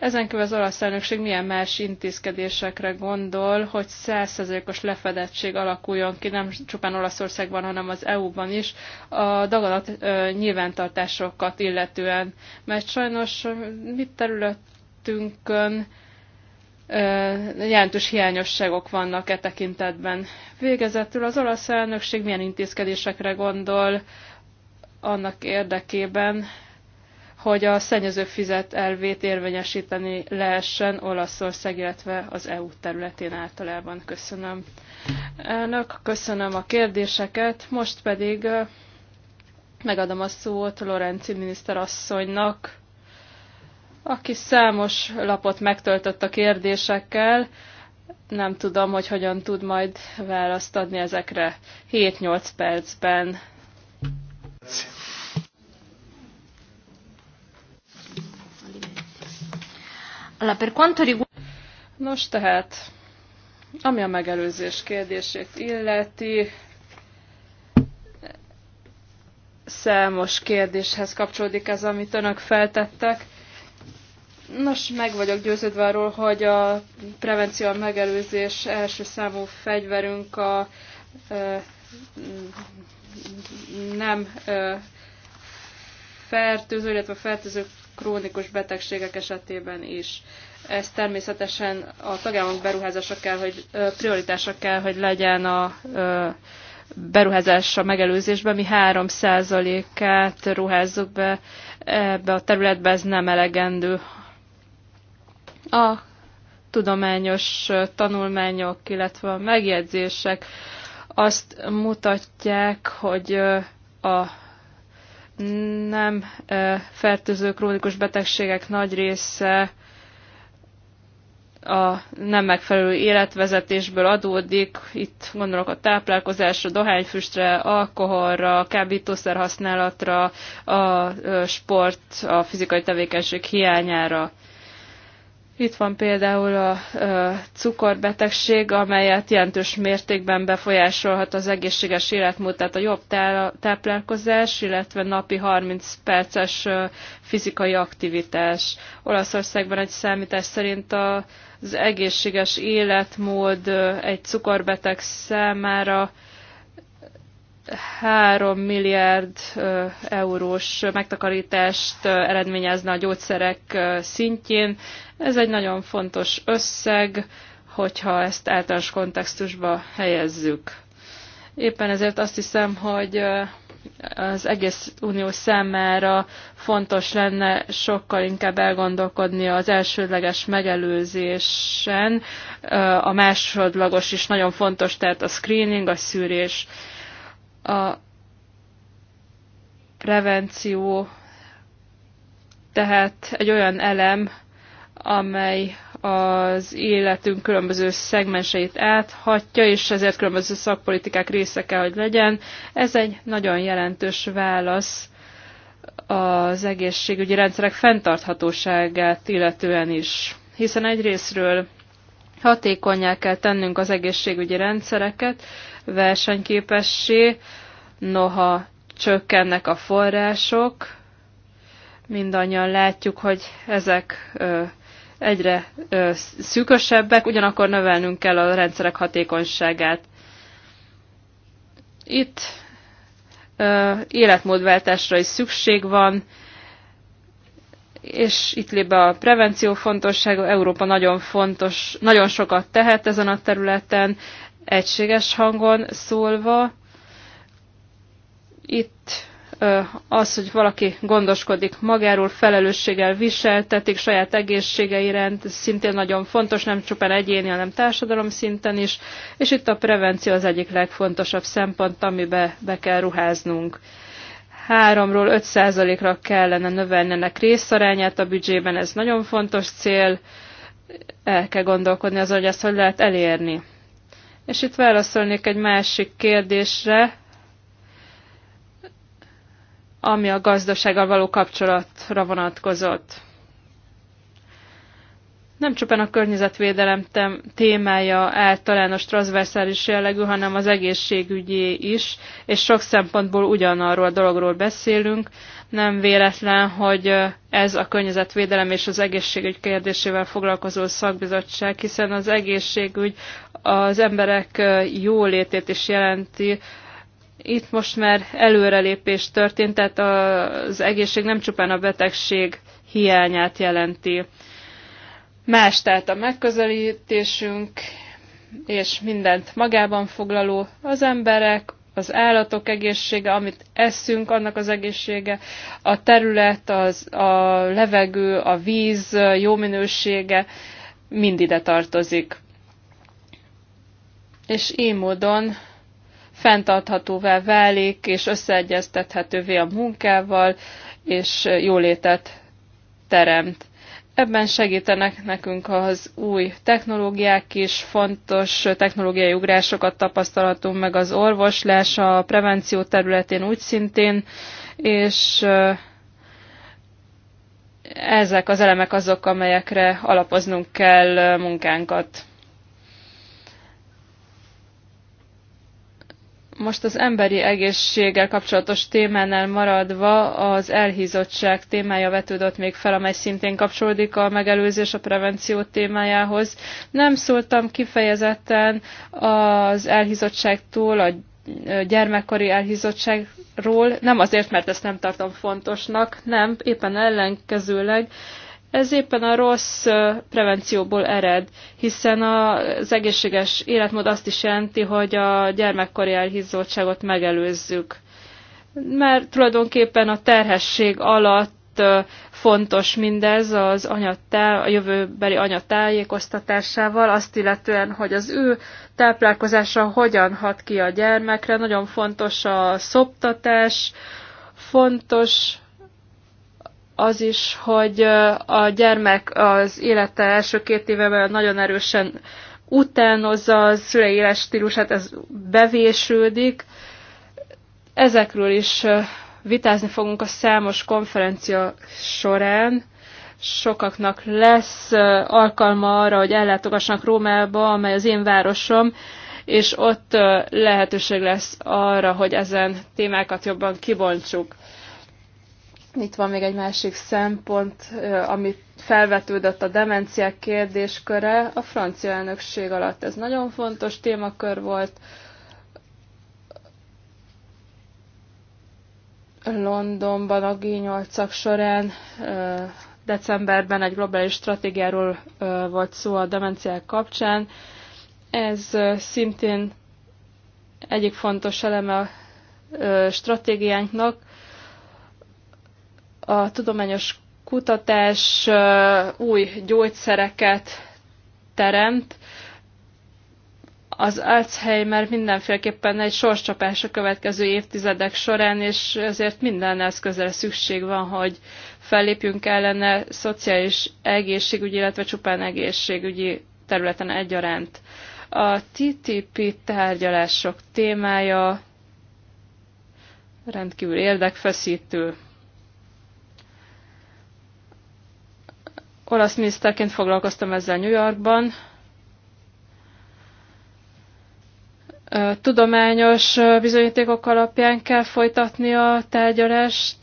Ezen kívül az olasz elnökség milyen más intézkedésekre gondol, hogy százszerzékos lefedettség alakuljon ki nem csupán Olaszországban, hanem az EU-ban is a dagadat nyilvántartásokat illetően. Mert sajnos mit területünkön jelentős hiányosságok vannak e tekintetben. Végezetül az olasz elnökség milyen intézkedésekre gondol annak érdekében, hogy a szennyező fizet elvét érvényesíteni lehessen Olaszország, illetve az EU területén általában. Köszönöm. Önök, köszönöm a kérdéseket, most pedig megadom a szót Lorenci miniszterasszonynak, aki számos lapot megtöltött a kérdésekkel. Nem tudom, hogy hogyan tud majd választ adni ezekre 7-8 percben. Köszönöm. Nos, tehát, ami a megelőzés kérdését illeti, számos kérdéshez kapcsolódik ez, amit önök feltettek. Nos, meg vagyok győződve arról, hogy a prevenció, a megelőzés első számú fegyverünk a nem fertőző, illetve fertőzők krónikus betegségek esetében is. Ez természetesen a tagállamok beruházása kell, hogy prioritása kell, hogy legyen a beruházás a megelőzésben. Mi 3%-át ruházzuk be ebbe a területbe, ez nem elegendő. A tudományos tanulmányok, illetve a megjegyzések azt mutatják, hogy a nem fertőző krónikus betegségek nagy része a nem megfelelő életvezetésből adódik. Itt gondolok a táplálkozásra, dohányfüstre, alkoholra, kábítószer használatra, a sport, a fizikai tevékenység hiányára. Itt van például a cukorbetegség, amelyet jelentős mértékben befolyásolhat az egészséges életmód, tehát a jobb táplálkozás, illetve napi 30 perces fizikai aktivitás. Olaszországban egy számítás szerint az egészséges életmód egy cukorbeteg számára 3 milliárd eurós megtakarítást eredményezne a gyógyszerek szintjén. Ez egy nagyon fontos összeg, hogyha ezt általános kontextusba helyezzük. Éppen ezért azt hiszem, hogy az egész unió számára fontos lenne sokkal inkább elgondolkodni az elsődleges megelőzésen. A másodlagos is nagyon fontos, tehát a screening, a szűrés, a prevenció, tehát egy olyan elem, amely az életünk különböző szegmenseit áthatja, és ezért különböző szakpolitikák része kell, hogy legyen. Ez egy nagyon jelentős válasz az egészségügyi rendszerek fenntarthatóságát illetően is. Hiszen egyrésztről hatékonyá kell tennünk az egészségügyi rendszereket, versenyképessé, noha csökkennek a források, mindannyian látjuk, hogy ezek egyre szűkösebbek, ugyanakkor növelnünk kell a rendszerek hatékonyságát. Itt életmódváltásra is szükség van, és itt lép be a prevenció fontossága, Európa nagyon fontos, nagyon sokat tehet ezen a területen, egységes hangon szólva. Itt az, hogy valaki gondoskodik magáról, felelősséggel viseltetik saját egészsége iránt, ez szintén nagyon fontos, nem csupán egyéni, hanem társadalom szinten is, és itt a prevenció az egyik legfontosabb szempont, amibe be kell ruháznunk. 3-ról 5%-ra kellene növelni ennek részarányát a büdzsében, ez nagyon fontos cél, el kell gondolkodni azon, hogy ezt hogy lehet elérni. És itt válaszolnék egy másik kérdésre, ami a gazdasággal való kapcsolatra vonatkozott. Nem csupán a környezetvédelem témája általános transzverszális jellegű, hanem az egészségügyi is, és sok szempontból ugyanarról a dologról beszélünk. Nem véletlen, hogy ez a környezetvédelem és az egészségügy kérdésével foglalkozó szakbizottság, hiszen az egészségügy az emberek jólétét is jelenti, itt most már előrelépés történt, tehát az egészség nem csupán a betegség hiányát jelenti. Más tehát a megközelítésünk, és mindent magában foglaló az emberek, az állatok egészsége, amit eszünk, annak az egészsége, a terület, az, a levegő, a víz jó minősége mind ide tartozik. És így módon fenntarthatóvá válik, és összeegyeztethetővé a munkával, és jólétet teremt. Ebben segítenek nekünk az új technológiák is, fontos technológiai ugrásokat tapasztalhatunk meg az orvoslás, a prevenció területén úgy szintén, és ezek az elemek azok, amelyekre alapoznunk kell munkánkat. Most az emberi egészséggel kapcsolatos témánál maradva az elhízottság témája vetődött még fel, amely szintén kapcsolódik a megelőzés, a prevenció témájához. Nem szóltam kifejezetten az elhízottságtól, a gyermekkori elhízottságról, nem azért, mert ezt nem tartom fontosnak, nem, éppen ellenkezőleg ez éppen a rossz prevencióból ered, hiszen az egészséges életmód azt is jelenti, hogy a gyermekkori elhízoltságot megelőzzük. Mert tulajdonképpen a terhesség alatt fontos mindez az anyatá, a jövőbeli anyatájékoztatásával, azt illetően, hogy az ő táplálkozása hogyan hat ki a gyermekre. Nagyon fontos a szoptatás, fontos az is, hogy a gyermek az élete első két évevel nagyon erősen utánozza a szülei éles stílusát, ez bevésődik. Ezekről is vitázni fogunk a számos konferencia során. Sokaknak lesz alkalma arra, hogy ellátogassanak Rómába, amely az én városom, és ott lehetőség lesz arra, hogy ezen témákat jobban kibontsuk. Itt van még egy másik szempont, ami felvetődött a demenciák kérdésköre. A francia elnökség alatt ez nagyon fontos témakör volt. Londonban a G8-ak során decemberben egy globális stratégiáról volt szó a demenciák kapcsán. Ez szintén egyik fontos eleme a stratégiánknak, a tudományos kutatás új gyógyszereket teremt, az Alzheimer mindenféleképpen egy sorscsapás a következő évtizedek során, és ezért minden eszközre szükség van, hogy fellépjünk ellene szociális egészségügyi, illetve csupán egészségügyi területen egyaránt. A TTP tárgyalások témája rendkívül érdekfeszítő. olasz miniszterként foglalkoztam ezzel New Yorkban. Tudományos bizonyítékok alapján kell folytatni a tárgyalást.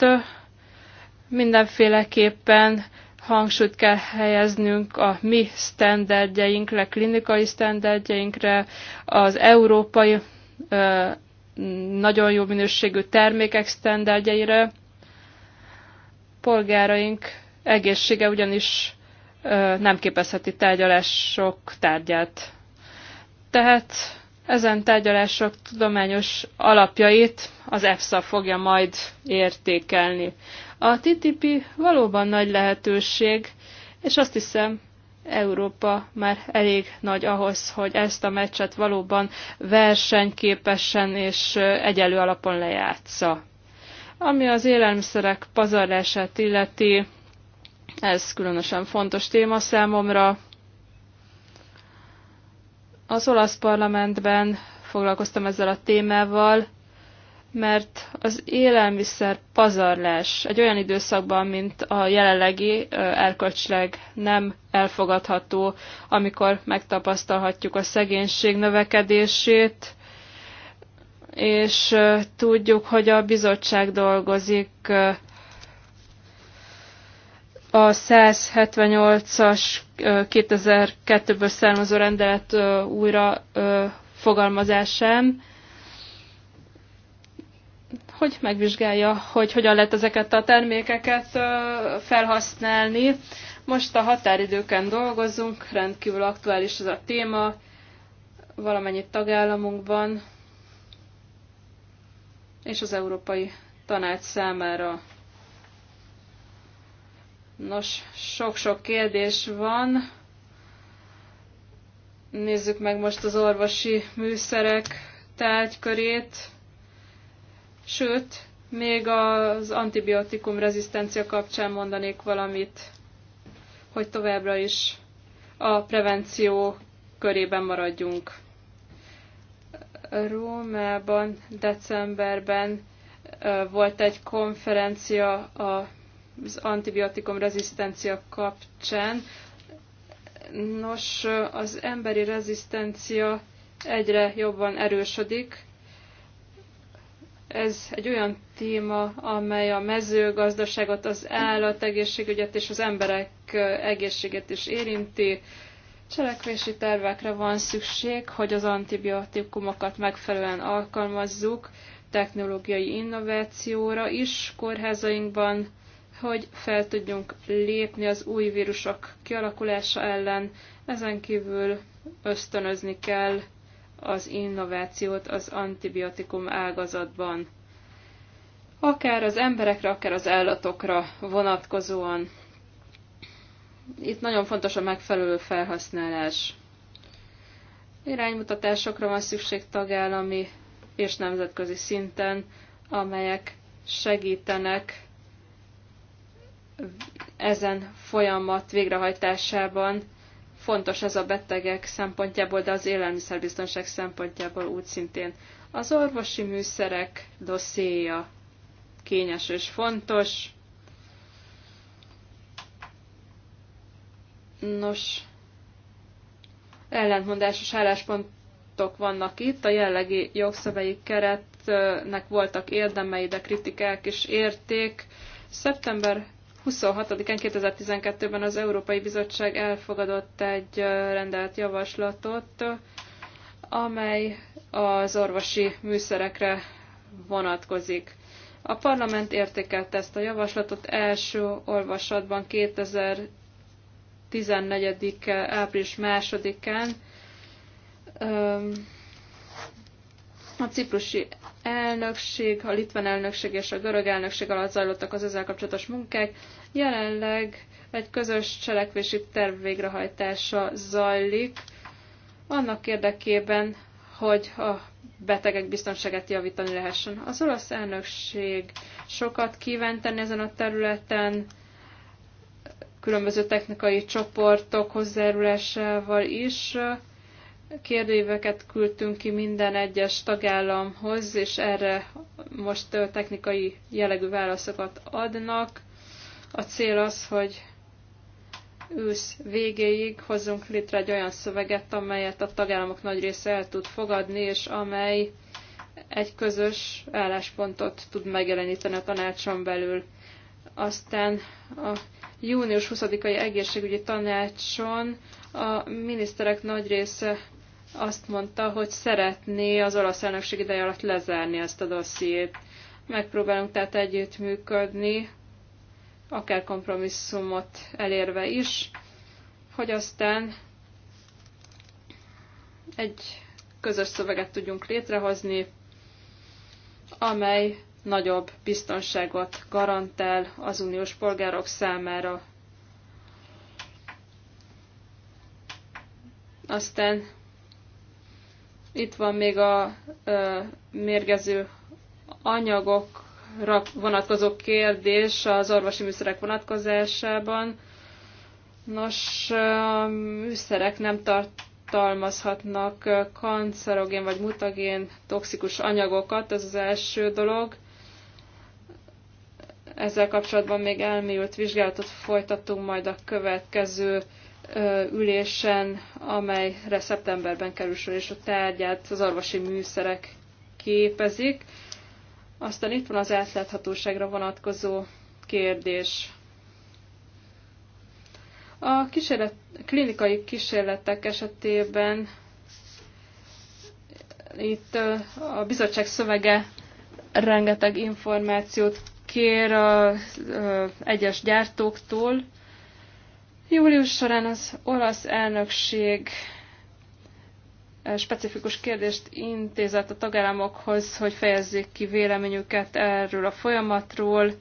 Mindenféleképpen hangsúlyt kell helyeznünk a mi sztenderdjeinkre, klinikai sztenderdjeinkre, az európai nagyon jó minőségű termékek sztenderdjeire. Polgáraink egészsége ugyanis nem képezheti tárgyalások tárgyát. Tehát ezen tárgyalások tudományos alapjait az EFSA fogja majd értékelni. A TTP valóban nagy lehetőség, és azt hiszem, Európa már elég nagy ahhoz, hogy ezt a meccset valóban versenyképesen és egyelő alapon lejátsza. Ami az élelmiszerek pazarlását illeti, ez különösen fontos téma számomra. Az olasz parlamentben foglalkoztam ezzel a témával, mert az élelmiszer pazarlás egy olyan időszakban, mint a jelenlegi erkölcsileg nem elfogadható, amikor megtapasztalhatjuk a szegénység növekedését, és tudjuk, hogy a bizottság dolgozik a 178-as 2002-ből származó rendelet újra fogalmazásán, hogy megvizsgálja, hogy hogyan lehet ezeket a termékeket felhasználni. Most a határidőken dolgozunk, rendkívül aktuális ez a téma valamennyi tagállamunkban és az Európai Tanács számára. Nos, sok-sok kérdés van. Nézzük meg most az orvosi műszerek tárgykörét. Sőt, még az antibiotikum rezisztencia kapcsán mondanék valamit, hogy továbbra is a prevenció körében maradjunk. Rómában decemberben volt egy konferencia a az antibiotikum rezisztencia kapcsán. Nos, az emberi rezisztencia egyre jobban erősödik. Ez egy olyan téma, amely a mezőgazdaságot, az állategészségügyet és az emberek egészségét is érinti. Cselekvési tervekre van szükség, hogy az antibiotikumokat megfelelően alkalmazzuk, technológiai innovációra is kórházainkban, hogy fel tudjunk lépni az új vírusok kialakulása ellen, ezen kívül ösztönözni kell az innovációt az antibiotikum ágazatban. Akár az emberekre, akár az állatokra vonatkozóan. Itt nagyon fontos a megfelelő felhasználás. Iránymutatásokra van szükség tagállami és nemzetközi szinten, amelyek segítenek ezen folyamat végrehajtásában fontos ez a betegek szempontjából, de az élelmiszerbiztonság szempontjából úgy szintén. Az orvosi műszerek dosszéja kényes és fontos. Nos, ellentmondásos álláspontok vannak itt. A jellegi jogszabályi keretnek voltak érdemei, de kritikák is érték. Szeptember 26-án 2012-ben az Európai Bizottság elfogadott egy rendelt javaslatot, amely az orvosi műszerekre vonatkozik. A parlament értékelte ezt a javaslatot első olvasatban 2014. április 2-án a ciprusi elnökség, a litván elnökség és a görög elnökség alatt zajlottak az ezzel kapcsolatos munkák. Jelenleg egy közös cselekvési terv végrehajtása zajlik, annak érdekében, hogy a betegek biztonságát javítani lehessen. Az olasz elnökség sokat kíván tenni ezen a területen, különböző technikai csoportok hozzájárulásával is kérdőíveket küldtünk ki minden egyes tagállamhoz, és erre most technikai jellegű válaszokat adnak. A cél az, hogy ősz végéig hozzunk létre egy olyan szöveget, amelyet a tagállamok nagy része el tud fogadni, és amely egy közös álláspontot tud megjeleníteni a tanácson belül. Aztán a június 20-ai egészségügyi tanácson a miniszterek nagy része azt mondta, hogy szeretné az olasz elnökség ideje alatt lezárni ezt a dossziét. Megpróbálunk tehát együttműködni, akár kompromisszumot elérve is, hogy aztán egy közös szöveget tudjunk létrehozni, amely nagyobb biztonságot garantál az uniós polgárok számára. Aztán itt van még a ö, mérgező anyagokra vonatkozó kérdés az orvosi műszerek vonatkozásában. Nos, a műszerek nem tartalmazhatnak kancerogén vagy mutagén toxikus anyagokat, ez az első dolog. Ezzel kapcsolatban még elmélyült vizsgálatot folytatunk majd a következő ülésen, amelyre szeptemberben kerül sor, és a tárgyát az orvosi műszerek képezik. Aztán itt van az átláthatóságra vonatkozó kérdés. A kísérlet, klinikai kísérletek esetében itt a bizottság szövege rengeteg információt kér az egyes gyártóktól, Július során az olasz elnökség eh, specifikus kérdést intézett a tagállamokhoz, hogy fejezzék ki véleményüket erről a folyamatról,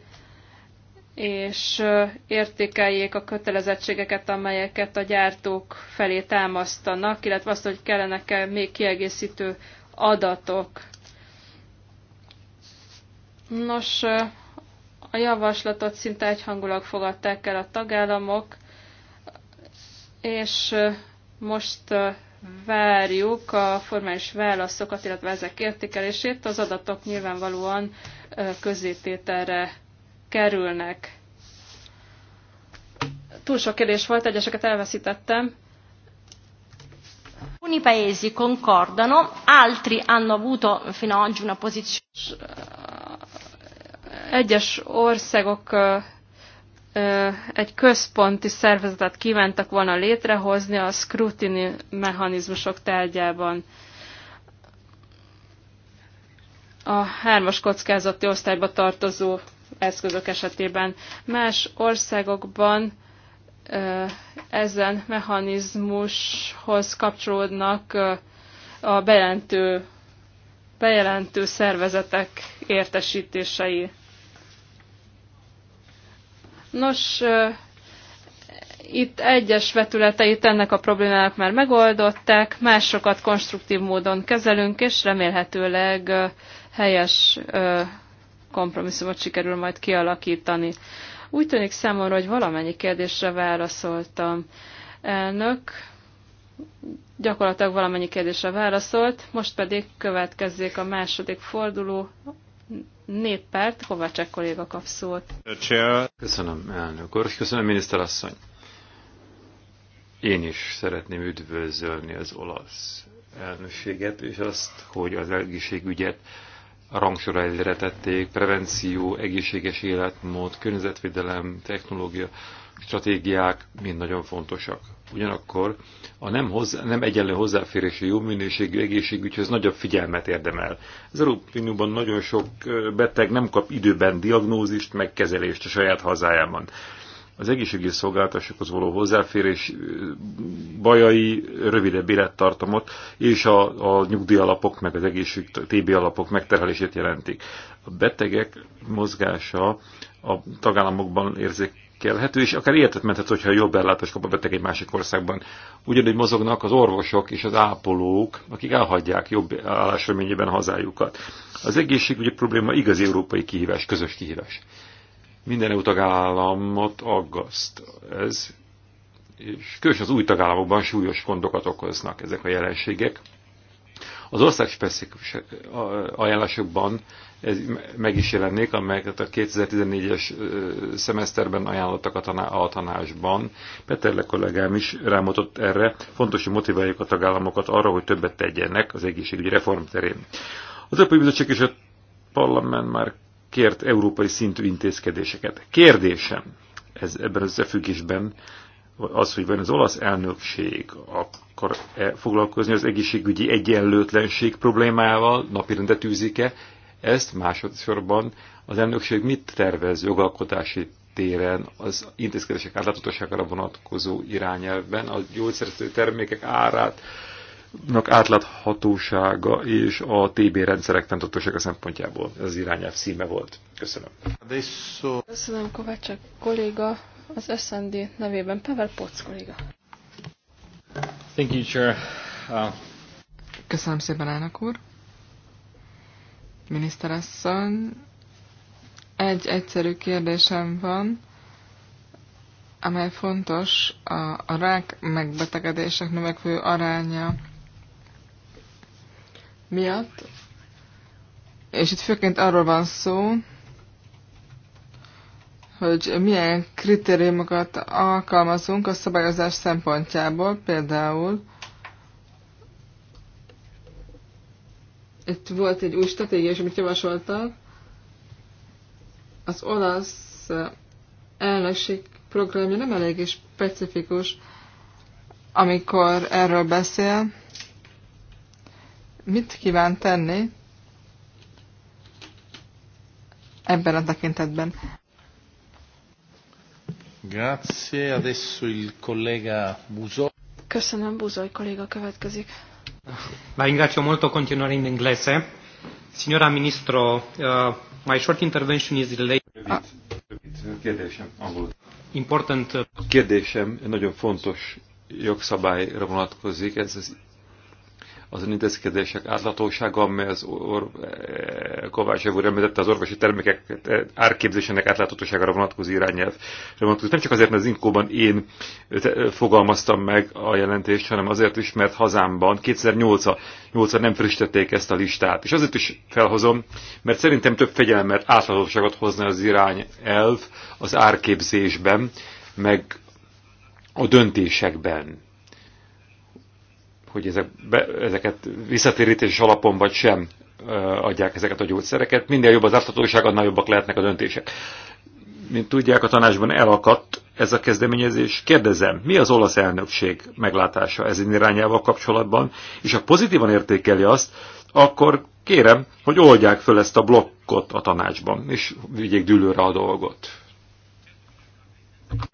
és eh, értékeljék a kötelezettségeket, amelyeket a gyártók felé támasztanak, illetve azt, hogy kellenek-e még kiegészítő adatok. Nos, eh, a javaslatot szinte egyhangulag fogadták el a tagállamok, és most várjuk a formális válaszokat, illetve ezek értékelését. Az adatok nyilvánvalóan közétételre kerülnek. Túl sok kérdés volt, egyeseket elveszítettem. Alcuni paesi concordano, altri hanno avuto fino ad oggi una posizione. Egyes országok egy központi szervezetet kívántak volna létrehozni a scrutiny mechanizmusok tárgyában. A hármas kockázati osztályba tartozó eszközök esetében. Más országokban ezen mechanizmushoz kapcsolódnak a bejelentő, bejelentő szervezetek értesítései. Nos, itt egyes vetületeit ennek a problémának már megoldották, másokat konstruktív módon kezelünk, és remélhetőleg helyes kompromisszumot sikerül majd kialakítani. Úgy tűnik számomra, hogy valamennyi kérdésre válaszoltam. Elnök gyakorlatilag valamennyi kérdésre válaszolt, most pedig következzék a második forduló, Néppárt, Kovácsák kolléga kap szót. Köszönöm, elnök úr, köszönöm, miniszterasszony. Én is szeretném üdvözölni az olasz elnökséget, és azt, hogy az egészségügyet a rangsorra előre tették, prevenció, egészséges életmód, környezetvédelem, technológia, stratégiák mind nagyon fontosak Ugyanakkor a nem, hozzá, nem egyenlő hozzáférési jó minőségű egészségügyhöz nagyobb figyelmet érdemel. Az Európai Unióban nagyon sok beteg nem kap időben diagnózist, meg kezelést a saját hazájában. Az egészségügyi szolgáltatásokhoz való hozzáférés bajai, rövidebb élettartamot és a, a nyugdíjalapok, meg az egészség TB alapok megterhelését jelentik. A betegek mozgása a tagállamokban érzik kellhető és akár menthet, hogyha jobb ellátást kap a beteg egy másik országban. Ugyanúgy mozognak az orvosok és az ápolók, akik elhagyják jobb állásreményében hazájukat. Az egészségügyi probléma igazi európai kihívás, közös kihívás. Minden EU tagállamot aggaszt ez, és különösen az új tagállamokban súlyos gondokat okoznak ezek a jelenségek. Az ország specifikus ajánlásokban ez meg is jelennék, amelyeket a 2014-es szemeszterben ajánlottak a, taná a tanásban. Peterle kollégám is rámutott erre. Fontos, hogy motiváljuk a tagállamokat arra, hogy többet tegyenek az egészségügyi reform terén. Az Európai Bizottság és a parlament már kért európai szintű intézkedéseket. Kérdésem ez, ebben az összefüggésben az, hogy van az olasz elnökség, akar -e foglalkozni az egészségügyi egyenlőtlenség problémával, napirendet tűzik-e, ezt, másodszorban az elnökség mit tervez jogalkotási téren az intézkedések átláthatóságára vonatkozó irányelvben, a gyógyszerző termékek árát, átláthatósága és a TB rendszerek fenntartósága szempontjából. Ez az irányelv színe volt. Köszönöm. Köszönöm Kovácsak kolléga, az SND nevében Pavel Poc kolléga. Thank you, Chair. Uh... Köszönöm szépen, elnök úr miniszterasszony. Egy egyszerű kérdésem van, amely fontos, a, a rák megbetegedések növekvő aránya miatt, és itt főként arról van szó, hogy milyen kritériumokat alkalmazunk a szabályozás szempontjából, például itt volt egy új stratégia, és amit javasoltak, az olasz eh, elnökség programja nem eléggé specifikus, amikor erről beszél. Mit kíván tenni ebben a tekintetben? Grazie, adesso il collega Buzo. Köszönöm, Buzoy kolléga következik. La ringrazio molto, continuare in inglese. Signora Ministro, uh, my short intervention is related... Rövid, ah. Important... Uh- Kérdésem nagyon fontos jogszabályra vonatkozik, ez az az önintézkedések átlatósága, amely az or, eh, Kovács úr említette az orvosi termékek eh, árképzésének átláthatóságára vonatkozó irányelv. Nem csak azért, mert az Inkóban én eh, fogalmaztam meg a jelentést, hanem azért is, mert hazámban 2008-a nem frissítették ezt a listát. És azért is felhozom, mert szerintem több fegyelmet, átláthatóságot hozna az irányelv az árképzésben, meg a döntésekben hogy ezek, be, ezeket visszatérítés alapon vagy sem adják ezeket a gyógyszereket. Minél jobb az áthatóság, annál jobbak lehetnek a döntések. Mint tudják, a tanácsban elakadt ez a kezdeményezés. Kérdezem, mi az olasz elnökség meglátása ezen irányával kapcsolatban, és ha pozitívan értékeli azt, akkor kérem, hogy oldják föl ezt a blokkot a tanácsban, és vigyék dűlőre a dolgot.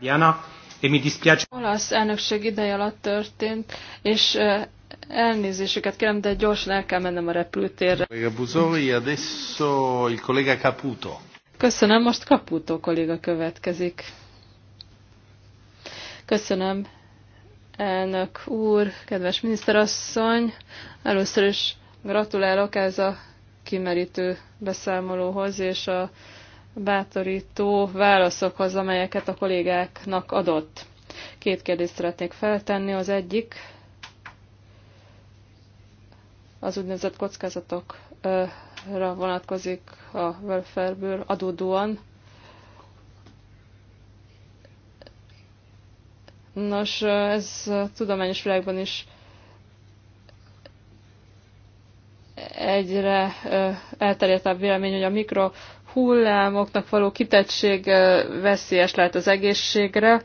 Diana, e mi dispiace. Olasz elnökség ideje alatt történt, és elnézésüket kérem, de gyorsan el kell mennem a repülőtérre. il collega Caputo. Köszönöm, most Caputo kolléga következik. Köszönöm, elnök úr, kedves miniszterasszony. Először is gratulálok ez a kimerítő beszámolóhoz, és a bátorító válaszokhoz, amelyeket a kollégáknak adott. Két kérdést szeretnék feltenni. Az egyik az úgynevezett kockázatokra vonatkozik a welfare-ből adódóan. Nos, ez a tudományos világban is egyre elterjedtebb vélemény, hogy a mikro hullámoknak való kitettség veszélyes lehet az egészségre.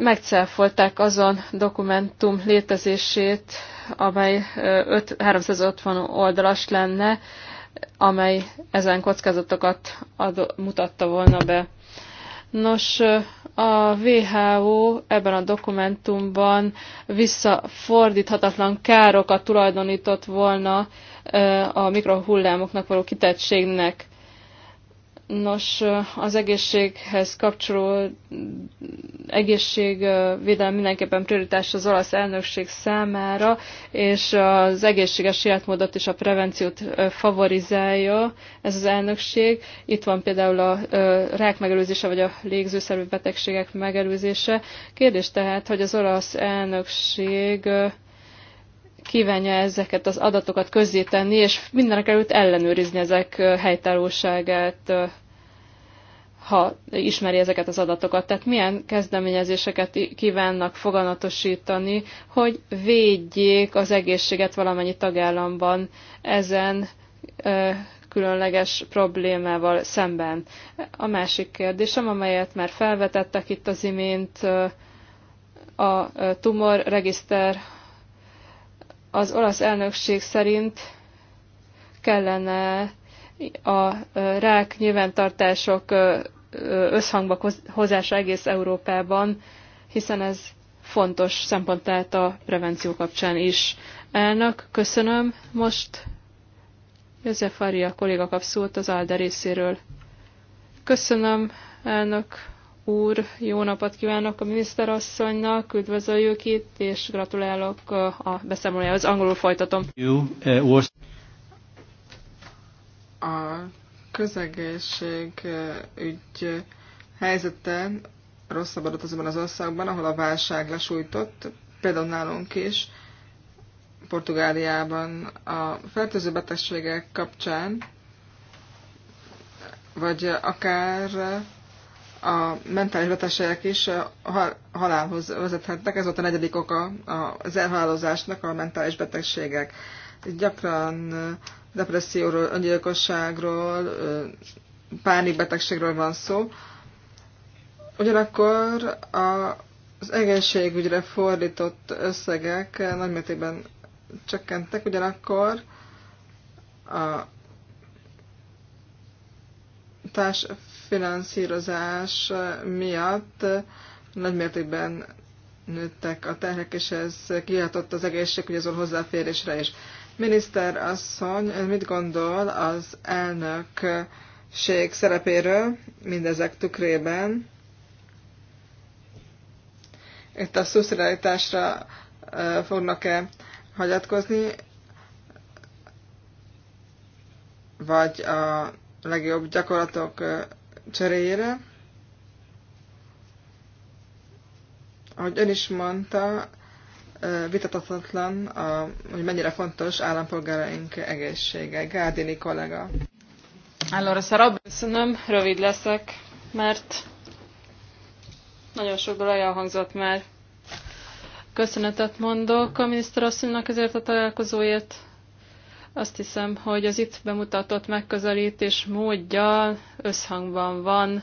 Megcáfolták azon dokumentum létezését, amely 5, 350 oldalas lenne, amely ezen kockázatokat ad, mutatta volna be. Nos, a WHO ebben a dokumentumban visszafordíthatatlan károkat tulajdonított volna a mikrohullámoknak való kitettségnek. Nos, az egészséghez kapcsoló egészségvédelem mindenképpen prioritás az olasz elnökség számára, és az egészséges életmódot és a prevenciót favorizálja ez az elnökség. Itt van például a rák megelőzése, vagy a légzőszervű betegségek megelőzése. Kérdés tehát, hogy az olasz elnökség kívánja ezeket az adatokat közzétenni, és mindenek előtt ellenőrizni ezek helytállóságát, ha ismeri ezeket az adatokat. Tehát milyen kezdeményezéseket kívánnak foganatosítani, hogy védjék az egészséget valamennyi tagállamban ezen különleges problémával szemben. A másik kérdésem, amelyet már felvetettek itt az imént, a tumor regiszter az olasz elnökség szerint kellene a rák nyilvántartások összhangba hozása egész Európában, hiszen ez fontos szempont lehet a prevenció kapcsán is. Elnök, köszönöm. Most József Faria kolléga kap szót az ALDE részéről. Köszönöm, elnök úr, jó napot kívánok a miniszterasszonynak, üdvözöljük itt, és gratulálok a beszámolójához. Angolul folytatom. Eh, a közegészség eh, ügy eh, helyzete rosszabbodott azonban az országban, ahol a válság lesújtott, például nálunk is, Portugáliában a fertőző betegségek kapcsán, vagy akár a mentális betegségek is halálhoz vezethetnek. Ez volt a negyedik oka az elhalálozásnak a mentális betegségek. Gyakran depresszióról, öngyilkosságról, pánikbetegségről van szó. Ugyanakkor az egészségügyre fordított összegek nagymértékben csökkentek, ugyanakkor a társ finanszírozás miatt nagymértékben nőttek a terhek, és ez kihatott az egészségügyhöz való hozzáférésre is. Miniszter asszony, mit gondol az elnökség szerepéről mindezek tükrében? Itt a szuszrealitásra fognak-e hagyatkozni, vagy a legjobb gyakorlatok cseréjére. Ahogy ön is mondta, vitatatlan, a, hogy mennyire fontos állampolgáraink egészsége. Gárdini kollega. Allora, Szarab, köszönöm, rövid leszek, mert nagyon sok dolog elhangzott már. Köszönetet mondok a miniszterasszonynak ezért a találkozóért. Azt hiszem, hogy az itt bemutatott megközelítés módja összhangban van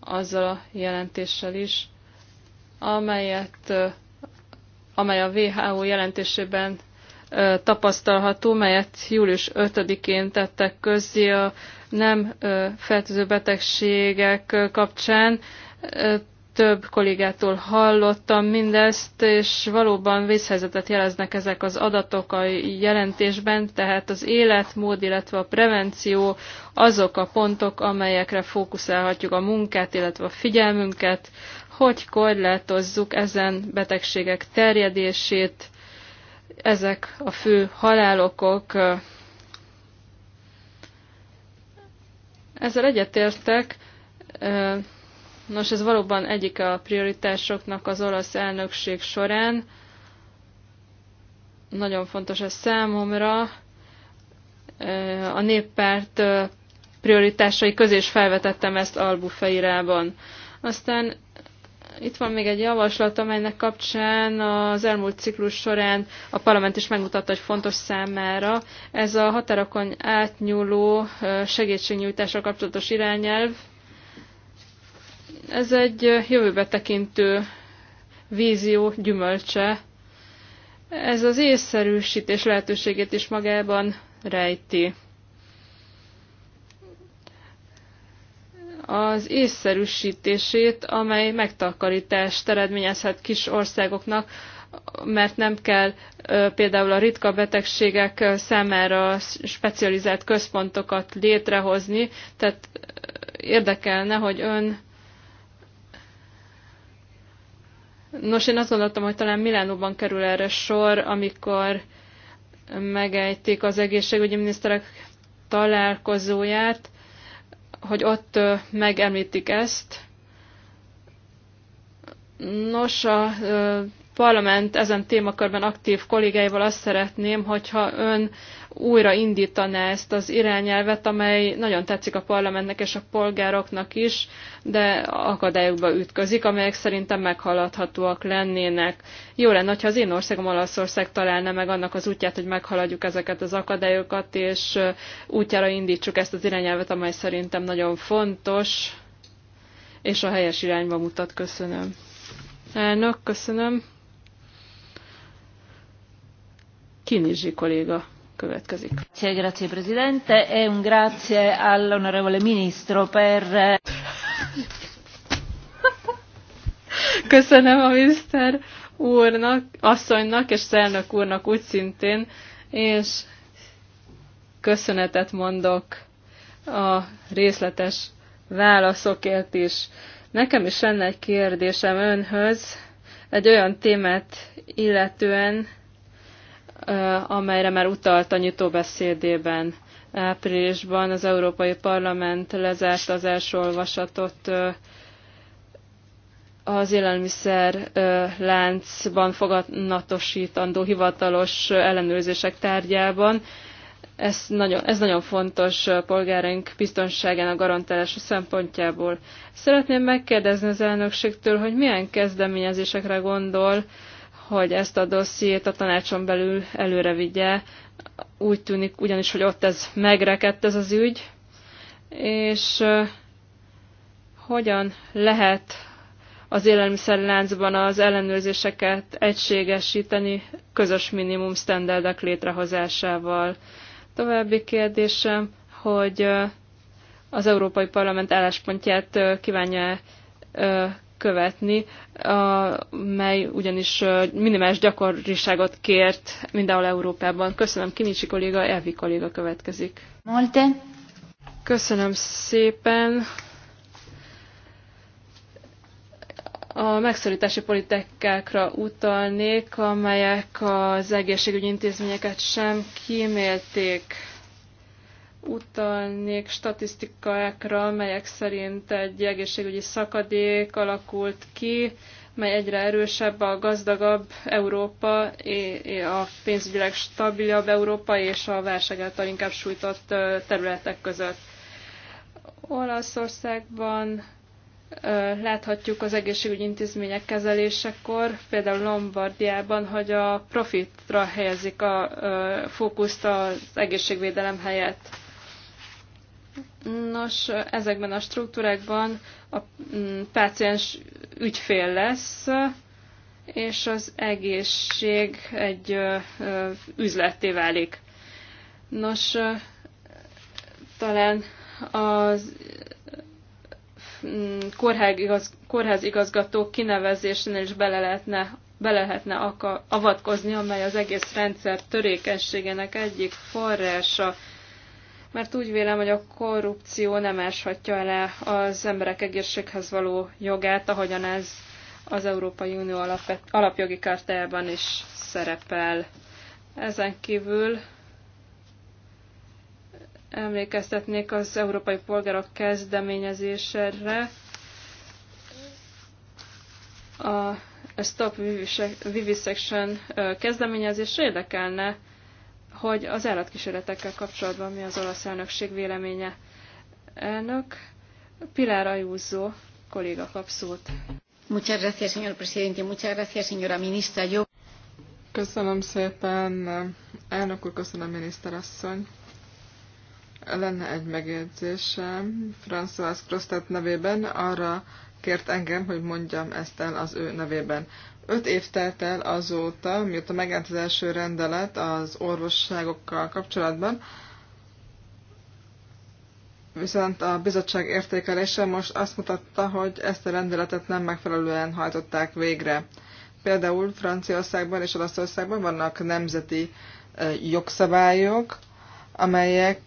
azzal a jelentéssel is, amelyet, amely a WHO jelentésében tapasztalható, melyet július 5-én tettek közzé a nem fertőző betegségek kapcsán több kollégától hallottam mindezt, és valóban vészhelyzetet jeleznek ezek az adatok a jelentésben, tehát az életmód, illetve a prevenció azok a pontok, amelyekre fókuszálhatjuk a munkát, illetve a figyelmünket, hogy korlátozzuk ezen betegségek terjedését, ezek a fő halálokok. Ezzel egyetértek, Nos, ez valóban egyik a prioritásoknak az olasz elnökség során. Nagyon fontos ez számomra. A néppárt prioritásai közé is felvetettem ezt Albufeirában. Aztán itt van még egy javaslat, amelynek kapcsán az elmúlt ciklus során a parlament is megmutatta, hogy fontos számára. Ez a határokon átnyúló segítségnyújtásra kapcsolatos irányelv, ez egy jövőbe tekintő vízió gyümölcse. Ez az észszerűsítés lehetőségét is magában rejti. az észszerűsítését, amely megtakarítást eredményezhet kis országoknak, mert nem kell például a ritka betegségek számára specializált központokat létrehozni, tehát érdekelne, hogy ön Nos, én azt gondoltam, hogy talán Milánóban kerül erre sor, amikor megejtik az egészségügyi miniszterek találkozóját, hogy ott megemlítik ezt. Nos, a Parlament ezen témakörben aktív kollégáival azt szeretném, hogyha ön újra indítaná ezt az irányelvet, amely nagyon tetszik a parlamentnek és a polgároknak is, de akadályokba ütközik, amelyek szerintem meghaladhatóak lennének. Jó lenne, hogyha az én országom Olaszország találna meg annak az útját, hogy meghaladjuk ezeket az akadályokat, és útjára indítsuk ezt az irányelvet, amely szerintem nagyon fontos, és a helyes irányba mutat. Köszönöm. Elnök, köszönöm. Kinizsi kolléga következik. Grazie, Presidente, e un grazie all'onorevole Ministro per... Köszönöm a miniszter úrnak, asszonynak és elnök úrnak úgy szintén, és köszönetet mondok a részletes válaszokért is. Nekem is lenne egy kérdésem önhöz, egy olyan témát illetően, Eh, amelyre már utalt a nyitóbeszédében áprilisban az Európai Parlament lezárt az első olvasatot eh, az élelmiszer eh, láncban fogadnatosítandó hivatalos ellenőrzések tárgyában. Ez nagyon, ez nagyon fontos polgáraink biztonságának garantálása szempontjából. Szeretném megkérdezni az elnökségtől, hogy milyen kezdeményezésekre gondol, hogy ezt a dossziét a tanácson belül előre vigye. Úgy tűnik ugyanis, hogy ott ez megrekedt ez az ügy, és hogyan lehet az élelmiszerláncban az ellenőrzéseket egységesíteni közös minimum standardek létrehozásával. További kérdésem, hogy az Európai Parlament álláspontját kívánja követni, mely ugyanis minimális gyakoriságot kért mindenhol Európában. Köszönöm, Kinicsi kolléga, Elvi kolléga következik. Molte. Köszönöm szépen. a megszorítási politikákra utalnék, amelyek az egészségügyi intézményeket sem kímélték utalnék statisztikákra, melyek szerint egy egészségügyi szakadék alakult ki, mely egyre erősebb a gazdagabb Európa, a pénzügyileg stabilabb Európa és a válság által inkább sújtott területek között. Olaszországban láthatjuk az egészségügyi intézmények kezelésekor, például Lombardiában, hogy a profitra helyezik a fókuszt az egészségvédelem helyett. Nos, ezekben a struktúrákban a mm, páciens ügyfél lesz, és az egészség egy üzletté válik. Nos, talán az mm, kórház igazgató kinevezésénél is bele lehetne, bele lehetne avatkozni, amely az egész rendszer törékenységének egyik forrása mert úgy vélem, hogy a korrupció nem eshatja le az emberek egészséghez való jogát, ahogyan ez az Európai Unió alap alapjogi kártájában is szerepel. Ezen kívül emlékeztetnék az európai polgárok kezdeményezésére a Stop Vivisection kezdeményezésre érdekelne, hogy az állatkísérletekkel kapcsolatban mi az olasz elnökség véleménye. Elnök Pilar Ajúzó kolléga kap szót. Muchas gracias, señor presidente. Muchas gracias, señora ministra. Yo... Köszönöm szépen, elnök úr, köszönöm miniszterasszony. Lenne egy megjegyzésem François Crostet nevében, arra kért engem, hogy mondjam ezt el az ő nevében. Öt év telt el azóta, mióta megállt az első rendelet az orvosságokkal kapcsolatban, viszont a bizottság értékelése most azt mutatta, hogy ezt a rendeletet nem megfelelően hajtották végre. Például Franciaországban és Olaszországban vannak nemzeti jogszabályok, amelyek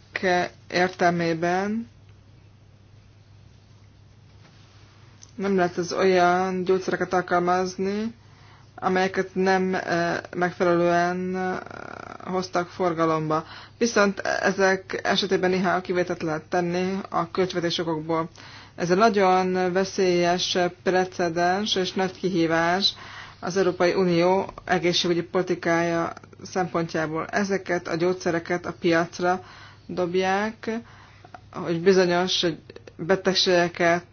értelmében nem lehet az olyan gyógyszereket alkalmazni, amelyeket nem eh, megfelelően eh, hoztak forgalomba. Viszont ezek esetében néha kivételt lehet tenni a költvetés okokból. Ez egy nagyon veszélyes precedens és nagy kihívás az Európai Unió egészségügyi politikája szempontjából. Ezeket a gyógyszereket a piacra dobják, hogy bizonyos betegségeket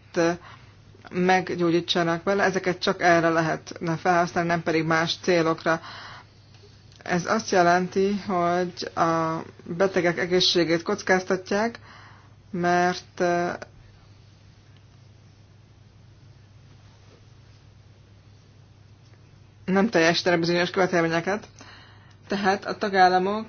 meggyógyítsanak vele, ezeket csak erre lehetne felhasználni, nem pedig más célokra. Ez azt jelenti, hogy a betegek egészségét kockáztatják, mert nem teljesítene bizonyos követelményeket. Tehát a tagállamok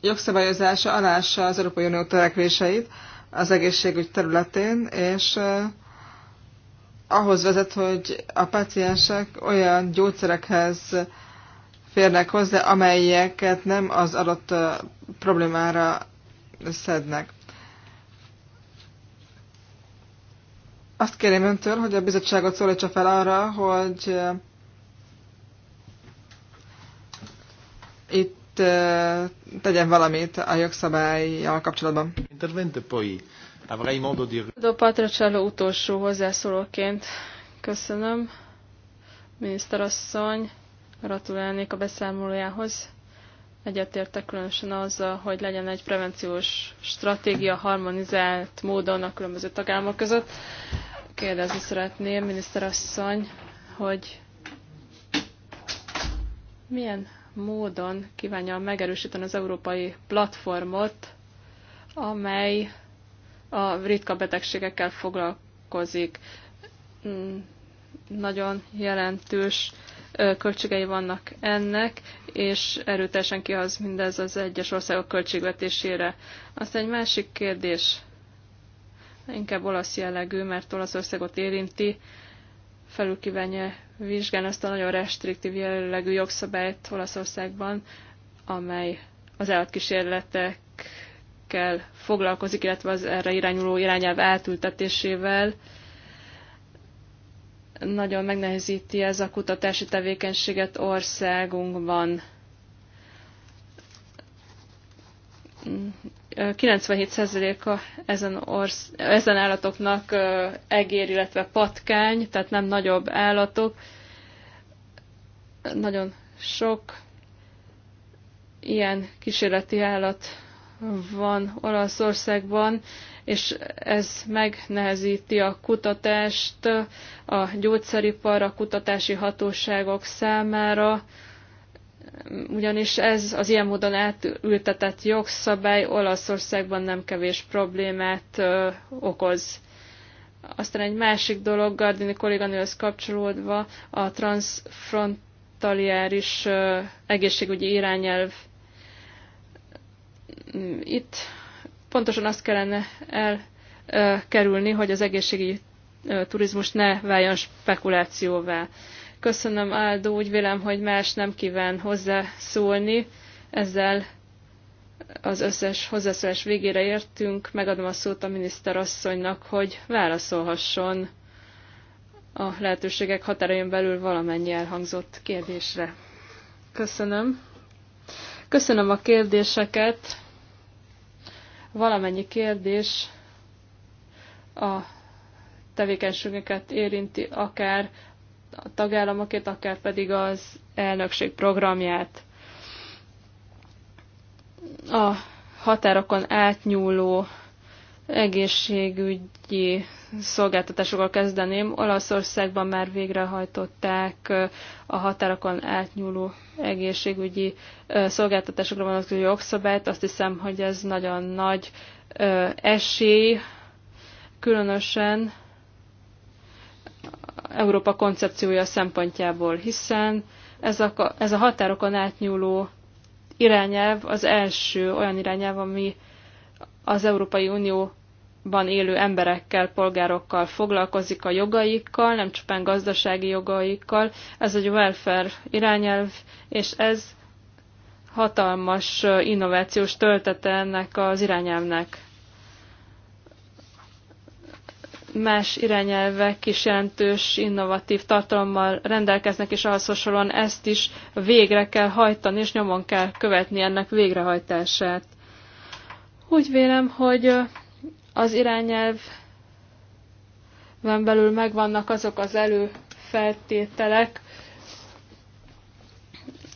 jogszabályozása alássa az Európai Unió törekvéseit, az egészségügy területén, és ahhoz vezet, hogy a paciensek olyan gyógyszerekhez férnek hozzá, amelyeket nem az adott problémára szednek. Azt kérem öntől, hogy a bizottságot szólítsa fel arra, hogy itt tegyen valamit a jogszabályjal kapcsolatban. Intervente poi. Avrei modo di... Do Patracello utolsó hozzászólóként köszönöm. Miniszterasszony, gratulálnék a beszámolójához. Egyetértek különösen azzal, hogy legyen egy prevenciós stratégia harmonizált módon a különböző tagállamok között. Kérdezni szeretném, miniszterasszony, hogy milyen módon kívánja megerősíteni az európai platformot, amely a ritka betegségekkel foglalkozik. Mm, nagyon jelentős költségei vannak ennek, és erőteljesen kihaz mindez az egyes országok költségvetésére. Aztán egy másik kérdés, inkább olasz jellegű, mert Olaszországot érinti, felül kívánja vizsgálni azt a nagyon restriktív jellegű jogszabályt Olaszországban, amely az állatkísérletekkel foglalkozik, illetve az erre irányuló irányelv átültetésével. Nagyon megnehezíti ez a kutatási tevékenységet országunkban 97%-a ezen, orsz, ezen állatoknak egér, illetve patkány, tehát nem nagyobb állatok. Nagyon sok ilyen kísérleti állat van Olaszországban, és ez megnehezíti a kutatást a gyógyszeripar, a kutatási hatóságok számára, ugyanis ez az ilyen módon átültetett jogszabály Olaszországban nem kevés problémát ö, okoz. Aztán egy másik dolog, Gardini kolléganőhöz kapcsolódva, a transfrontaliáris ö, egészségügyi irányelv. Itt pontosan azt kellene elkerülni, hogy az egészségügyi turizmus ne váljon spekulációvá. Köszönöm, Áldó, úgy vélem, hogy más nem kíván hozzászólni. Ezzel az összes hozzászólás végére értünk. Megadom a szót a miniszterasszonynak, hogy válaszolhasson a lehetőségek határain belül valamennyi elhangzott kérdésre. Köszönöm. Köszönöm a kérdéseket. Valamennyi kérdés a tevékenységeket érinti, akár a tagállamokét, akár pedig az elnökség programját. A határokon átnyúló egészségügyi szolgáltatásokkal kezdeném. Olaszországban már végrehajtották a határokon átnyúló egészségügyi szolgáltatásokra vonatkozó jogszabályt. Azt hiszem, hogy ez nagyon nagy esély, különösen Európa koncepciója szempontjából, hiszen ez a, ez a határokon átnyúló irányelv az első olyan irányelv, ami az Európai Unióban élő emberekkel, polgárokkal foglalkozik a jogaikkal, nem csupán gazdasági jogaikkal. Ez egy welfare irányelv, és ez hatalmas innovációs töltete ennek az irányelvnek. más irányelvek is jelentős innovatív tartalommal rendelkeznek, és ahhoz hasonlóan ezt is végre kell hajtani, és nyomon kell követni ennek végrehajtását. Úgy vélem, hogy az irányelvben belül megvannak azok az előfeltételek,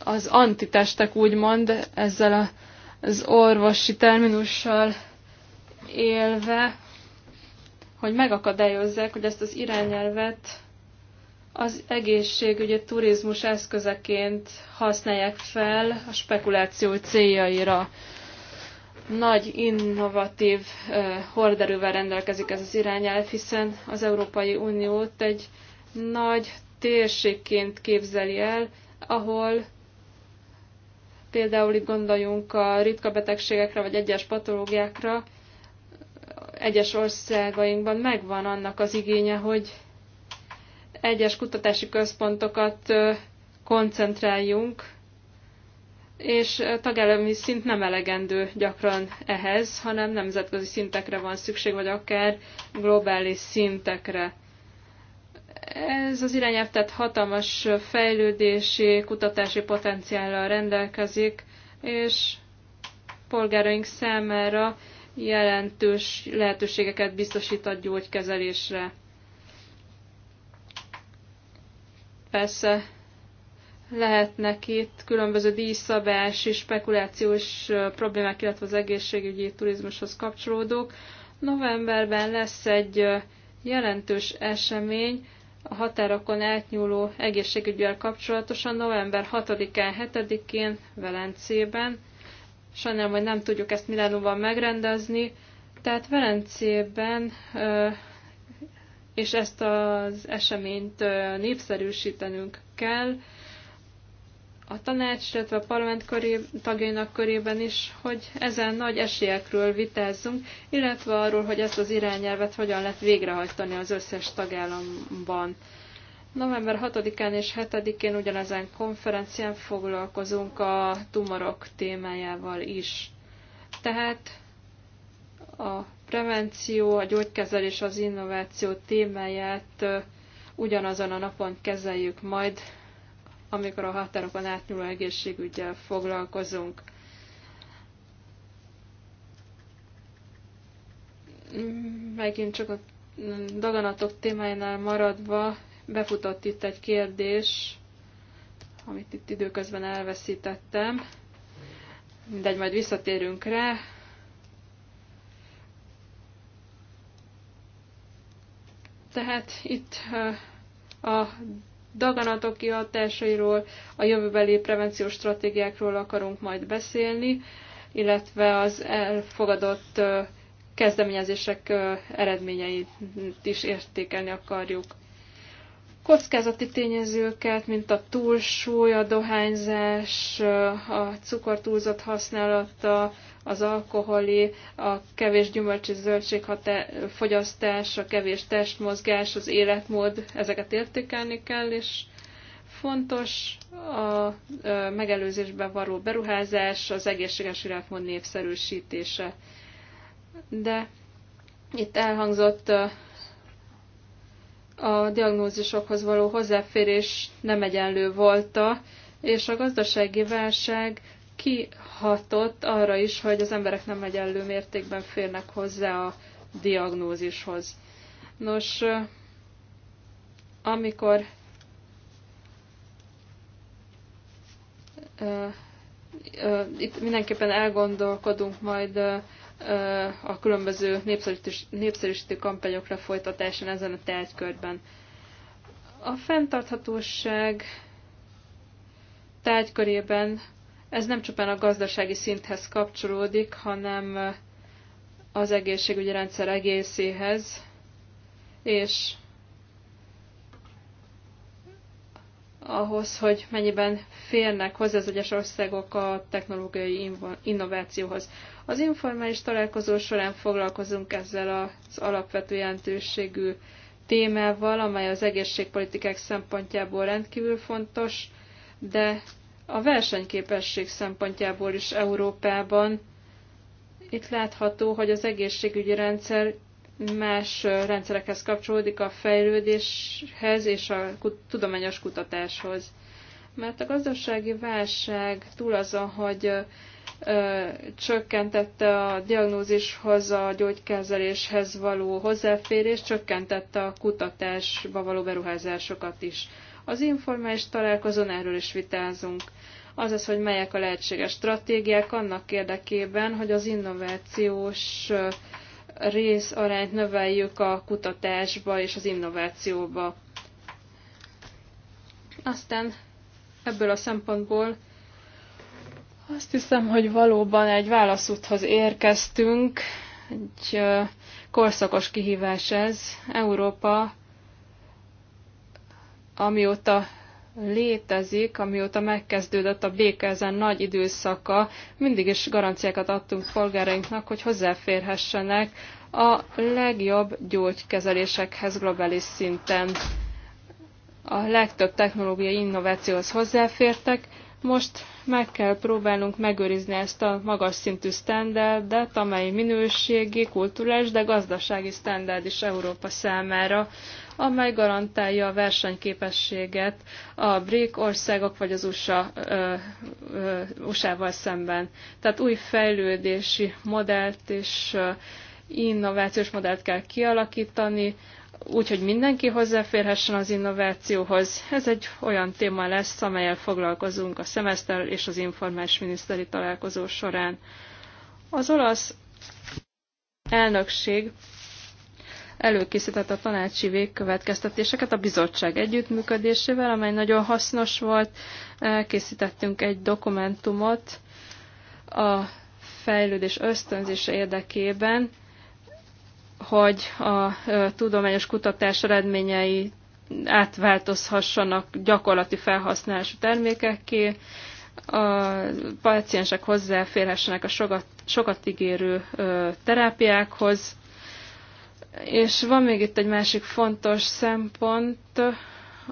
az antitestek úgymond ezzel az orvosi terminussal élve, hogy megakadályozzák, hogy ezt az irányelvet az egészségügyi turizmus eszközeként használják fel a spekuláció céljaira. Nagy innovatív horderővel rendelkezik ez az irányelv, hiszen az Európai Uniót egy nagy térségként képzeli el, ahol például itt gondoljunk a ritka betegségekre vagy egyes patológiákra, egyes országainkban megvan annak az igénye, hogy egyes kutatási központokat koncentráljunk, és tagállami szint nem elegendő gyakran ehhez, hanem nemzetközi szintekre van szükség, vagy akár globális szintekre. Ez az irányelv tehát hatalmas fejlődési, kutatási potenciállal rendelkezik, és polgáraink számára jelentős lehetőségeket biztosít a gyógykezelésre. Persze lehetnek itt különböző és spekulációs problémák, illetve az egészségügyi turizmushoz kapcsolódók. Novemberben lesz egy jelentős esemény a határokon átnyúló egészségügyel kapcsolatosan november 6-án, 7-én Velencében Sajnálom, hogy nem tudjuk ezt Milánóban megrendezni. Tehát Velencében és ezt az eseményt népszerűsítenünk kell a tanács, illetve a parlament köré, tagjainak körében is, hogy ezen nagy esélyekről vitázzunk, illetve arról, hogy ezt az irányelvet hogyan lehet végrehajtani az összes tagállamban. November 6-án és 7-én ugyanezen konferencián foglalkozunk a tumorok témájával is. Tehát a prevenció, a gyógykezelés, az innováció témáját ugyanazon a napon kezeljük majd, amikor a határokon átnyúló egészségügyel foglalkozunk. Megint csak a daganatok témájánál maradva befutott itt egy kérdés, amit itt időközben elveszítettem. Mindegy, majd visszatérünk rá. Tehát itt a daganatok kihatásairól, a jövőbeli prevenciós stratégiákról akarunk majd beszélni, illetve az elfogadott kezdeményezések eredményeit is értékelni akarjuk kockázati tényezőket, mint a túlsúly, a dohányzás, a cukortúlzott használata, az alkoholi, a kevés gyümölcs és zöldség fogyasztás, a kevés testmozgás, az életmód, ezeket értékelni kell, és fontos a megelőzésbe való beruházás, az egészséges életmód népszerűsítése. De itt elhangzott a diagnózisokhoz való hozzáférés nem egyenlő volta, és a gazdasági válság kihatott arra is, hogy az emberek nem egyenlő mértékben férnek hozzá a diagnózishoz. Nos, amikor itt mindenképpen elgondolkodunk majd a különböző népszerűsítő kampányokra lefolytatásán ezen a tárgykörben. A fenntarthatóság tárgykörében ez nem csupán a gazdasági szinthez kapcsolódik, hanem az egészségügyi rendszer egészéhez, és ahhoz, hogy mennyiben férnek hozzá az egyes országok a technológiai innovációhoz. Az informális találkozó során foglalkozunk ezzel az alapvető jelentőségű témával, amely az egészségpolitikák szempontjából rendkívül fontos, de a versenyképesség szempontjából is Európában itt látható, hogy az egészségügyi rendszer más rendszerekhez kapcsolódik a fejlődéshez és a tudományos kutatáshoz. Mert a gazdasági válság túl azon, hogy csökkentette a diagnózishoz, a gyógykezeléshez való hozzáférés, csökkentette a kutatásba való beruházásokat is. Az informális találkozón erről is vitázunk. Az az, hogy melyek a lehetséges stratégiák annak érdekében, hogy az innovációs részarányt növeljük a kutatásba és az innovációba. Aztán ebből a szempontból azt hiszem, hogy valóban egy válaszúthoz érkeztünk, egy korszakos kihívás ez. Európa, amióta létezik, amióta megkezdődött a béke ezen nagy időszaka, mindig is garanciákat adtunk polgárainknak, hogy hozzáférhessenek a legjobb gyógykezelésekhez globális szinten. A legtöbb technológiai innovációhoz hozzáfértek, most meg kell próbálnunk megőrizni ezt a magas szintű standardet, amely minőségi, kulturális, de gazdasági standard is Európa számára, amely garantálja a versenyképességet a BRIC országok vagy az USA, usa szemben. Tehát új fejlődési modellt és innovációs modellt kell kialakítani, úgyhogy mindenki hozzáférhessen az innovációhoz. Ez egy olyan téma lesz, amelyel foglalkozunk a szemeszter és az informális miniszteri találkozó során. Az olasz elnökség előkészített a tanácsi végkövetkeztetéseket a bizottság együttműködésével, amely nagyon hasznos volt. Készítettünk egy dokumentumot a fejlődés ösztönzése érdekében, hogy a tudományos kutatás eredményei átváltozhassanak gyakorlati felhasználású termékekké, a paciensek hozzáférhessenek a sokat, sokat ígérő terápiákhoz, és van még itt egy másik fontos szempont,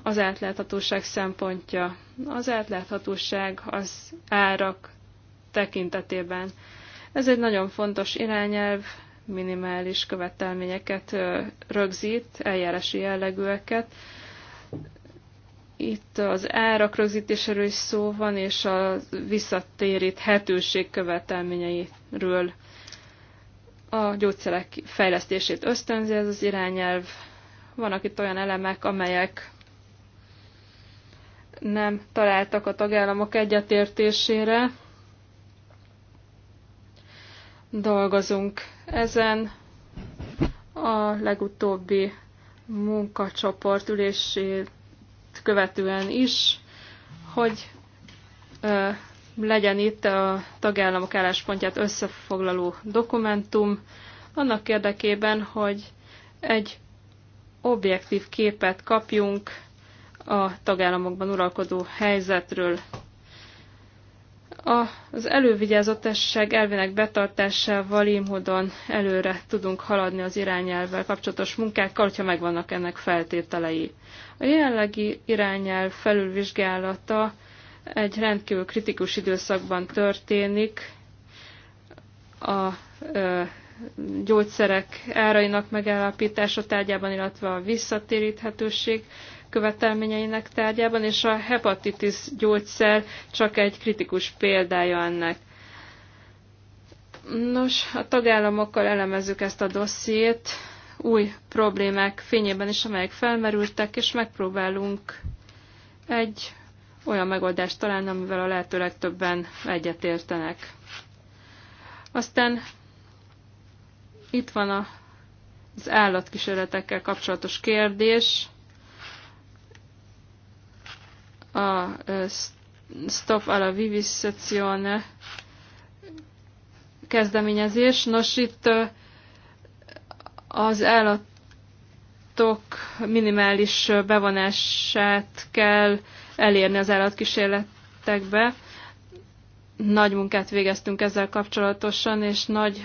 az átláthatóság szempontja. Az átláthatóság az árak tekintetében. Ez egy nagyon fontos irányelv, minimális követelményeket rögzít, eljárási jellegűeket. Itt az árak rögzítéséről is szó van, és a visszatéríthetőség követelményeiről. A gyógyszerek fejlesztését ösztönzi ez az irányelv. Vannak itt olyan elemek, amelyek nem találtak a tagállamok egyetértésére. Dolgozunk ezen. A legutóbbi munkacsoport ülését követően is, hogy legyen itt a tagállamok álláspontját összefoglaló dokumentum, annak érdekében, hogy egy objektív képet kapjunk a tagállamokban uralkodó helyzetről. Az elővigyázottesség elvének betartásával így módon előre tudunk haladni az irányelvvel kapcsolatos munkákkal, hogyha megvannak ennek feltételei. A jelenlegi irányelv felülvizsgálata egy rendkívül kritikus időszakban történik a gyógyszerek árainak megállapítása tárgyában, illetve a visszatéríthetőség követelményeinek tárgyában, és a hepatitis gyógyszer csak egy kritikus példája ennek. Nos, a tagállamokkal elemezzük ezt a dossziét, új problémák fényében is, amelyek felmerültek, és megpróbálunk egy olyan megoldást találni, amivel a lehető legtöbben egyetértenek. Aztán itt van a, az állatkísérletekkel kapcsolatos kérdés. A Stop alla Vivisezione kezdeményezés. Nos, itt az állatok minimális bevonását kell elérni az állatkísérletekbe. Nagy munkát végeztünk ezzel kapcsolatosan, és nagy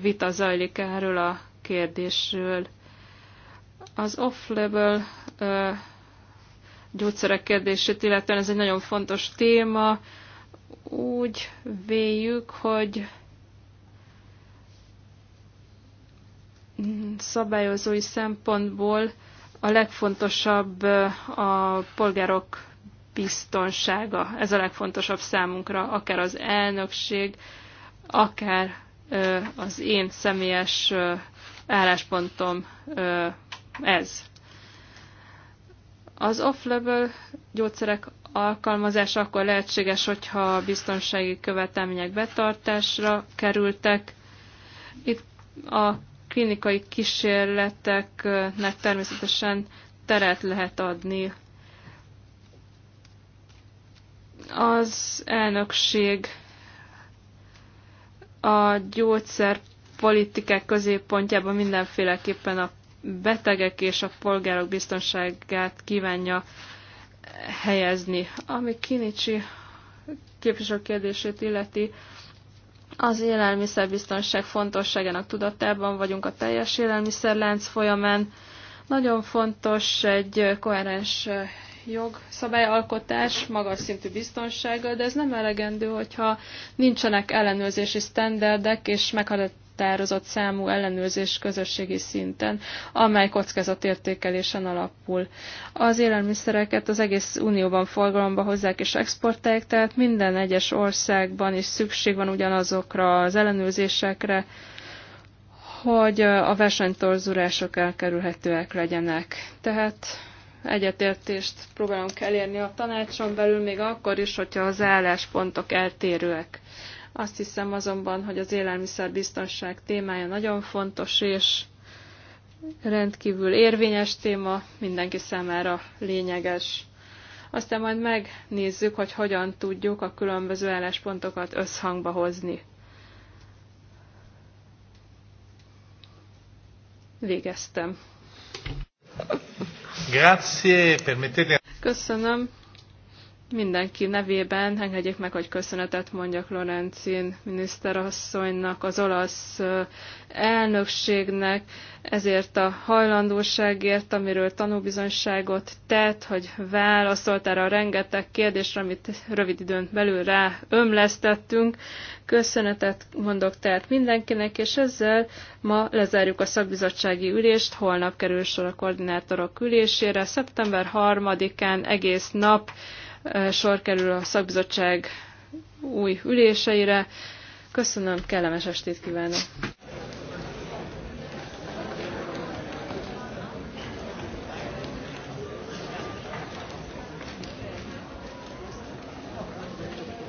vita zajlik erről a kérdésről. Az off-level gyógyszerek kérdését, illetve ez egy nagyon fontos téma. Úgy véljük, hogy szabályozói szempontból a legfontosabb a polgárok biztonsága. Ez a legfontosabb számunkra, akár az elnökség, akár az én személyes álláspontom ez. Az off-level gyógyszerek alkalmazása akkor lehetséges, hogyha biztonsági követelmények betartásra kerültek. Itt a klinikai kísérleteknek természetesen teret lehet adni az elnökség a gyógyszerpolitikák középpontjában mindenféleképpen a betegek és a polgárok biztonságát kívánja helyezni. Ami Kinicsi képviselő kérdését illeti, az élelmiszerbiztonság fontosságának tudatában vagyunk a teljes élelmiszerlánc folyamán. Nagyon fontos egy koherens jogszabályalkotás magas szintű biztonsággal, de ez nem elegendő, hogyha nincsenek ellenőrzési sztenderdek és meghatározott számú ellenőrzés közösségi szinten, amely kockázatértékelésen alapul. Az élelmiszereket az egész unióban forgalomba hozzák és exportálják, tehát minden egyes országban is szükség van ugyanazokra az ellenőrzésekre, hogy a versenytorzulások elkerülhetőek legyenek. Tehát egyetértést próbálunk elérni a tanácson belül, még akkor is, hogyha az álláspontok eltérőek. Azt hiszem azonban, hogy az élelmiszerbiztonság témája nagyon fontos, és rendkívül érvényes téma, mindenki számára lényeges. Aztán majd megnézzük, hogy hogyan tudjuk a különböző álláspontokat összhangba hozni. Végeztem. Grazie, permettete. Köszönöm mindenki nevében engedjék meg, hogy köszönetet mondjak Lorenzin miniszterasszonynak, az olasz elnökségnek, ezért a hajlandóságért, amiről tanúbizonyságot tett, hogy válaszolt erre a rengeteg kérdésre, amit rövid időn belül rá ömlesztettünk. Köszönetet mondok tehát mindenkinek, és ezzel ma lezárjuk a szakbizottsági ülést, holnap kerül sor a koordinátorok ülésére, szeptember 3-án egész nap Eh, sor kerül a szakbizottság új üléseire. Köszönöm, kellemes estét kívánok!